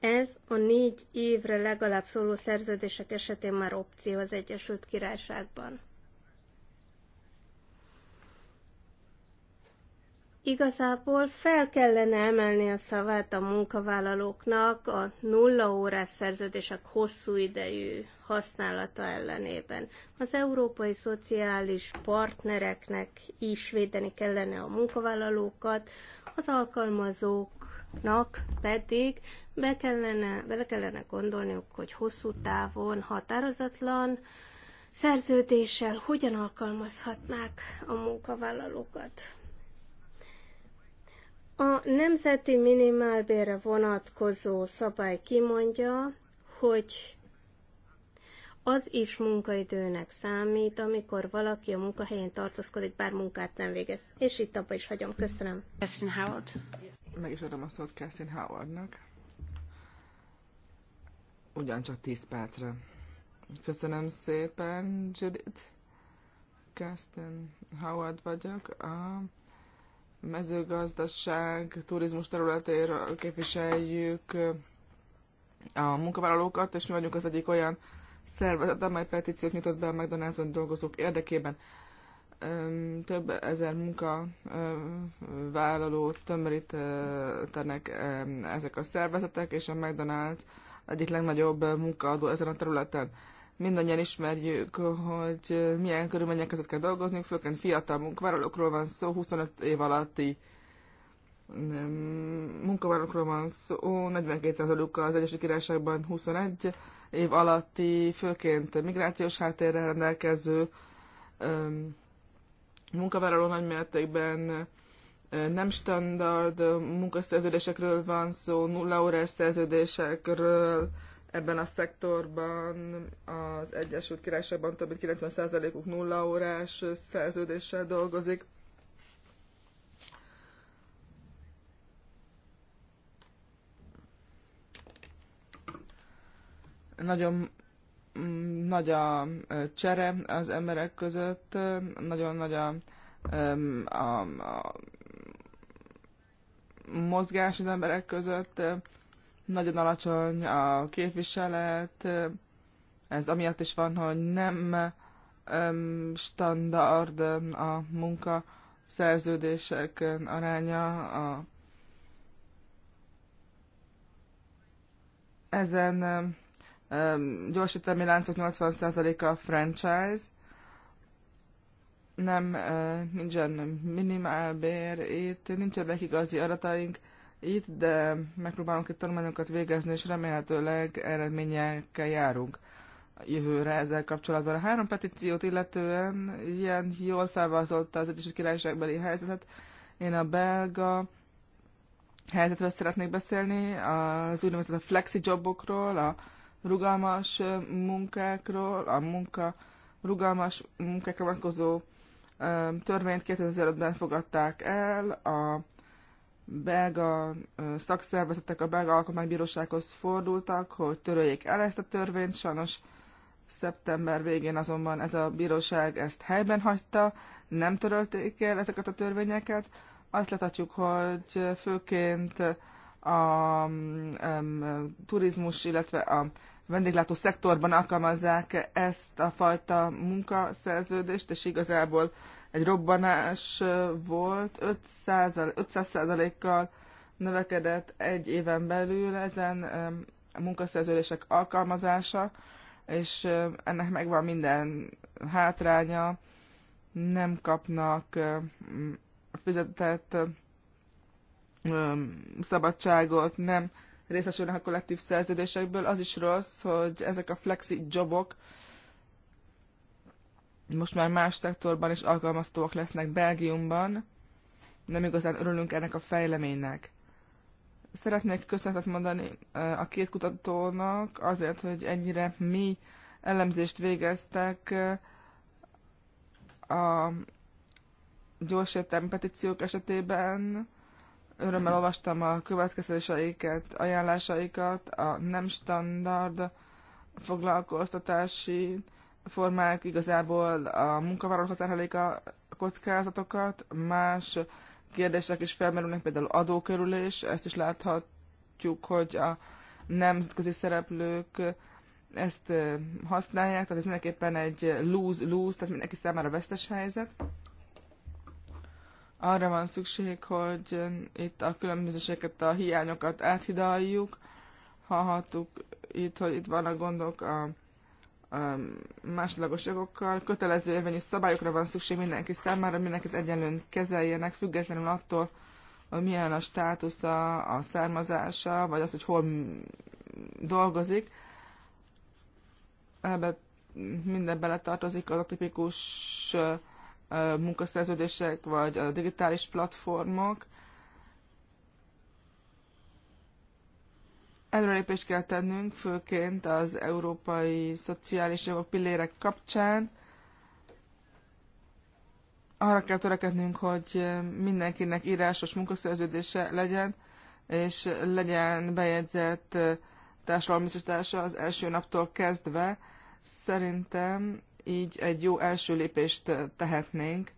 Ez a négy évre legalább szóló szerződések esetén már opció az Egyesült Királyságban. Igazából fel kellene emelni a szavát a munkavállalóknak a nulla órás szerződések hosszú idejű használata ellenében. Az európai szociális partnereknek is védeni kellene a munkavállalókat, az alkalmazóknak pedig be kellene, bele kellene gondolniuk, hogy hosszú távon határozatlan szerződéssel hogyan alkalmazhatnák a munkavállalókat. A nemzeti minimálbérre vonatkozó szabály kimondja, hogy az is munkaidőnek számít, amikor valaki a munkahelyén tartózkodik, bár munkát nem végez. És itt abba is hagyom. Köszönöm. Kerstin Howard. Meg is adom a szót Kerstin Howardnak. Ugyancsak 10 percre. Köszönöm szépen, Judith. Kerstin Howard vagyok. A mezőgazdaság, turizmus területéről képviseljük eh, a munkavállalókat, és mi vagyunk az egyik olyan szervezet, amely petíciót nyitott be a mcdonalds dolgozók érdekében. Több ezer munkavállalót eh, tömörítenek ezek a szervezetek, és a McDonald's egyik legnagyobb munkaadó ezen a területen mindannyian ismerjük, hogy milyen körülmények között kell dolgozni, főként fiatal munkavállalókról van szó, 25 év alatti munkavállalókról van szó, 42%-uk az Egyesült Királyságban 21 év alatti, főként migrációs háttérrel rendelkező munkavállaló nagymértékben nem standard munkaszerződésekről van szó, nulla órás szerződésekről, ebben a szektorban az Egyesült Királyságban több mint 90%-uk nulla órás szerződéssel dolgozik. Nagyon nagy a csere az emberek között, nagyon nagy a, a, a mozgás az emberek között, nagyon alacsony a képviselet, ez amiatt is van, hogy nem um, standard a munka szerződések aránya a ezen um, gyorsítami láncok 80%-a franchise, nem, uh, nincsen minimálbér, itt nincsenek igazi adataink itt, de megpróbálunk itt tanulmányokat végezni, és remélhetőleg eredményekkel járunk a jövőre ezzel kapcsolatban. A három petíciót illetően ilyen jól felvázolta az Egyesült Királyságbeli helyzetet. Én a belga helyzetről szeretnék beszélni, az úgynevezett a flexi jobokról, a rugalmas munkákról, a munka rugalmas munkákra vonatkozó törvényt 2005-ben fogadták el, a belga szakszervezetek a belga alkotmánybírósághoz fordultak, hogy töröljék el ezt a törvényt, sajnos szeptember végén azonban ez a bíróság ezt helyben hagyta, nem törölték el ezeket a törvényeket. Azt láthatjuk, hogy főként a um, turizmus, illetve a vendéglátó szektorban alkalmazzák ezt a fajta munkaszerződést, és igazából egy robbanás volt, 500%-kal növekedett egy éven belül ezen a munkaszerződések alkalmazása, és ennek megvan minden hátránya, nem kapnak fizetett szabadságot, nem részesülnek a kollektív szerződésekből. Az is rossz, hogy ezek a flexi jobok -ok most már más szektorban is alkalmazhatóak lesznek Belgiumban. Nem igazán örülünk ennek a fejleménynek. Szeretnék köszönetet mondani a két kutatónak azért, hogy ennyire mi elemzést végeztek a gyors petíciók esetében. Örömmel olvastam a következéseiket, ajánlásaikat, a nem standard foglalkoztatási formák igazából a munkavállalók terhelik a kockázatokat, más kérdések is felmerülnek, például adókerülés, ezt is láthatjuk, hogy a nemzetközi szereplők ezt használják, tehát ez mindenképpen egy lose-lose, tehát mindenki számára vesztes helyzet. Arra van szükség, hogy itt a különbözőséget, a hiányokat áthidaljuk. Hallhattuk itt, hogy itt vannak gondok a Um, másodlagos jogokkal, kötelező érvényű szabályokra van szükség mindenki számára, mindenkit egyenlően kezeljenek, függetlenül attól, hogy milyen a státusza, a származása, vagy az, hogy hol dolgozik. Ebbe minden beletartozik az a tipikus uh, uh, munkaszerződések, vagy a digitális platformok. Előrelépést kell tennünk, főként az európai szociális jogok pillérek kapcsán. Arra kell törekednünk, hogy mindenkinek írásos munkaszerződése legyen, és legyen bejegyzett társadalmi biztosítása az első naptól kezdve. Szerintem így egy jó első lépést tehetnénk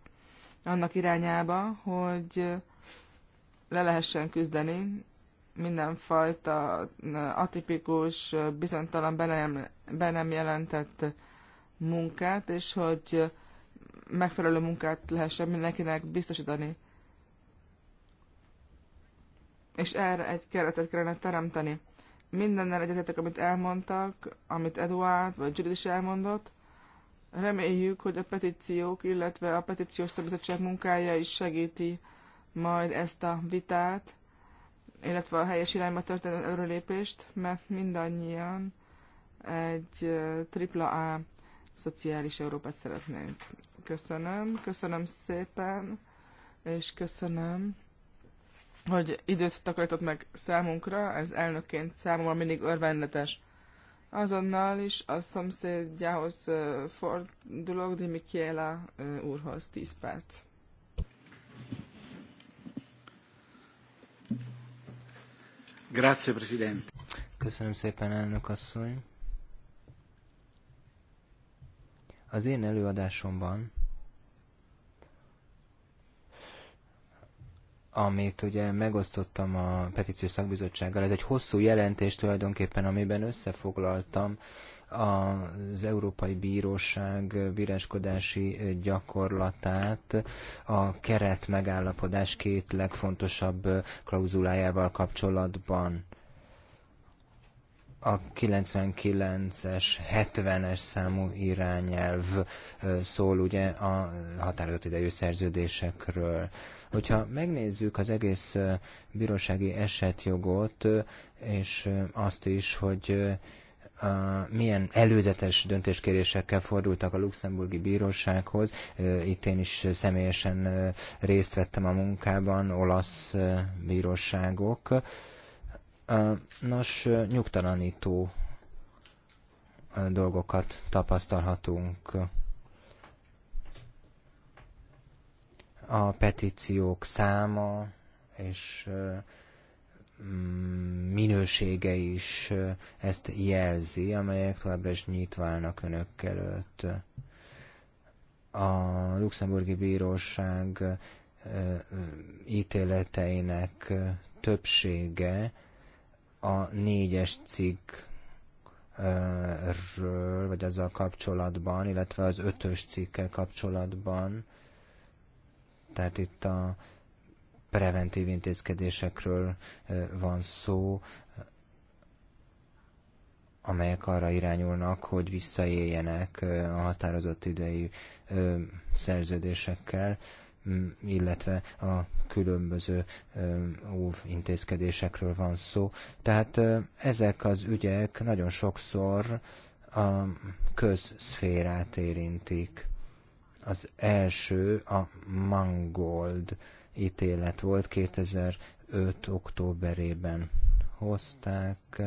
annak irányába, hogy le lehessen küzdeni mindenfajta atipikus, bizonytalan, be nem, be nem jelentett munkát, és hogy megfelelő munkát lehessen mindenkinek biztosítani. És erre egy keretet kellene teremteni. Mindennel egyetetek, amit elmondtak, amit Eduard vagy Judith is elmondott. Reméljük, hogy a petíciók, illetve a petíciós szabizottság munkája is segíti majd ezt a vitát illetve a helyes irányba történő előrelépést, mert mindannyian egy tripla A szociális Európát szeretnénk. Köszönöm, köszönöm szépen, és köszönöm, hogy időt takarított meg számunkra, ez elnökként számomra mindig örvendetes. Azonnal is a szomszédjához fordulok, Dimikiela úrhoz 10 perc. Köszönöm szépen, Az én előadásomban, amit ugye megosztottam a petíciós szakbizottsággal, ez egy hosszú jelentés tulajdonképpen, amiben összefoglaltam az Európai Bíróság bíráskodási gyakorlatát a keret megállapodás két legfontosabb klauzulájával kapcsolatban a 99-es, 70-es számú irányelv szól ugye a határozott idejű szerződésekről. Hogyha megnézzük az egész bírósági esetjogot, és azt is, hogy milyen előzetes döntéskérésekkel fordultak a luxemburgi bírósághoz. Itt én is személyesen részt vettem a munkában, olasz bíróságok. Nos, nyugtalanító dolgokat tapasztalhatunk. A petíciók száma és minősége is ezt jelzi, amelyek továbbra is nyitva önök előtt. A luxemburgi bíróság ítéleteinek többsége a négyes cikk ről, vagy azzal kapcsolatban, illetve az ötös cikkel kapcsolatban, tehát itt a preventív intézkedésekről van szó, amelyek arra irányulnak, hogy visszaéljenek a határozott idei szerződésekkel, illetve a különböző óv intézkedésekről van szó. Tehát ezek az ügyek nagyon sokszor a közszférát érintik. Az első a mangold ítélet volt, 2005. októberében hozták.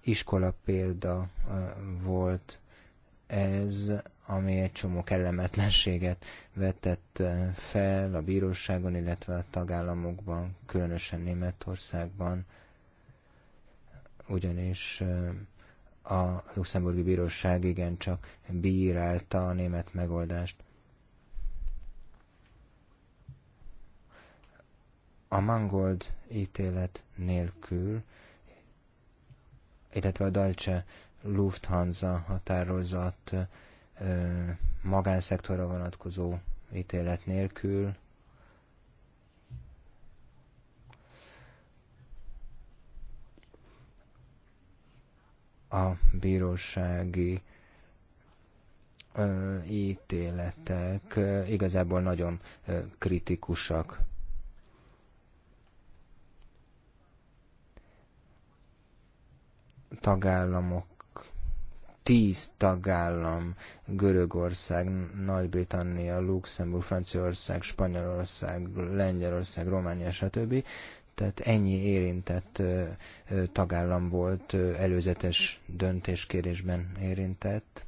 Iskola példa volt ez, ami egy csomó kellemetlenséget vetett fel a bíróságon, illetve a tagállamokban, különösen Németországban, ugyanis a luxemburgi bíróság igencsak bírálta a német megoldást. a Mangold ítélet nélkül, illetve a Deutsche Lufthansa határozat magánszektorra vonatkozó ítélet nélkül a bírósági ítéletek igazából nagyon kritikusak. tagállamok, tíz tagállam, Görögország, Nagy-Britannia, Luxemburg, Franciaország, Spanyolország, Lengyelország, Románia, stb. Tehát ennyi érintett tagállam volt előzetes döntéskérésben érintett.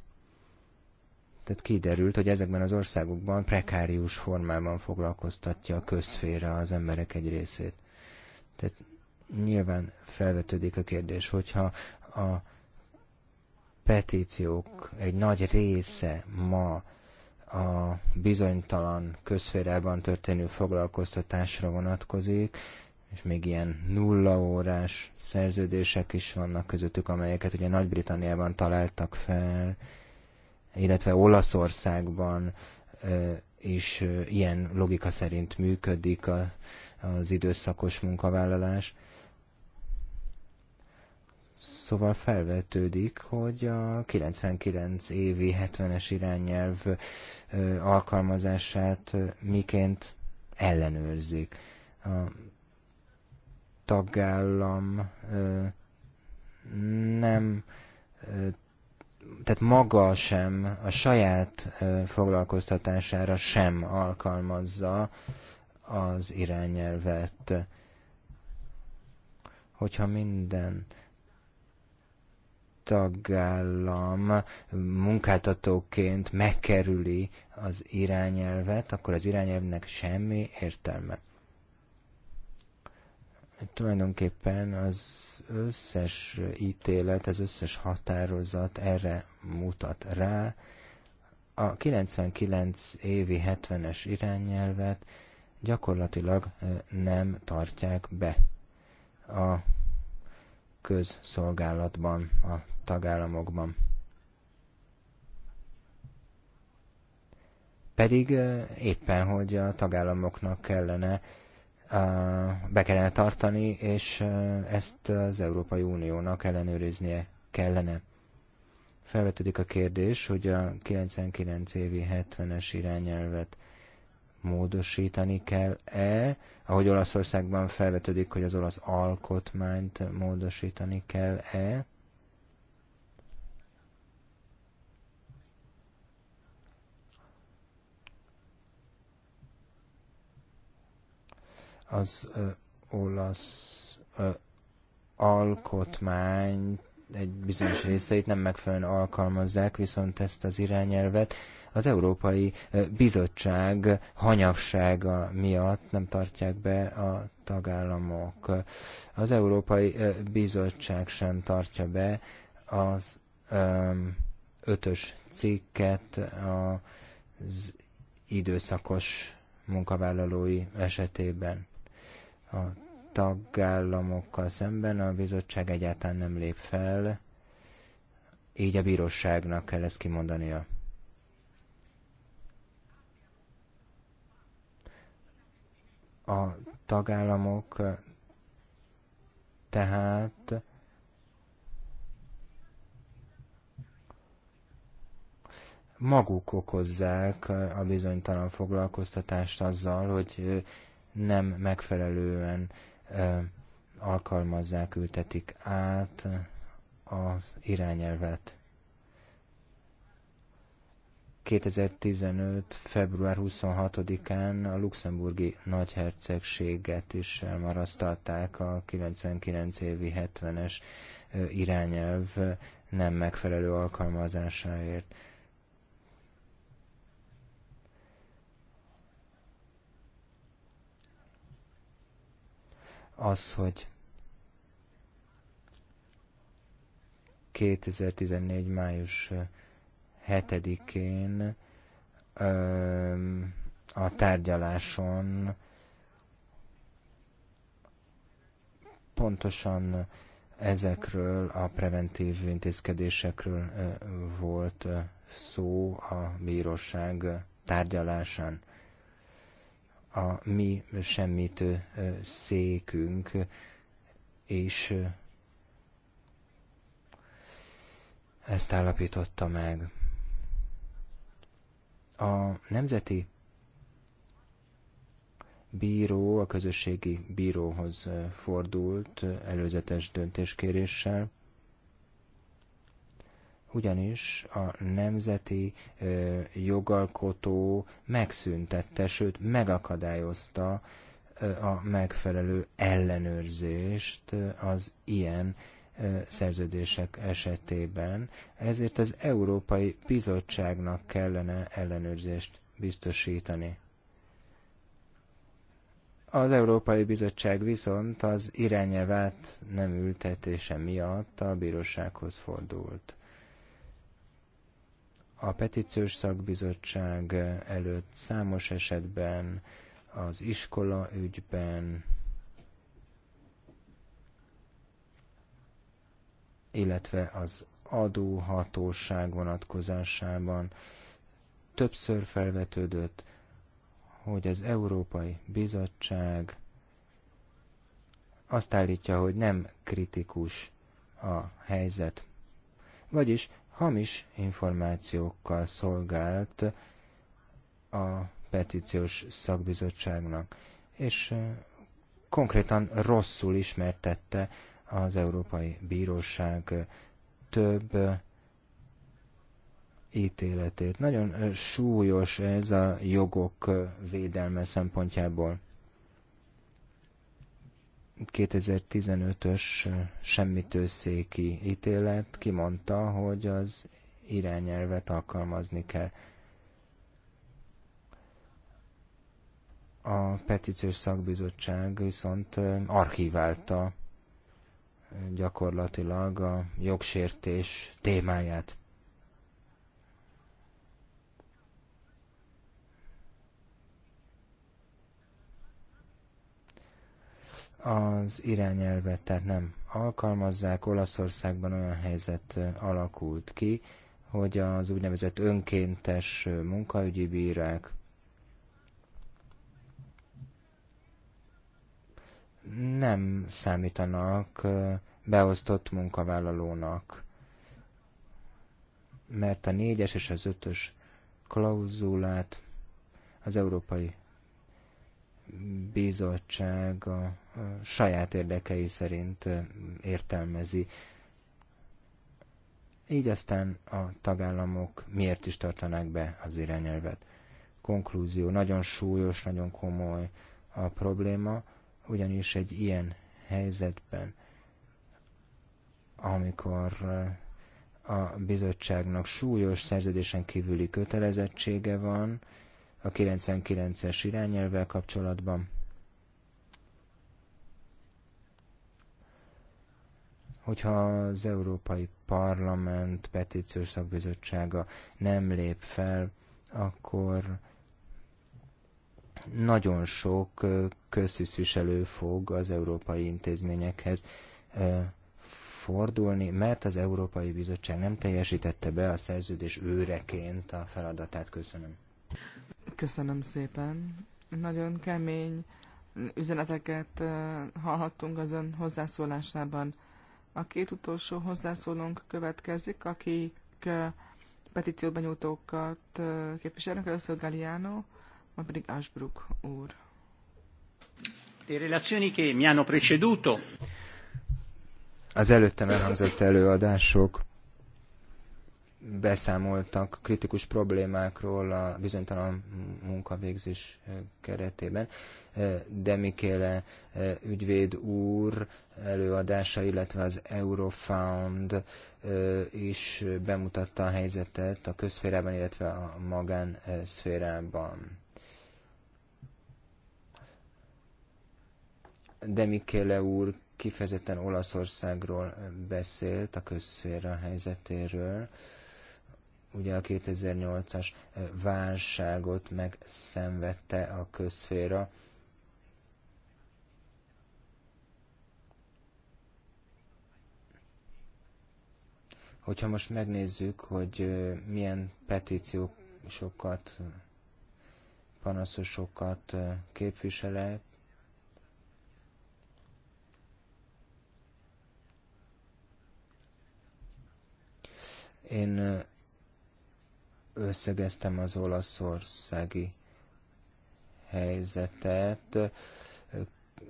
Tehát kiderült, hogy ezekben az országokban prekárius formában foglalkoztatja a közféra az emberek egy részét. Tehát nyilván felvetődik a kérdés, hogyha a petíciók egy nagy része ma a bizonytalan közférában történő foglalkoztatásra vonatkozik, és még ilyen nulla órás szerződések is vannak közöttük, amelyeket ugye Nagy-Britanniában találtak fel, illetve Olaszországban ö, is ö, ilyen logika szerint működik a, az időszakos munkavállalás. Ö, Szóval felvetődik, hogy a 99 évi 70-es irányelv alkalmazását miként ellenőrzik. A tagállam nem, tehát maga sem a saját foglalkoztatására sem alkalmazza az irányelvet. Hogyha minden tagállam munkáltatóként megkerüli az irányelvet, akkor az irányelvnek semmi értelme. Tulajdonképpen az összes ítélet, az összes határozat erre mutat rá. A 99 évi 70-es irányelvet gyakorlatilag nem tartják be. A közszolgálatban, a tagállamokban. Pedig éppen, hogy a tagállamoknak kellene be kellene tartani, és ezt az Európai Uniónak ellenőriznie kellene. Felvetődik a kérdés, hogy a 99 évi 70-es irányelvet módosítani kell-e, ahogy Olaszországban felvetődik, hogy az olasz alkotmányt módosítani kell-e. Az ö, olasz ö, alkotmány egy bizonyos részeit nem megfelelően alkalmazzák, viszont ezt az irányelvet az Európai Bizottság hanyagsága miatt nem tartják be a tagállamok. Az Európai Bizottság sem tartja be az ötös cikket az időszakos munkavállalói esetében a tagállamokkal szemben a bizottság egyáltalán nem lép fel, így a bíróságnak kell ezt kimondania. A tagállamok tehát maguk okozzák a bizonytalan foglalkoztatást azzal, hogy nem megfelelően alkalmazzák, ültetik át az irányelvet. 2015. február 26-án a luxemburgi nagyhercegséget is elmarasztalták a 99 évi 70-es irányelv nem megfelelő alkalmazásáért. az, hogy 2014. május 7-én a tárgyaláson pontosan ezekről a preventív intézkedésekről volt szó a bíróság tárgyalásán a mi semmit székünk és ezt állapította meg. A nemzeti bíró a közösségi bíróhoz fordult előzetes döntéskéréssel, ugyanis a nemzeti ö, jogalkotó megszüntette, sőt megakadályozta ö, a megfelelő ellenőrzést az ilyen ö, szerződések esetében. Ezért az Európai Bizottságnak kellene ellenőrzést biztosítani. Az Európai Bizottság viszont az irányelvát nem ültetése miatt a bírósághoz fordult. A petíciós szakbizottság előtt számos esetben az iskola ügyben, illetve az adóhatóság vonatkozásában többször felvetődött, hogy az Európai Bizottság azt állítja, hogy nem kritikus a helyzet. Vagyis hamis információkkal szolgált a petíciós szakbizottságnak, és konkrétan rosszul ismertette az Európai Bíróság több ítéletét. Nagyon súlyos ez a jogok védelme szempontjából. 2015-ös semmitőszéki ítélet kimondta, hogy az irányelvet alkalmazni kell. A petíciós szakbizottság viszont archiválta gyakorlatilag a jogsértés témáját. az irányelvet, tehát nem alkalmazzák. Olaszországban olyan helyzet alakult ki, hogy az úgynevezett önkéntes munkaügyi bírák nem számítanak beosztott munkavállalónak, mert a négyes és az ötös klauzulát az Európai bizottság a saját érdekei szerint értelmezi. Így aztán a tagállamok miért is tartanák be az irányelvet. Konklúzió, nagyon súlyos, nagyon komoly a probléma, ugyanis egy ilyen helyzetben, amikor a bizottságnak súlyos szerződésen kívüli kötelezettsége van, a 99-es irányelvvel kapcsolatban. Hogyha az Európai Parlament petíciós szakbizottsága nem lép fel, akkor nagyon sok közszűzviselő fog az európai intézményekhez fordulni, mert az Európai Bizottság nem teljesítette be a szerződés őreként a feladatát. Köszönöm. Köszönöm szépen. Nagyon kemény üzeneteket hallhattunk az ön hozzászólásában. A két utolsó hozzászólónk következik, akik petícióban nyújtókat képviselnek. Először Galliano, majd pedig Ashbrook úr. Az előttem elhangzott előadások beszámoltak kritikus problémákról a bizonytalan munkavégzés keretében. De Mikéle ügyvéd úr előadása, illetve az Eurofound is bemutatta a helyzetet a közszférában, illetve a magánszférában. De Mikéle úr kifejezetten Olaszországról beszélt, a közszféra helyzetéről ugye a 2008-as válságot megszenvedte a közféra. Hogyha most megnézzük, hogy milyen petíciósokat, panaszosokat képviselek, én összegeztem az olaszországi helyzetet.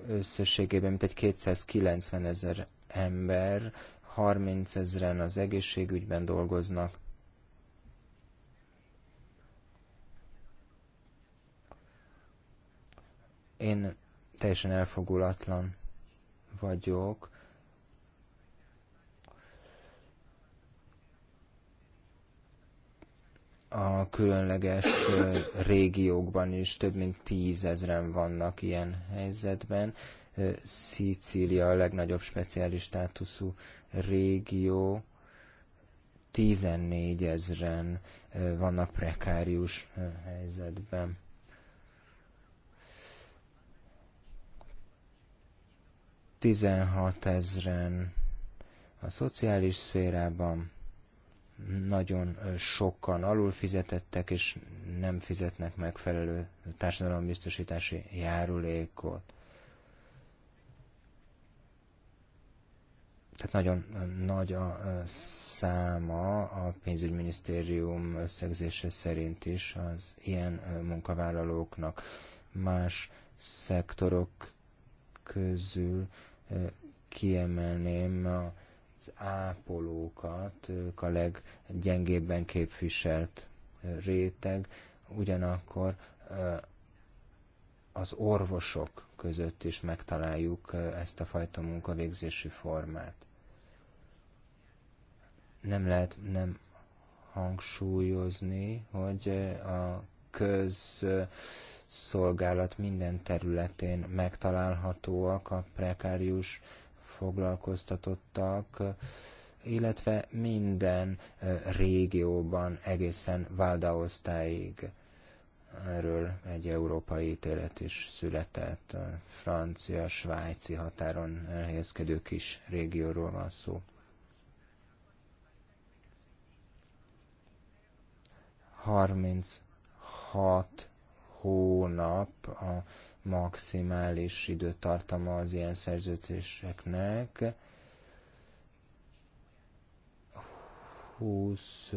Összességében mintegy 290 ezer ember, 30 ezeren az egészségügyben dolgoznak. Én teljesen elfogulatlan vagyok a különleges régiókban is több mint tízezren vannak ilyen helyzetben. Szicília a legnagyobb speciális státuszú régió, 14 ezren vannak prekárius helyzetben. Tizenhat ezren a szociális szférában, nagyon sokan alul fizetettek és nem fizetnek megfelelő társadalombiztosítási járulékot. Tehát nagyon nagy a száma a pénzügyminisztérium összegzése szerint is az ilyen munkavállalóknak más szektorok közül kiemelném a az ápolókat, ők a leggyengébben képviselt réteg, ugyanakkor az orvosok között is megtaláljuk ezt a fajta munkavégzési formát. Nem lehet nem hangsúlyozni, hogy a közszolgálat minden területén megtalálhatóak a prekárius foglalkoztatottak, illetve minden eh, régióban egészen Valdaosztáig. Erről egy európai ítélet is született, a francia-svájci határon elhelyezkedő kis régióról van szó. Harminc hat hónap a maximális időtartama az ilyen szerződéseknek. 20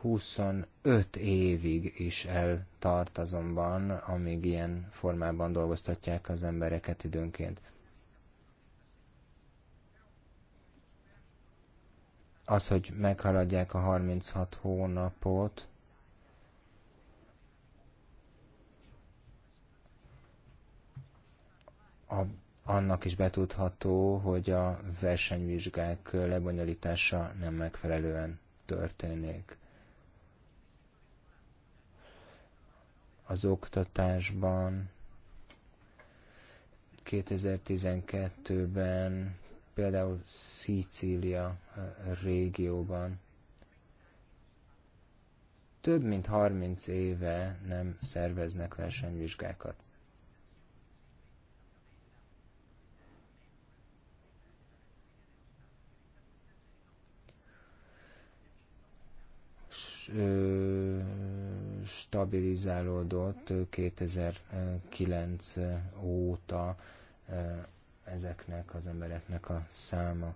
25 évig is eltart azonban, amíg ilyen formában dolgoztatják az embereket időnként. Az, hogy meghaladják a 36 hónapot, a, annak is betudható, hogy a versenyvizsgák lebonyolítása nem megfelelően történik. Az oktatásban 2012-ben például Szicília eh, régióban több mint 30 éve nem szerveznek versenyvizsgákat. stabilizálódott 2009 óta ezeknek az embereknek a száma.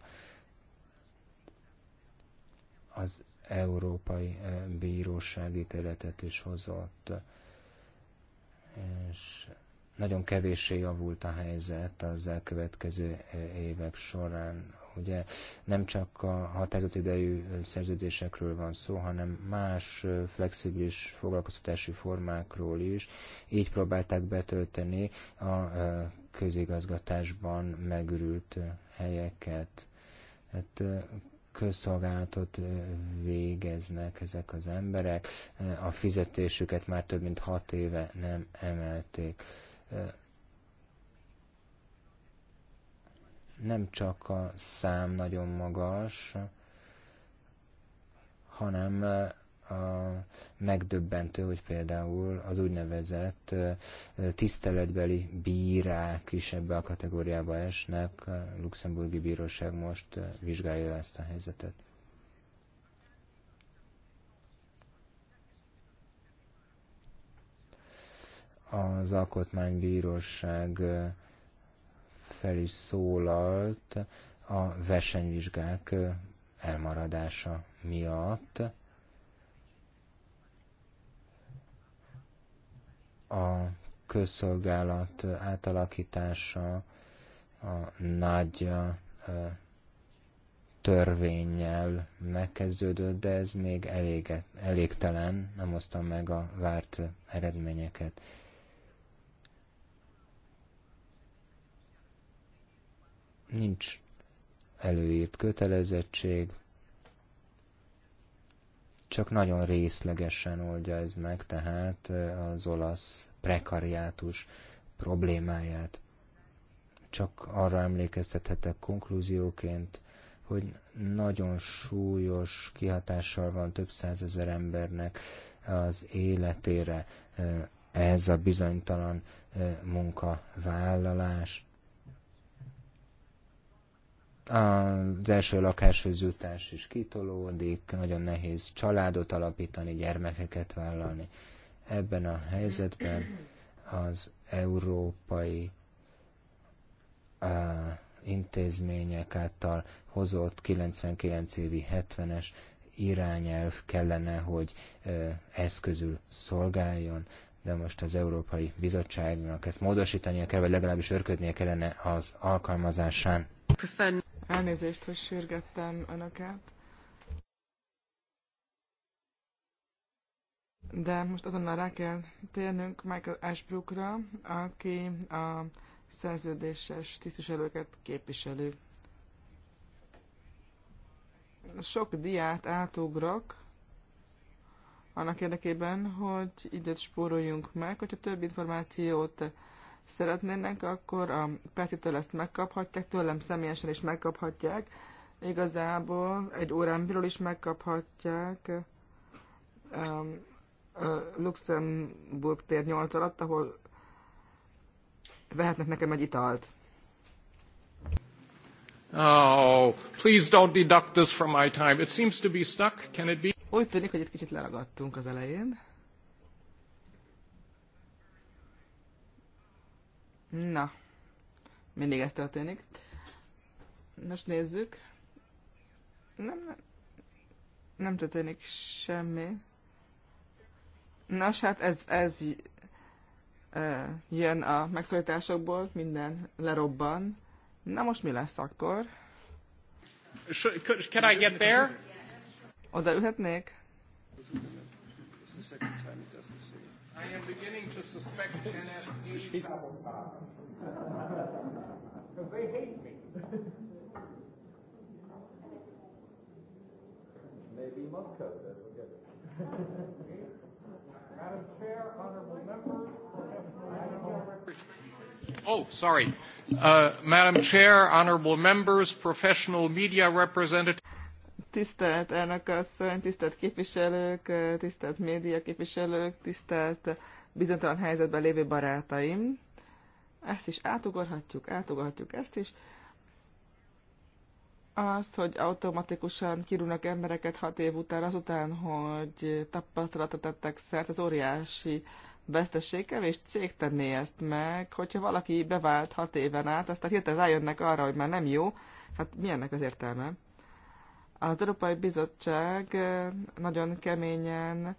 Az Európai Bíróság ítéletet is hozott, és nagyon kevéssé javult a helyzet az elkövetkező e, évek során. Ugye nem csak a határozott idejű e, szerződésekről van szó, hanem más e, flexibilis foglalkoztatási formákról is. Így próbálták betölteni a közigazgatásban megürült helyeket. Hát közszolgálatot végeznek ezek az emberek, a fizetésüket már több mint hat éve nem emelték nem csak a szám nagyon magas, hanem a megdöbbentő, hogy például az úgynevezett tiszteletbeli bírák is ebbe a kategóriába esnek. A luxemburgi bíróság most vizsgálja ezt a helyzetet. az alkotmánybíróság fel is szólalt a versenyvizsgák elmaradása miatt. A közszolgálat átalakítása a nagy törvényel megkezdődött, de ez még elég, elégtelen, nem hoztam meg a várt eredményeket. Nincs előírt kötelezettség, csak nagyon részlegesen oldja ez meg, tehát az olasz prekariátus problémáját. Csak arra emlékeztethetek konklúzióként, hogy nagyon súlyos kihatással van több százezer embernek az életére ez a bizonytalan munkavállalás az első lakáshoz jutás is kitolódik, nagyon nehéz családot alapítani, gyermekeket vállalni. Ebben a helyzetben az európai a, intézmények által hozott 99 évi 70-es irányelv kellene, hogy e, eszközül szolgáljon, de most az Európai Bizottságnak ezt módosítania kell, vagy legalábbis örködnie kellene az alkalmazásán. Prefer Elnézést, hogy sürgettem önöket. De most azonnal rá kell térnünk Michael Ashbrookra, aki a szerződéses tisztviselőket képviselő. Sok diát átugrok, annak érdekében, hogy időt spóroljunk meg, hogyha több információt szeretnének, akkor a Petitől ezt megkaphatják, tőlem személyesen is megkaphatják. Igazából egy órán belül is megkaphatják um, Luxemburg tér 8 alatt, ahol vehetnek nekem egy italt. Oh, please don't deduct this from my time. It seems to be stuck. Can it be? Úgy tűnik, hogy egy kicsit leragadtunk az elején. Na, mindig ez történik. Most nézzük. Nem, nem, nem történik semmi. Nos, hát ez, ez e, jön a megszólításokból, minden lerobban. Na most mi lesz akkor? Can I get there? Oda ülhetnék? am beginning to suspect S needs Because they hate me. Maybe Moscow does. it. Madam Chair, honorable members, Oh, sorry. Uh, Madam Chair, honorable members, professional media representatives. Tisztelt elnök asszony, tisztelt képviselők, tisztelt média képviselők, tisztelt bizonytalan helyzetben lévő barátaim. Ezt is átugorhatjuk, átugorhatjuk ezt is. Az, hogy automatikusan kirúnak embereket hat év után, azután, hogy tapasztalatot tettek szert, az óriási veszteség, kevés cég tenné ezt meg, hogyha valaki bevált hat éven át, aztán hirtelen rájönnek arra, hogy már nem jó, hát mi ennek az értelme? Az Európai Bizottság eh, nagyon keményen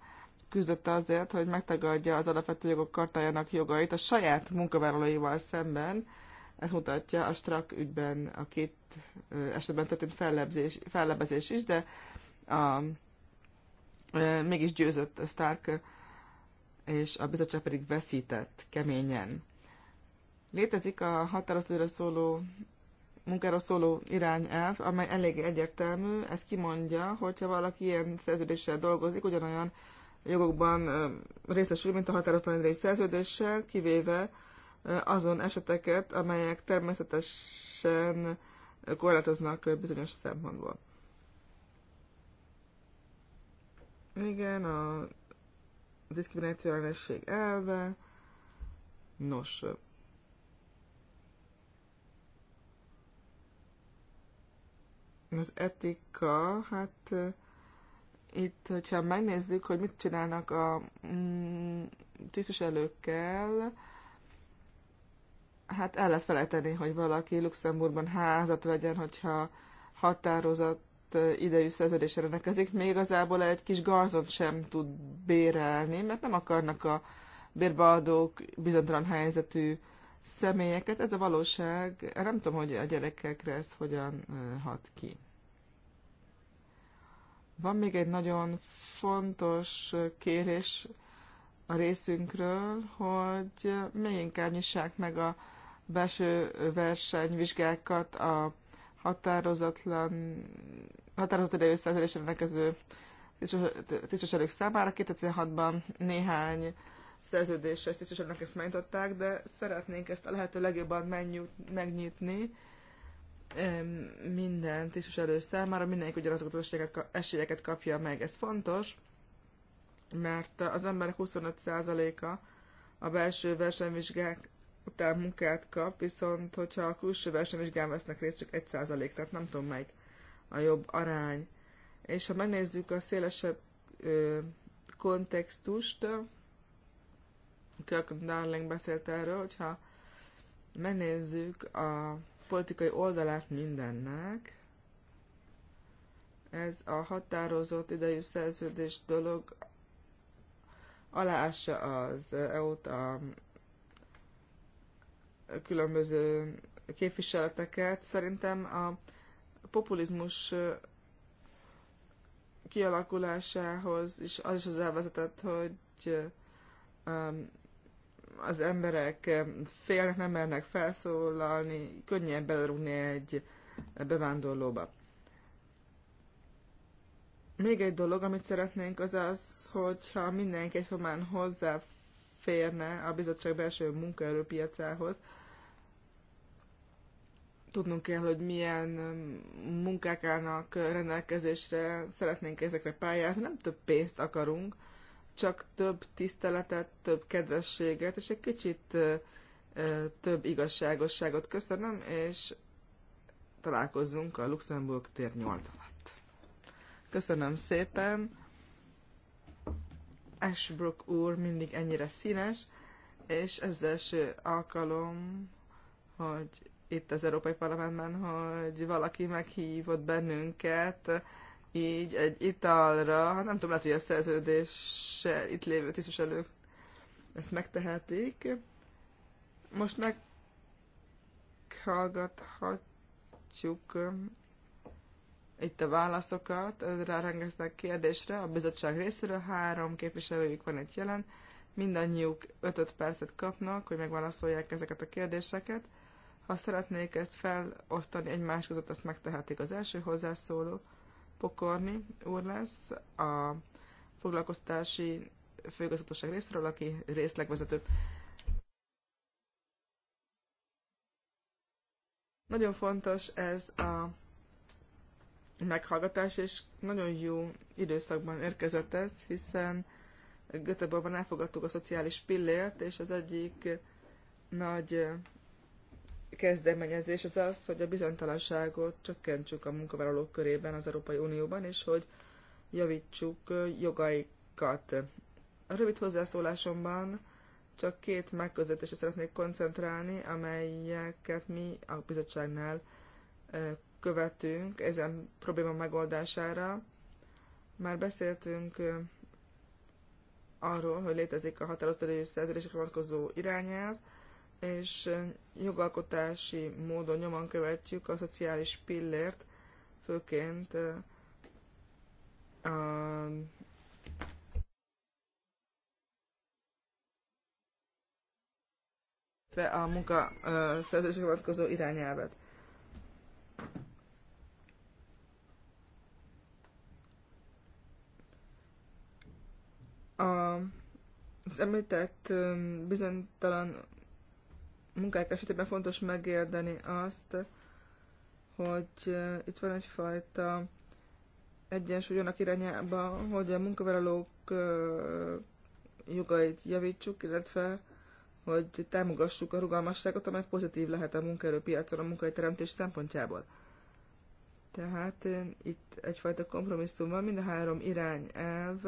küzdött azért, hogy megtagadja az alapvető jogok kartájának jogait a saját munkavállalóival szemben. Ez mutatja a Strak ügyben a két eh, esetben történt fellebzés, fellebezés is, de a, eh, mégis győzött Stark, és a bizottság pedig veszített keményen. Létezik a határozatóra szóló munkáról szóló irányelv, amely eléggé egyértelmű, ez kimondja, hogyha valaki ilyen szerződéssel dolgozik, ugyanolyan jogokban részesül, mint a határozatlan idejű szerződéssel, kivéve azon eseteket, amelyek természetesen korlátoznak bizonyos szempontból. Igen, a diszkrimináció elve. Nos, az etika, hát itt, hogyha megnézzük, hogy mit csinálnak a mm, tisztviselőkkel, hát el lehet felejteni, hogy valaki Luxemburgban házat vegyen, hogyha határozat idejű szerződésre rendelkezik, még igazából egy kis garzont sem tud bérelni, mert nem akarnak a bérbeadók bizonytalan helyzetű személyeket. Ez a valóság, nem tudom, hogy a gyerekekre ez hogyan hat ki. Van még egy nagyon fontos kérés a részünkről, hogy még inkább nyissák meg a belső versenyvizsgákat a határozatlan, határozott idejű szerződésre rendelkező tisztviselők számára. 2006 ban néhány szerződéses tisztviselőnek ezt megnyitották, de szeretnénk ezt a lehető legjobban megnyitni minden tisztviselő számára, mindenki ugyanazokat az esélyeket kapja meg. Ez fontos, mert az emberek 25%-a a belső versenyvizsgák után munkát kap, viszont hogyha a külső versenyvizsgán vesznek részt, csak 1%, tehát nem tudom meg a jobb arány. És ha megnézzük a szélesebb ö, kontextust, Kirk Darling beszélt erről, hogyha megnézzük a politikai oldalát mindennek, ez a határozott idejű szerződés dolog aláássa az EU-t a különböző képviseleteket. Szerintem a populizmus kialakulásához is az is hozzávezetett, hogy um, az emberek eh, félnek, nem mernek felszólalni, könnyen belerúgni egy bevándorlóba. Még egy dolog, amit szeretnénk, az az, hogyha mindenki egyformán hozzáférne a bizottság belső munkaerőpiacához, tudnunk kell, hogy milyen um, munkák állnak rendelkezésre, szeretnénk ezekre pályázni, nem több pénzt akarunk, csak több tiszteletet, több kedvességet, és egy kicsit több igazságosságot köszönöm, és találkozzunk a Luxemburg tér 8 alatt. Köszönöm szépen! Ashbrook úr mindig ennyire színes, és ez első alkalom, hogy itt az Európai Parlamentben, hogy valaki meghívott bennünket így egy italra, hát nem tudom, lehet, hogy a szerződéssel itt lévő tisztviselők ezt megtehetik. Most meghallgathatjuk um, itt a válaszokat rá rengeteg kérdésre. A bizottság részéről három képviselőjük van itt jelen. Mindannyiuk 5-5 percet kapnak, hogy megválaszolják ezeket a kérdéseket. Ha szeretnék ezt felosztani egymás között, ezt megtehetik az első hozzászóló Pokorni úr lesz a foglalkoztási főigazgatóság részről, aki részlegvezető. Nagyon fontos ez a meghallgatás, és nagyon jó időszakban érkezett ez, hiszen Göteborgban elfogadtuk a szociális pillért, és az egyik nagy kezdeményezés az az, hogy a bizonytalanságot csökkentsük a munkavállalók körében az Európai Unióban, és hogy javítsuk jogaikat. A rövid hozzászólásomban csak két megközelítésre szeretnék koncentrálni, amelyeket mi a bizottságnál követünk ezen probléma megoldására. Már beszéltünk arról, hogy létezik a határozott szerződésre vonatkozó irányelv, és jogalkotási módon nyomon követjük a szociális pillért, főként a a munka szerződésre vonatkozó irányelvet. A, az említett bizonytalan munkák esetében fontos megérteni azt, hogy eh, itt van egyfajta egyensúly annak irányába, hogy a munkavállalók eh, jogait javítsuk, illetve hogy támogassuk a rugalmasságot, amely pozitív lehet a munkaerőpiacon a munkahelyteremtés szempontjából. Tehát itt egyfajta kompromisszum van, mind a három irányelv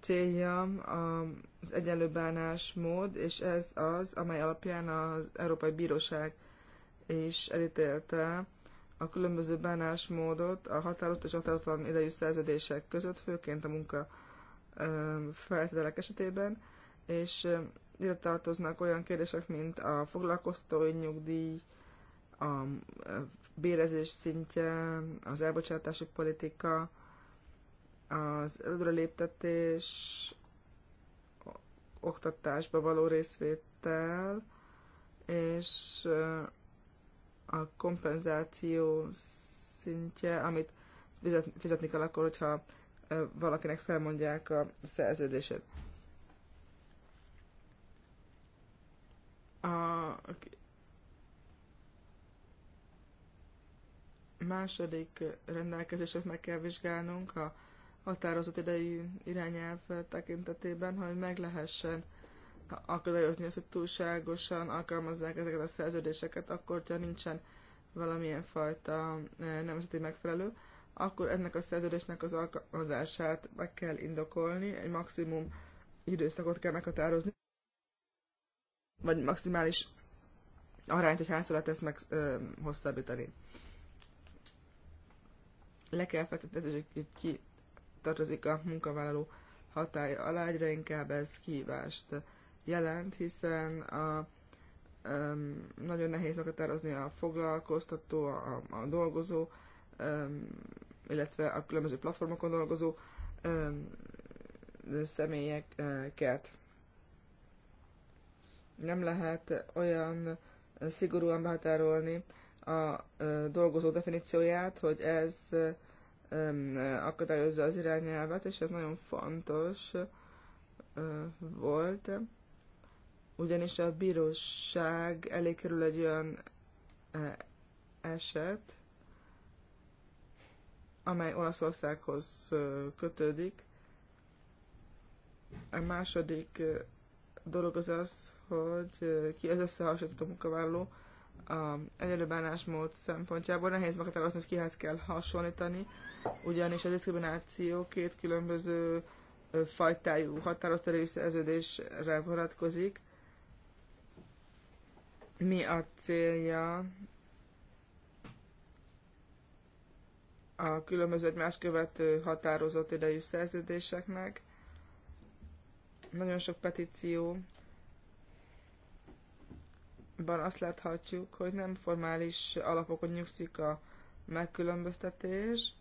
célja az egyenlő bánásmód, és ez az, amely alapján az Európai Bíróság is elítélte a különböző bánásmódot a határozott és határozatlan idejű szerződések között, főként a munka feltételek esetében, és ide tartoznak olyan kérdések, mint a foglalkoztatói nyugdíj, a bérezés szintje, az elbocsátási politika, az előreléptetés, oktatásba való részvétel, és a kompenzáció szintje, amit fizetni kell akkor, hogyha valakinek felmondják a szerződését. A második rendelkezését meg kell vizsgálnunk, a határozott idejű irányelv tekintetében, hogy meg lehessen akadályozni azt, hogy túlságosan alkalmazzák ezeket a szerződéseket, akkor, ha nincsen valamilyen fajta eh, nemzeti megfelelő, akkor ennek a szerződésnek az alkalmazását meg kell indokolni, egy maximum időszakot kell meghatározni, vagy maximális arányt, hogy hányszor lehet ezt meg ö, eh, hosszabbítani. Le kell fektetni, hogy ki tartozik a munkavállaló hatája alá, egyre inkább ez kívást jelent, hiszen a, um, nagyon nehéz meghatározni a foglalkoztató, a, a dolgozó, um, illetve a különböző platformokon dolgozó um, személyeket. Nem lehet olyan szigorúan behatárolni a dolgozó definícióját, hogy ez akadályozza az irányelvet, és ez nagyon fontos volt, ugyanis a bíróság elé kerül egy olyan eset, amely Olaszországhoz kötődik. A második dolog az az, hogy ki az a munkavállaló, a egyenlő szempontjából nehéz meghatározni, hogy kihez kell hasonlítani, ugyanis a diszkrimináció két különböző fajtájú határozatali szerződésre vonatkozik. Mi a célja a különböző egymás követő határozott idejű szerződéseknek? Nagyon sok petíció ban azt láthatjuk, hogy nem formális alapokon nyugszik a megkülönböztetés,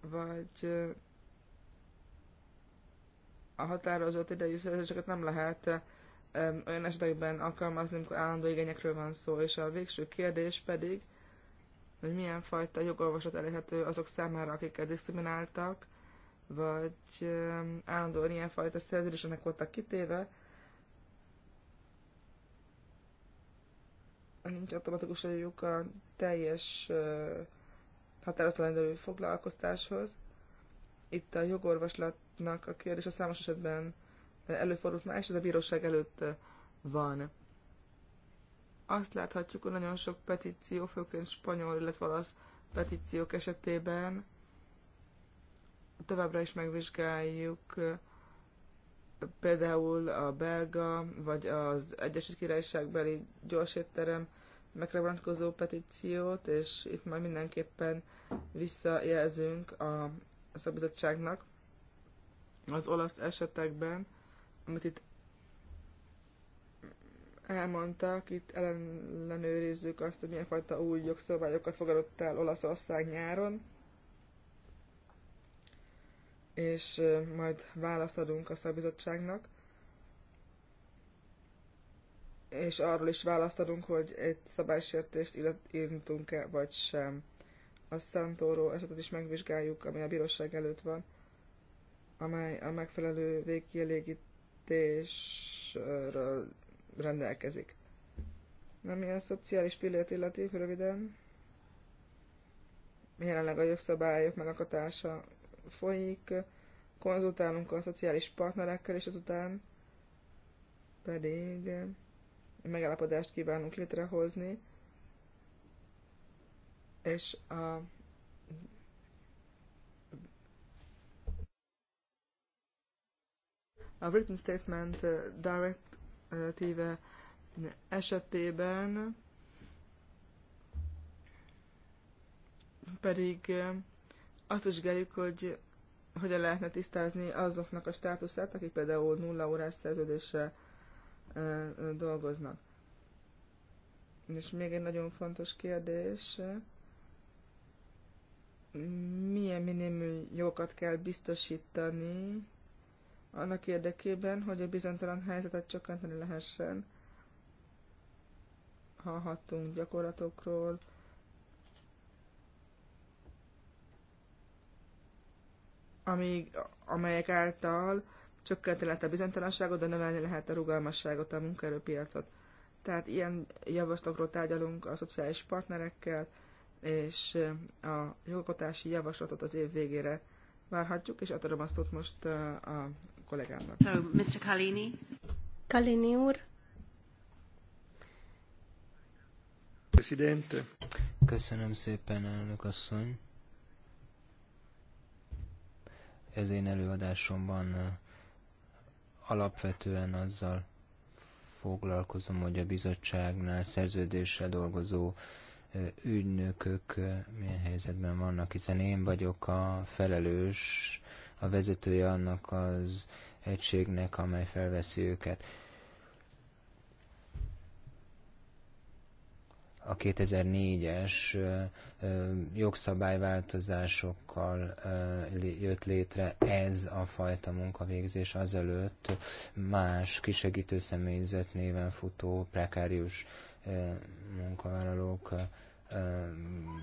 vagy a határozott idejű szerződéseket nem lehet olyan esetekben alkalmazni, amikor állandó igényekről van szó, és a végső kérdés pedig, hogy milyen fajta jogolvasat elérhető azok számára, akiket diszkrimináltak, vagy állandóan ilyenfajta szerződéseknek voltak kitéve, nincs automatikus joguk a teljes határozatlan foglalkoztáshoz. Itt a jogorvoslatnak a kérdés a számos esetben előfordult már, és ez a bíróság előtt van. Azt láthatjuk, hogy nagyon sok petíció, főként spanyol, illetve az petíciók esetében továbbra is megvizsgáljuk például a belga, vagy az Egyesült Királyság beli gyorsétterem mekre vonatkozó petíciót, és itt majd mindenképpen visszajelzünk a szabizottságnak az olasz esetekben, amit itt elmondtak, itt ellenőrizzük azt, hogy milyen fajta új jogszabályokat fogadott el Olaszország nyáron, és majd választ adunk a szabizottságnak és arról is választanunk, hogy egy szabálysértést írtunk-e, vagy sem. A Szentóró esetet is megvizsgáljuk, ami a bíróság előtt van, amely a megfelelő végkielégítésről rendelkezik. Ami a szociális pillért illeti, röviden, jelenleg a jogszabályok megakatása folyik, konzultálunk a szociális partnerekkel, és azután pedig megállapodást kívánunk létrehozni, és a a written statement directive esetében pedig azt vizsgáljuk, hogy hogyan lehetne tisztázni azoknak a státuszát, akik például nulla órás szerződéssel dolgoznak. És még egy nagyon fontos kérdés, milyen minimű jogokat kell biztosítani annak érdekében, hogy a bizonytalan helyzetet csökkenteni lehessen. Hallhattunk gyakorlatokról, amíg, amelyek által csökkenti lehet a bizonytalanságot, de növelni lehet a rugalmasságot, a munkaerőpiacot. Tehát ilyen javaslatokról tárgyalunk a szociális partnerekkel, és a jogotási javaslatot az év végére várhatjuk, és adom a szót most a kollégámnak. So, Mr. Kalini. Kalini úr. Presidente. Köszönöm szépen, elnök asszony. Ez én előadásomban Alapvetően azzal foglalkozom, hogy a bizottságnál szerződéssel dolgozó ügynökök milyen helyzetben vannak, hiszen én vagyok a felelős, a vezetője annak az egységnek, amely felveszi őket. a 2004-es jogszabályváltozásokkal jött létre ez a fajta munkavégzés azelőtt más kisegítő személyzet néven futó prekárius munkavállalók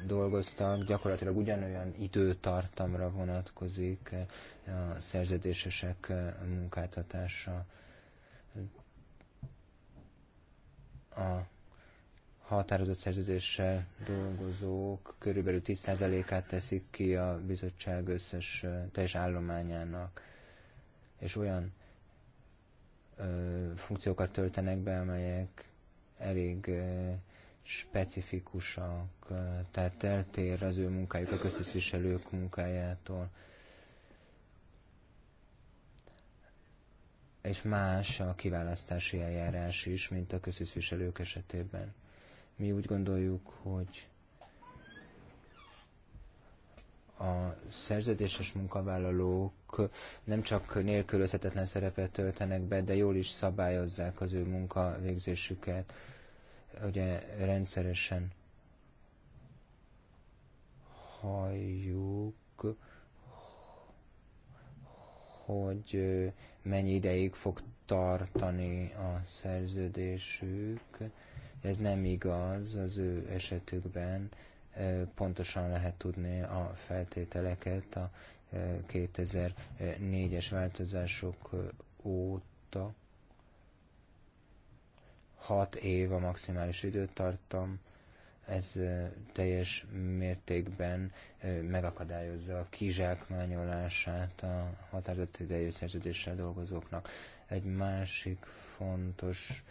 dolgoztak, gyakorlatilag ugyanolyan időtartamra vonatkozik a szerződésesek munkáltatása. A határozott szerződéssel dolgozók körülbelül 10%-át teszik ki a bizottság összes teljes állományának, és olyan ö, funkciókat töltenek be, amelyek elég ö, specifikusak, ö, tehát eltér az ő munkájuk a köztisztviselők munkájától. És más a kiválasztási eljárás is, mint a köztisztviselők esetében. Mi úgy gondoljuk, hogy a szerződéses munkavállalók nem csak nélkülözhetetlen szerepet töltenek be, de jól is szabályozzák az ő munkavégzésüket, ugye rendszeresen halljuk, hogy mennyi ideig fog tartani a szerződésük, ez nem igaz az ő esetükben, pontosan lehet tudni a feltételeket a 2004-es változások óta. 6 év a maximális időtartam, ez teljes mértékben megakadályozza a kizsákmányolását a határozott idejű szerződéssel dolgozóknak. Egy másik fontos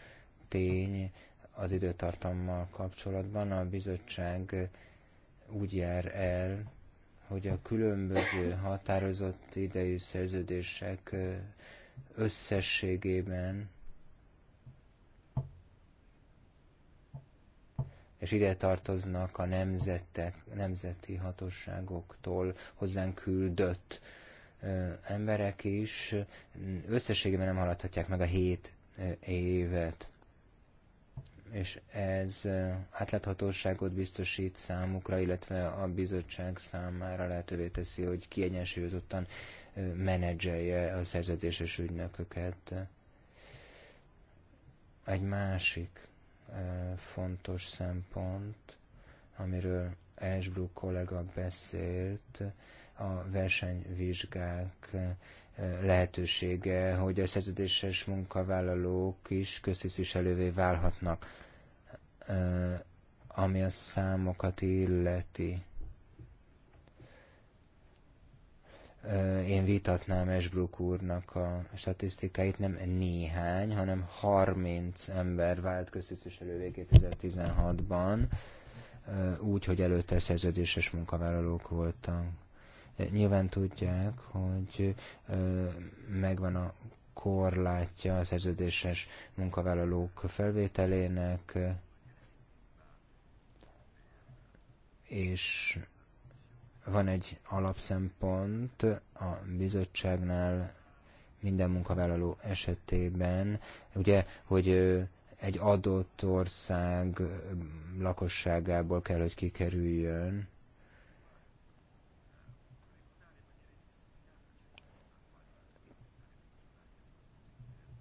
tény az időtartammal kapcsolatban a bizottság úgy jár el, hogy a különböző határozott idejű szerződések összességében és ide tartoznak a nemzetek, nemzeti hatóságoktól hozzánk küldött emberek is összességében nem haladhatják meg a hét évet és ez átláthatóságot biztosít számukra, illetve a bizottság számára lehetővé teszi, hogy kiegyensúlyozottan menedzselje a szerződéses ügynököket. Egy másik fontos szempont, amiről Ashbrook kollega beszélt, a versenyvizsgák lehetősége, hogy a szerződéses munkavállalók is közhisziselővé válhatnak, ami a számokat illeti. Én vitatnám Esbruck úrnak a statisztikáit, nem néhány, hanem 30 ember vált köztisztviselővé 2016-ban, úgy, hogy előtte szerződéses munkavállalók voltak. Nyilván tudják, hogy megvan a korlátja a szerződéses munkavállalók felvételének, és van egy alapszempont a bizottságnál minden munkavállaló esetében, ugye, hogy egy adott ország lakosságából kell, hogy kikerüljön,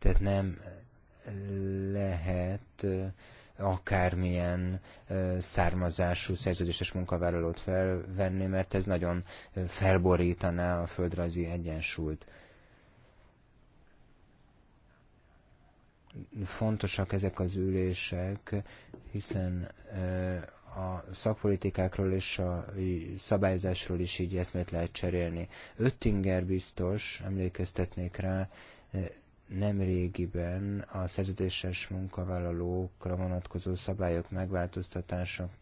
Tehát nem lehet akármilyen származású szerződéses munkavállalót felvenni, mert ez nagyon felborítaná a földrajzi egyensúlyt. Fontosak ezek az ülések, hiszen a szakpolitikákról és a szabályzásról is így eszmét lehet cserélni. Öttinger biztos, emlékeztetnék rá, nemrégiben a szerződéses munkavállalókra vonatkozó szabályok megváltoztatásakor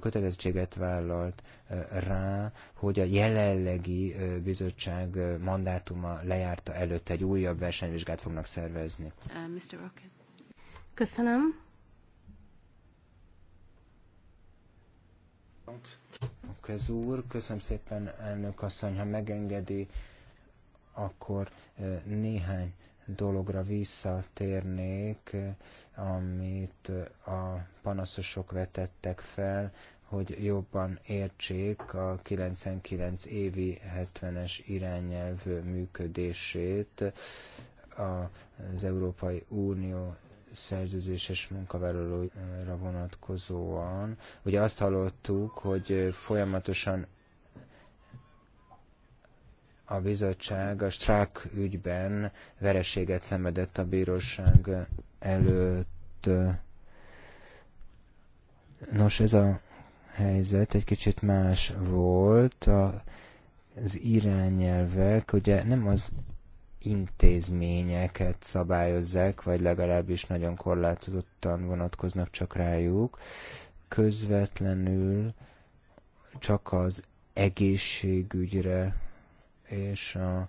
kötelezettséget vállalt rá, hogy a jelenlegi bizottság mandátuma lejárta előtt egy újabb versenyvizsgát fognak szervezni. Uh, köszönöm. úr, köszönöm szépen elnök asszony, ha megengedi, akkor néhány dologra visszatérnék, amit a panaszosok vetettek fel, hogy jobban értsék a 99 évi 70-es irányelv működését az Európai Unió szerződéses munkavállalóra vonatkozóan. Ugye azt hallottuk, hogy folyamatosan a bizottság a strák ügyben vereséget szenvedett a bíróság előtt. Nos, ez a helyzet egy kicsit más volt. A, az irányelvek ugye nem az intézményeket szabályozzák, vagy legalábbis nagyon korlátozottan vonatkoznak csak rájuk, közvetlenül csak az egészségügyre és a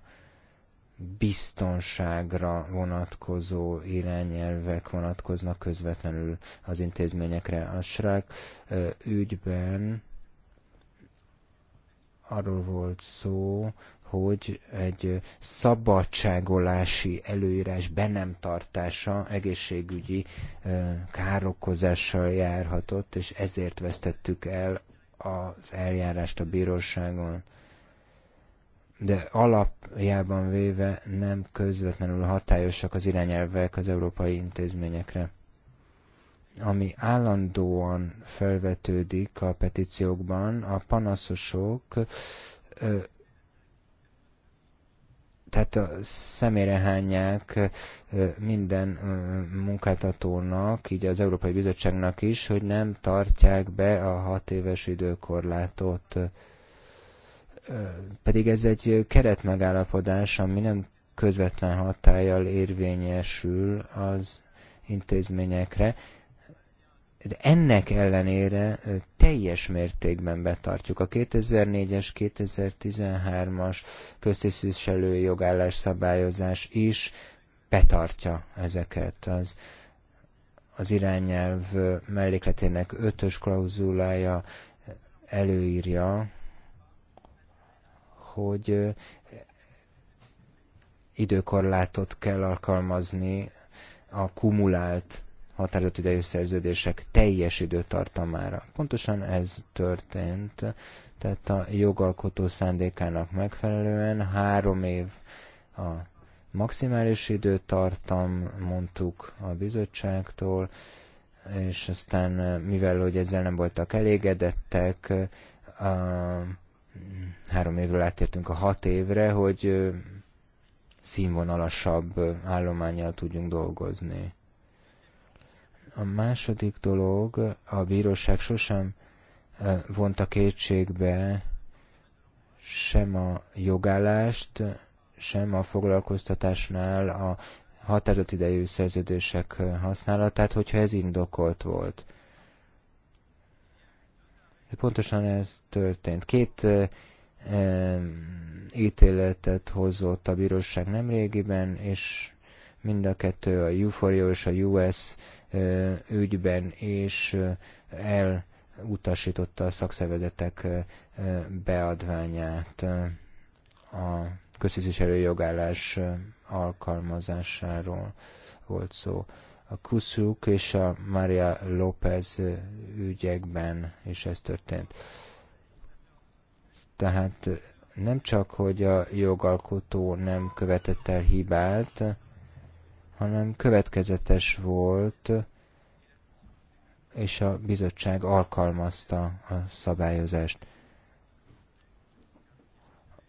biztonságra vonatkozó irányelvek vonatkoznak közvetlenül az intézményekre. A srák ügyben arról volt szó, hogy egy szabadságolási előírás be nem tartása egészségügyi károkozással járhatott, és ezért vesztettük el az eljárást a bíróságon de alapjában véve nem közvetlenül hatályosak az irányelvek az európai intézményekre. Ami állandóan felvetődik a petíciókban, a panaszosok, tehát a személyre hányják minden munkáltatónak, így az Európai Bizottságnak is, hogy nem tartják be a hat éves időkorlátot pedig ez egy keretmegállapodás, ami nem közvetlen hatállyal érvényesül az intézményekre, de ennek ellenére teljes mértékben betartjuk a 2004-es, 2013-as köztisztviselő jogállás szabályozás is betartja ezeket. Az, az irányelv mellékletének ötös klauzulája előírja, hogy időkorlátot kell alkalmazni a kumulált határozott idejű szerződések teljes időtartamára. Pontosan ez történt, tehát a jogalkotó szándékának megfelelően három év a maximális időtartam, mondtuk a bizottságtól, és aztán mivel hogy ezzel nem voltak elégedettek, három évről áttértünk a hat évre, hogy színvonalasabb állományjal tudjunk dolgozni. A második dolog, a bíróság sosem vonta kétségbe sem a jogállást, sem a foglalkoztatásnál a határozott idejű szerződések használatát, hogyha ez indokolt volt pontosan ez történt. Két ítéletet hozott a bíróság nemrégiben, és mind a kettő a Euphoria és a US ügyben és elutasította a szakszervezetek beadványát a közszízviselő jogállás alkalmazásáról volt szó a Kuszuk és a Maria López ügyekben is ez történt. Tehát nem csak, hogy a jogalkotó nem követett el hibát, hanem következetes volt, és a bizottság alkalmazta a szabályozást.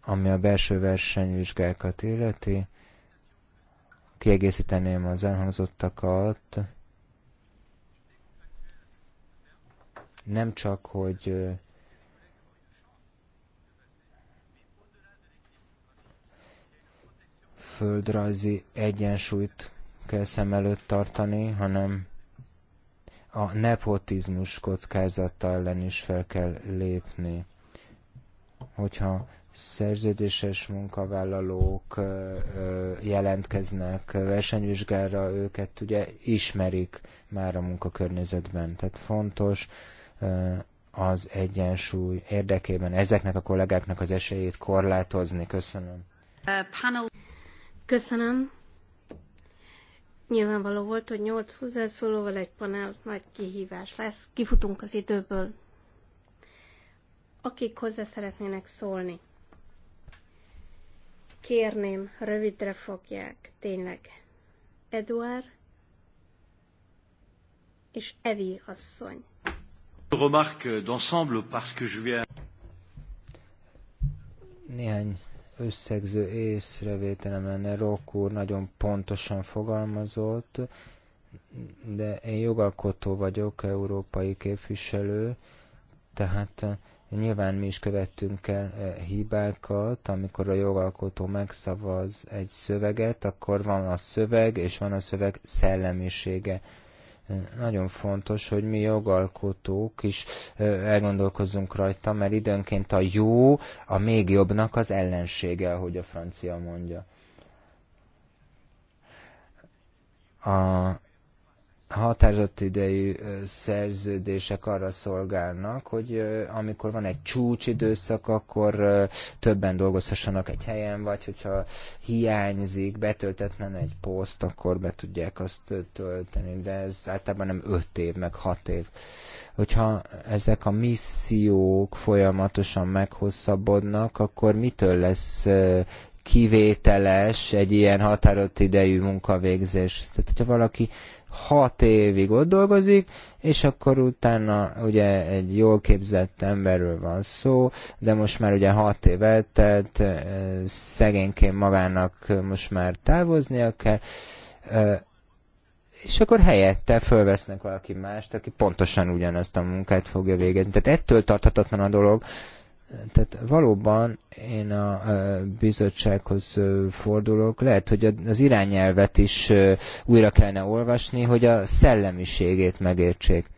Ami a belső versenyvizsgákat illeti, kiegészíteném az elhangzottakat. Nem csak, hogy földrajzi egyensúlyt kell szem előtt tartani, hanem a nepotizmus kockázata ellen is fel kell lépni. Hogyha szerződéses munkavállalók jelentkeznek versenyvizsgára, őket ugye ismerik már a munkakörnyezetben. Tehát fontos az egyensúly érdekében ezeknek a kollégáknak az esélyét korlátozni. Köszönöm. Köszönöm. Nyilvánvaló volt, hogy 8 hozzászólóval egy panel nagy kihívás lesz. Kifutunk az időből. Akik hozzá szeretnének szólni, Kérném, rövidre fogják, tényleg. Eduard és Evi asszony. Remarque d'ensemble parce que je viens... Néhány összegző észrevételem lenne, Rock úr nagyon pontosan fogalmazott, de én jogalkotó vagyok, európai képviselő, tehát Nyilván mi is követtünk el e, hibákat, amikor a jogalkotó megszavaz egy szöveget, akkor van a szöveg, és van a szöveg szellemisége e, nagyon fontos, hogy mi jogalkotók is e, elgondolkozzunk rajta, mert időnként a jó, a még jobbnak az ellensége, ahogy a francia mondja. A határozott idejű szerződések arra szolgálnak, hogy amikor van egy csúcsidőszak, akkor többen dolgozhassanak egy helyen, vagy hogyha hiányzik, betöltetlen egy poszt, akkor be tudják azt tölteni, de ez általában nem 5 év, meg 6 év. Hogyha ezek a missziók folyamatosan meghosszabbodnak, akkor mitől lesz kivételes egy ilyen határozott idejű munkavégzés? Tehát, hogyha valaki hat évig ott dolgozik, és akkor utána ugye egy jól képzett emberről van szó, de most már ugye hat év eltelt, szegényként magának most már távoznia kell, és akkor helyette fölvesznek valaki mást, aki pontosan ugyanazt a munkát fogja végezni. Tehát ettől tarthatatlan a dolog, tehát valóban én a bizottsághoz fordulok, lehet, hogy az irányelvet is újra kellene olvasni, hogy a szellemiségét megértsék.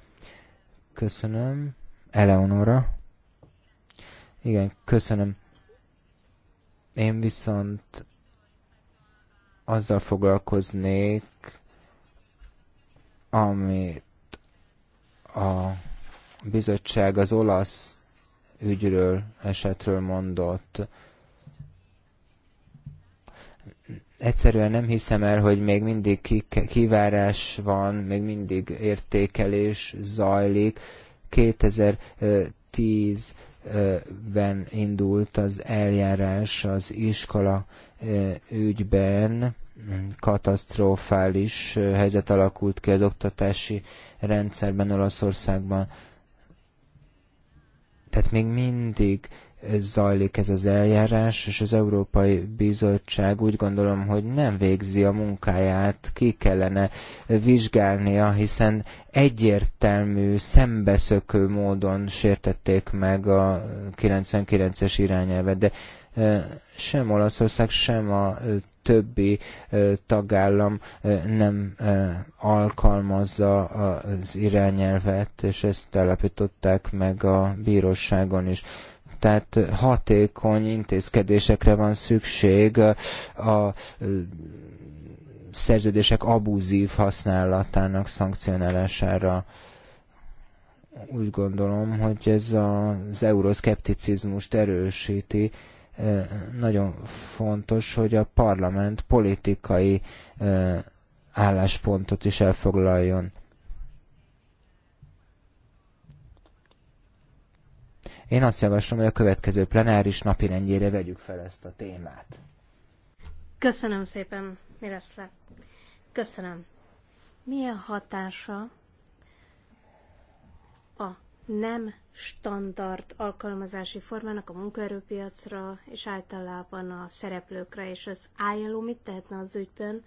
Köszönöm. Eleonora. Igen, köszönöm. Én viszont azzal foglalkoznék, amit a bizottság az olasz ügyről, esetről mondott. Egyszerűen nem hiszem el, hogy még mindig kivárás van, még mindig értékelés zajlik. 2010-ben indult az eljárás az iskola ügyben, katasztrofális helyzet alakult ki az oktatási rendszerben Olaszországban. Tehát még mindig zajlik ez az eljárás, és az Európai Bizottság úgy gondolom, hogy nem végzi a munkáját, ki kellene vizsgálnia, hiszen egyértelmű, szembeszökő módon sértették meg a 99-es irányelvet, de sem Olaszország, sem a többi tagállam nem alkalmazza az irányelvet, és ezt állapították meg a bíróságon is. Tehát hatékony intézkedésekre van szükség a szerződések abúzív használatának szankcionálására úgy gondolom, hogy ez az euroszkepticizmust erősíti, nagyon fontos, hogy a parlament politikai álláspontot is elfoglaljon. Én azt javaslom, hogy a következő plenáris rendjére vegyük fel ezt a témát. Köszönöm szépen, Mireszle. Köszönöm. Milyen hatása nem standard alkalmazási formának a munkaerőpiacra, és általában a szereplőkre, és az ILO mit tehetne az ügyben,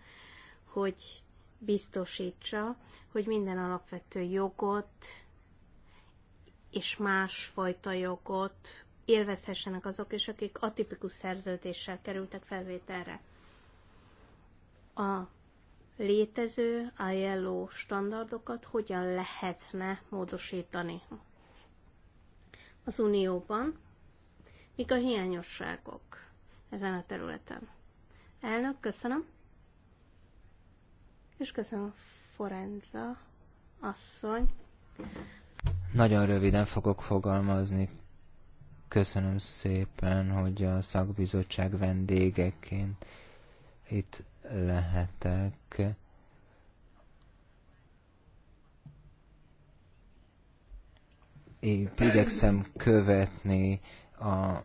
hogy biztosítsa, hogy minden alapvető jogot és másfajta jogot élvezhessenek azok is, akik atipikus szerződéssel kerültek felvételre. A létező ILO standardokat hogyan lehetne módosítani? az Unióban, mik a hiányosságok ezen a területen. Elnök, köszönöm. És köszönöm Forenza asszony. Nagyon röviden fogok fogalmazni. Köszönöm szépen, hogy a szakbizottság vendégeként itt lehetek épp igyekszem követni a,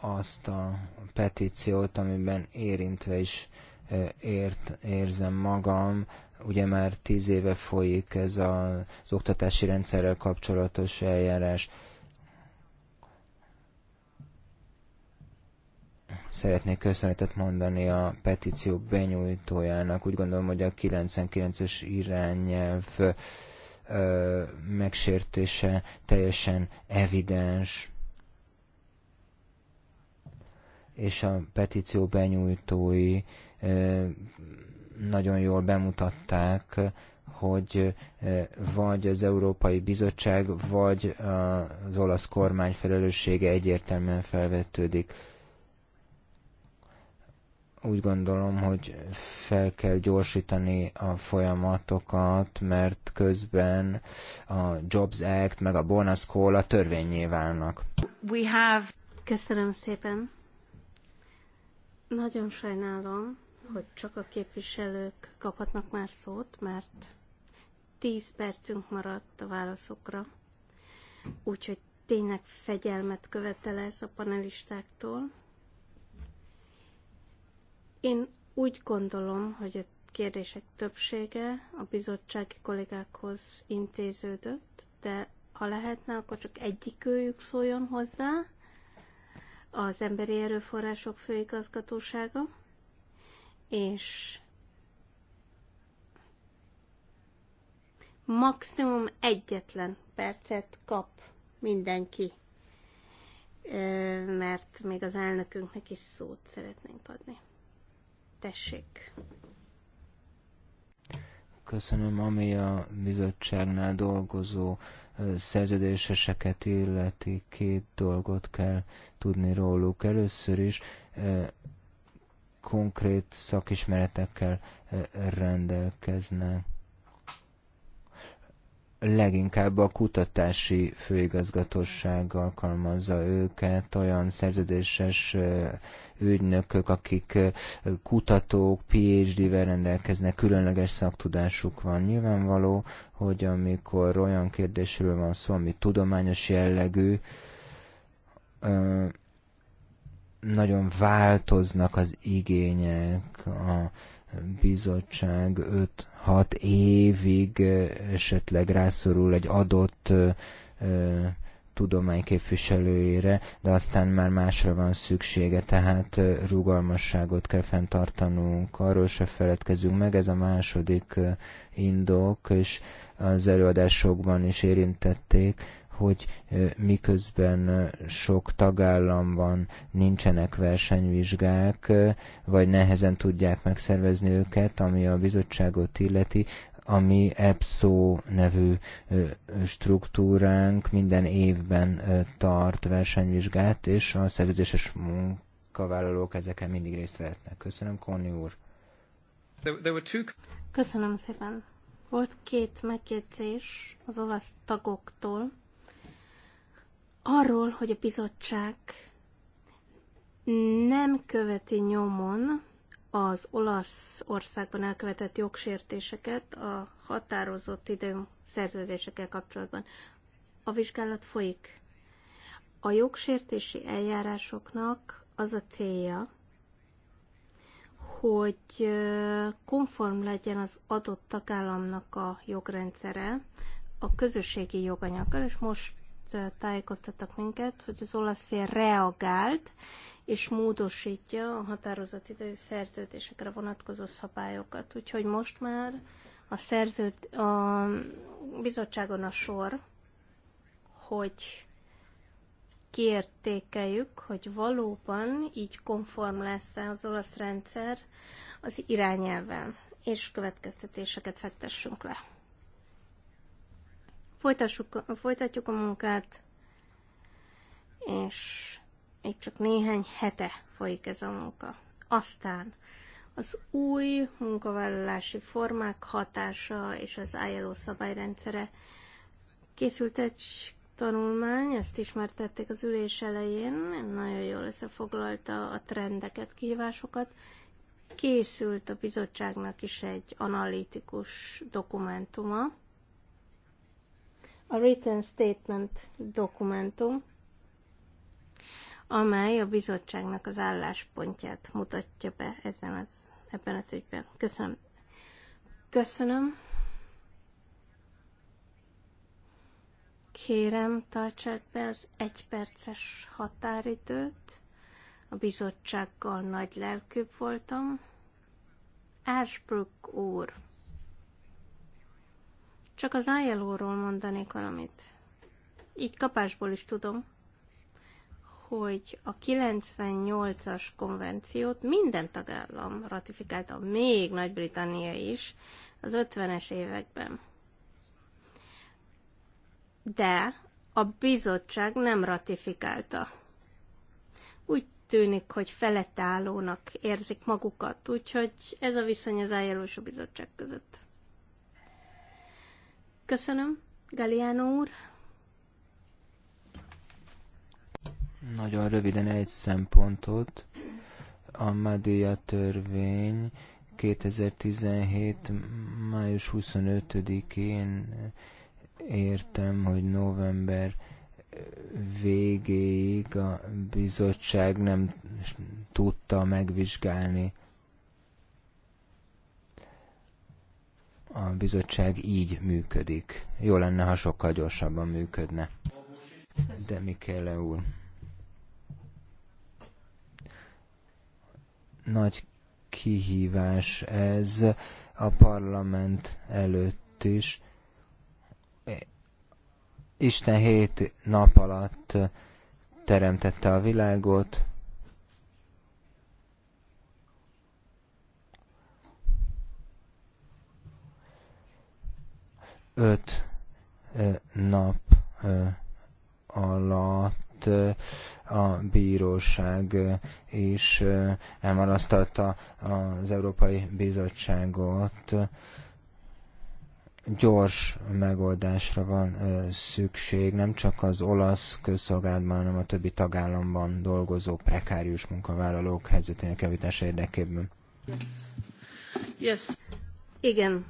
azt a petíciót, amiben érintve is e, ért, érzem magam. Ugye már tíz éve folyik ez a, az oktatási rendszerrel kapcsolatos eljárás. Szeretnék köszönetet mondani a petíció benyújtójának. Úgy gondolom, hogy a 99-es irányelv megsértése teljesen evidens, és a petíció benyújtói nagyon jól bemutatták, hogy vagy az Európai Bizottság, vagy az olasz kormány felelőssége egyértelműen felvetődik úgy gondolom, hogy fel kell gyorsítani a folyamatokat, mert közben a Jobs Act meg a Bonus Call a törvényé válnak. We have... Köszönöm szépen. Nagyon sajnálom, hogy csak a képviselők kaphatnak már szót, mert 10 percünk maradt a válaszokra. Úgyhogy tényleg fegyelmet követel ez a panelistáktól én úgy gondolom, hogy a kérdések többsége a bizottsági kollégákhoz intéződött, de ha lehetne, akkor csak egyikőjük szóljon hozzá, az Emberi Erőforrások Főigazgatósága, és maximum egyetlen percet kap mindenki, mert még az elnökünknek is szót szeretnénk adni. Tessék! Köszönöm, ami a bizottságnál dolgozó szerződéseseket illeti, két dolgot kell tudni róluk. Először is konkrét szakismeretekkel rendelkeznek leginkább a kutatási főigazgatóság alkalmazza őket, olyan szerződéses ügynökök, akik kutatók, PhD-vel rendelkeznek, különleges szaktudásuk van. Nyilvánvaló, hogy amikor olyan kérdésről van szó, ami tudományos jellegű, nagyon változnak az igények, a bizottság 5-6 évig esetleg rászorul egy adott tudományképviselőjére, de aztán már másra van szüksége, tehát rugalmasságot kell fenntartanunk, arról se feledkezünk meg, ez a második indok, és az előadásokban is érintették, hogy miközben sok tagállamban nincsenek versenyvizsgák, vagy nehezen tudják megszervezni őket, ami a bizottságot illeti, ami EPSO nevű struktúránk minden évben tart versenyvizsgát, és a szervezéses munkavállalók ezeken mindig részt vehetnek. Köszönöm, Konni úr. Köszönöm szépen. Volt két megjegyzés az olasz tagoktól arról, hogy a bizottság nem követi nyomon az olasz országban elkövetett jogsértéseket a határozott idő szerződésekkel kapcsolatban. A vizsgálat folyik. A jogsértési eljárásoknak az a célja, hogy konform legyen az adott tagállamnak a jogrendszere a közösségi joganyaggal, és most tájékoztattak minket, hogy az olasz fél reagált, és módosítja a határozott idejű szerződésekre vonatkozó szabályokat. Úgyhogy most már a, szerződ, a bizottságon a sor, hogy kiértékeljük, hogy valóban így konform lesz-e az olasz rendszer az irányelven, és következtetéseket fektessünk le. Folytassuk, folytatjuk a munkát, és még csak néhány hete folyik ez a munka. Aztán az új munkavállalási formák hatása és az ILO szabályrendszere. Készült egy tanulmány, ezt ismertették az ülés elején, nagyon jól összefoglalta a trendeket, kihívásokat. Készült a bizottságnak is egy analitikus dokumentuma, a Written Statement dokumentum, amely a bizottságnak az álláspontját mutatja be ezen az, ebben az ügyben. Köszönöm. Köszönöm. Kérem, tartsák be az egyperces határidőt. A bizottsággal nagy lelkűbb voltam. Ashbrook úr. Csak az ILO-ról mondanék valamit. Így kapásból is tudom, hogy a 98-as konvenciót minden tagállam ratifikálta, még Nagy-Britannia is, az 50-es években. De a bizottság nem ratifikálta. Úgy tűnik, hogy felettállónak érzik magukat, úgyhogy ez a viszony az ilo bizottság között. Köszönöm, Galiano úr. Nagyon röviden egy szempontot. A Madia törvény 2017. május 25-én értem, hogy november végéig a bizottság nem tudta megvizsgálni a bizottság így működik. Jó lenne, ha sokkal gyorsabban működne. De Mikéle úr. Nagy kihívás ez a parlament előtt is. E, Isten hét nap alatt teremtette a világot, öt nap alatt a bíróság is elmarasztalta az Európai Bizottságot. Gyors megoldásra van szükség, nem csak az olasz közszolgálatban, hanem a többi tagállamban dolgozó prekárius munkavállalók helyzetének javítása érdekében. Yes. Igen,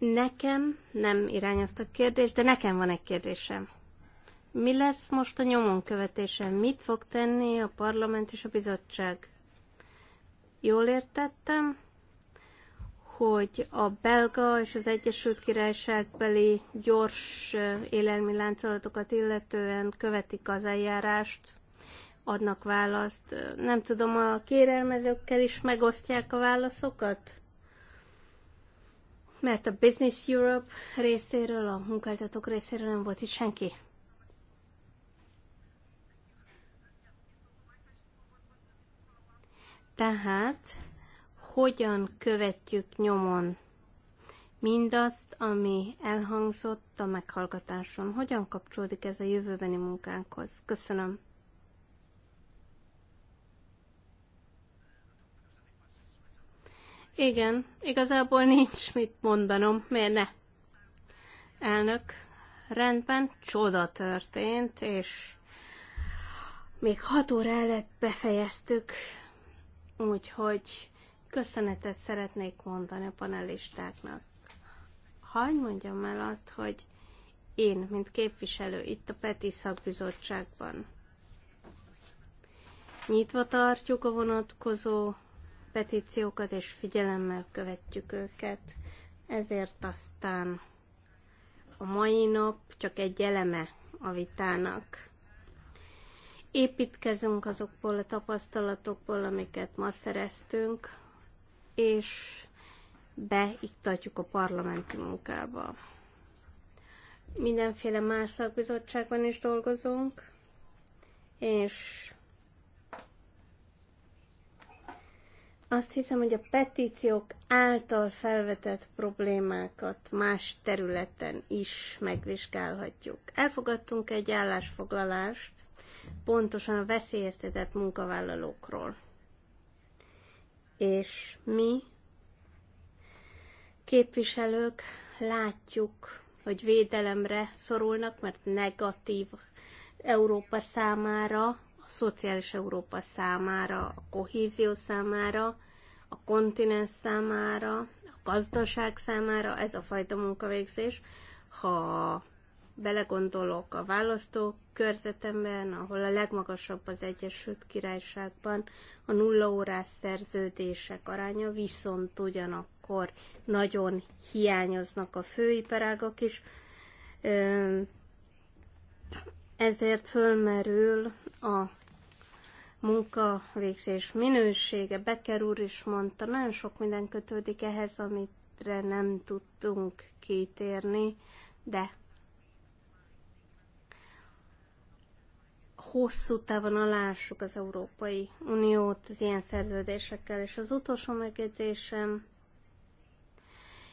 Nekem nem a kérdést, de nekem van egy kérdésem. Mi lesz most a nyomon követése? Mit fog tenni a parlament és a bizottság? Jól értettem, hogy a belga és az Egyesült Királyságbeli gyors élelmi láncolatokat illetően követik az eljárást, adnak választ. Nem tudom, a kérelmezőkkel is megosztják a válaszokat? mert a Business Europe részéről, a munkáltatók részéről nem volt itt senki. Tehát hogyan követjük nyomon mindazt, ami elhangzott a meghallgatáson? Hogyan kapcsolódik ez a jövőbeni munkánkhoz? Köszönöm. Igen, igazából nincs mit mondanom, miért ne? Elnök, rendben, csoda történt, és még hat óra előtt befejeztük, úgyhogy köszönetet szeretnék mondani a panelistáknak. Hagy mondjam el azt, hogy én, mint képviselő itt a PETI szakbizottságban, nyitva tartjuk a vonatkozó petíciókat, és figyelemmel követjük őket. Ezért aztán a mai nap csak egy eleme a vitának. Építkezünk azokból a tapasztalatokból, amiket ma szereztünk, és beiktatjuk a parlamenti munkába. Mindenféle más szakbizottságban is dolgozunk, és Azt hiszem, hogy a petíciók által felvetett problémákat más területen is megvizsgálhatjuk. Elfogadtunk egy állásfoglalást pontosan a veszélyeztetett munkavállalókról. És mi, képviselők, látjuk, hogy védelemre szorulnak, mert negatív Európa számára szociális Európa számára, a kohézió számára, a kontinens számára, a gazdaság számára, ez a fajta munkavégzés. Ha belegondolok a választók körzetemben, ahol a legmagasabb az Egyesült Királyságban, a nulla órás szerződések aránya, viszont ugyanakkor nagyon hiányoznak a főiparágak is, ezért fölmerül a munkavégzés minősége, Becker úr is mondta, nagyon sok minden kötődik ehhez, amitre nem tudtunk kitérni, de hosszú távon alássuk az Európai Uniót az ilyen szerződésekkel. És az utolsó megjegyzésem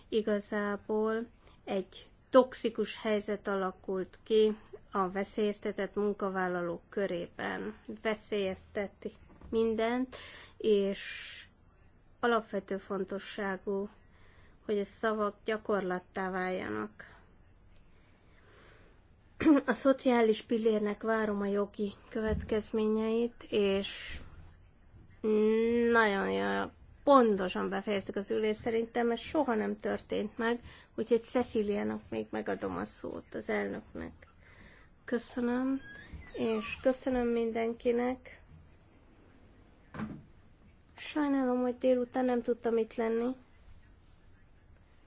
igazából egy toxikus helyzet alakult ki a veszélyeztetett munkavállalók körében veszélyezteti mindent, és alapvető fontosságú, hogy a szavak gyakorlattá váljanak. A szociális pillérnek várom a jogi következményeit, és nagyon jó, pontosan befejeztük az ülést, szerintem ez soha nem történt meg, úgyhogy Ceciliának még megadom a szót az elnöknek. Köszönöm, és köszönöm mindenkinek. Sajnálom, hogy délután nem tudtam itt lenni,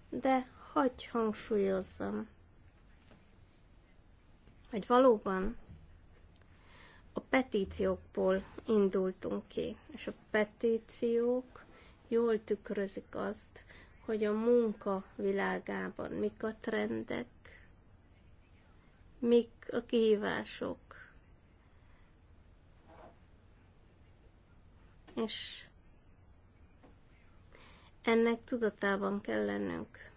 de hagy hangsúlyozzam, hogy valóban a petíciókból indultunk ki, és a petíciók jól tükrözik azt, hogy a munka világában mik a trendek, mik a kihívások. És ennek tudatában kell lennünk.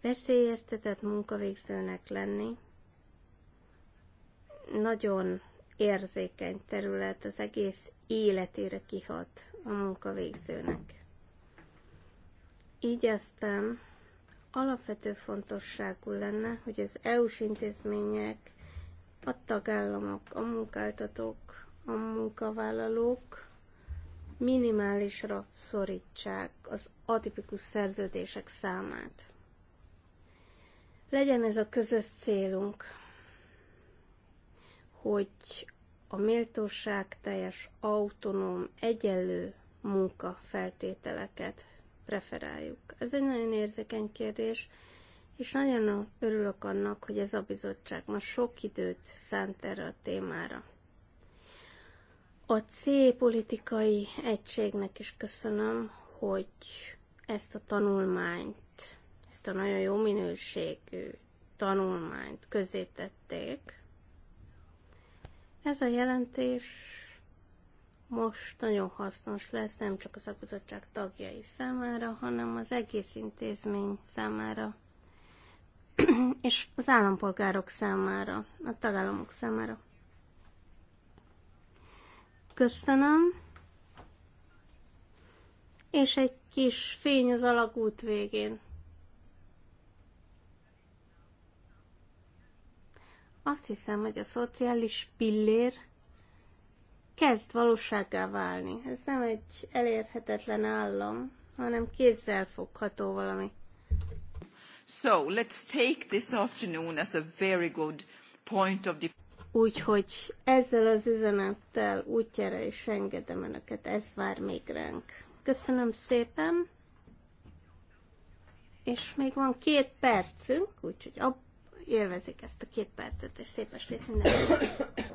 Veszélyeztetett munkavégzőnek lenni nagyon érzékeny terület, az egész életére kihat a munkavégzőnek. Így aztán alapvető fontosságú lenne, hogy az EU-s intézmények, a tagállamok, a munkáltatók, a munkavállalók minimálisra szorítsák az atipikus szerződések számát. Legyen ez a közös célunk, hogy a méltóság teljes, autonóm, egyenlő munkafeltételeket preferáljuk. Ez egy nagyon érzékeny kérdés, és nagyon örülök annak, hogy ez a bizottság ma sok időt szánt erre a témára. A C politikai egységnek is köszönöm, hogy ezt a tanulmányt, ezt a nagyon jó minőségű tanulmányt közé tették. Ez a jelentés most nagyon hasznos lesz nem csak a szakbizottság tagjai számára, hanem az egész intézmény számára, és az állampolgárok számára, a tagállamok számára. Köszönöm, és egy kis fény az alagút végén. Azt hiszem, hogy a szociális pillér kezd valósággá válni. Ez nem egy elérhetetlen állam, hanem kézzel fogható valami. So, let's take this afternoon as a very good point of the... Úgyhogy ezzel az üzenettel útjára is engedem önöket, ez vár még ránk. Köszönöm szépen, és még van két percünk, úgyhogy ab, élvezik ezt a két percet, és szép estét mindenkinek!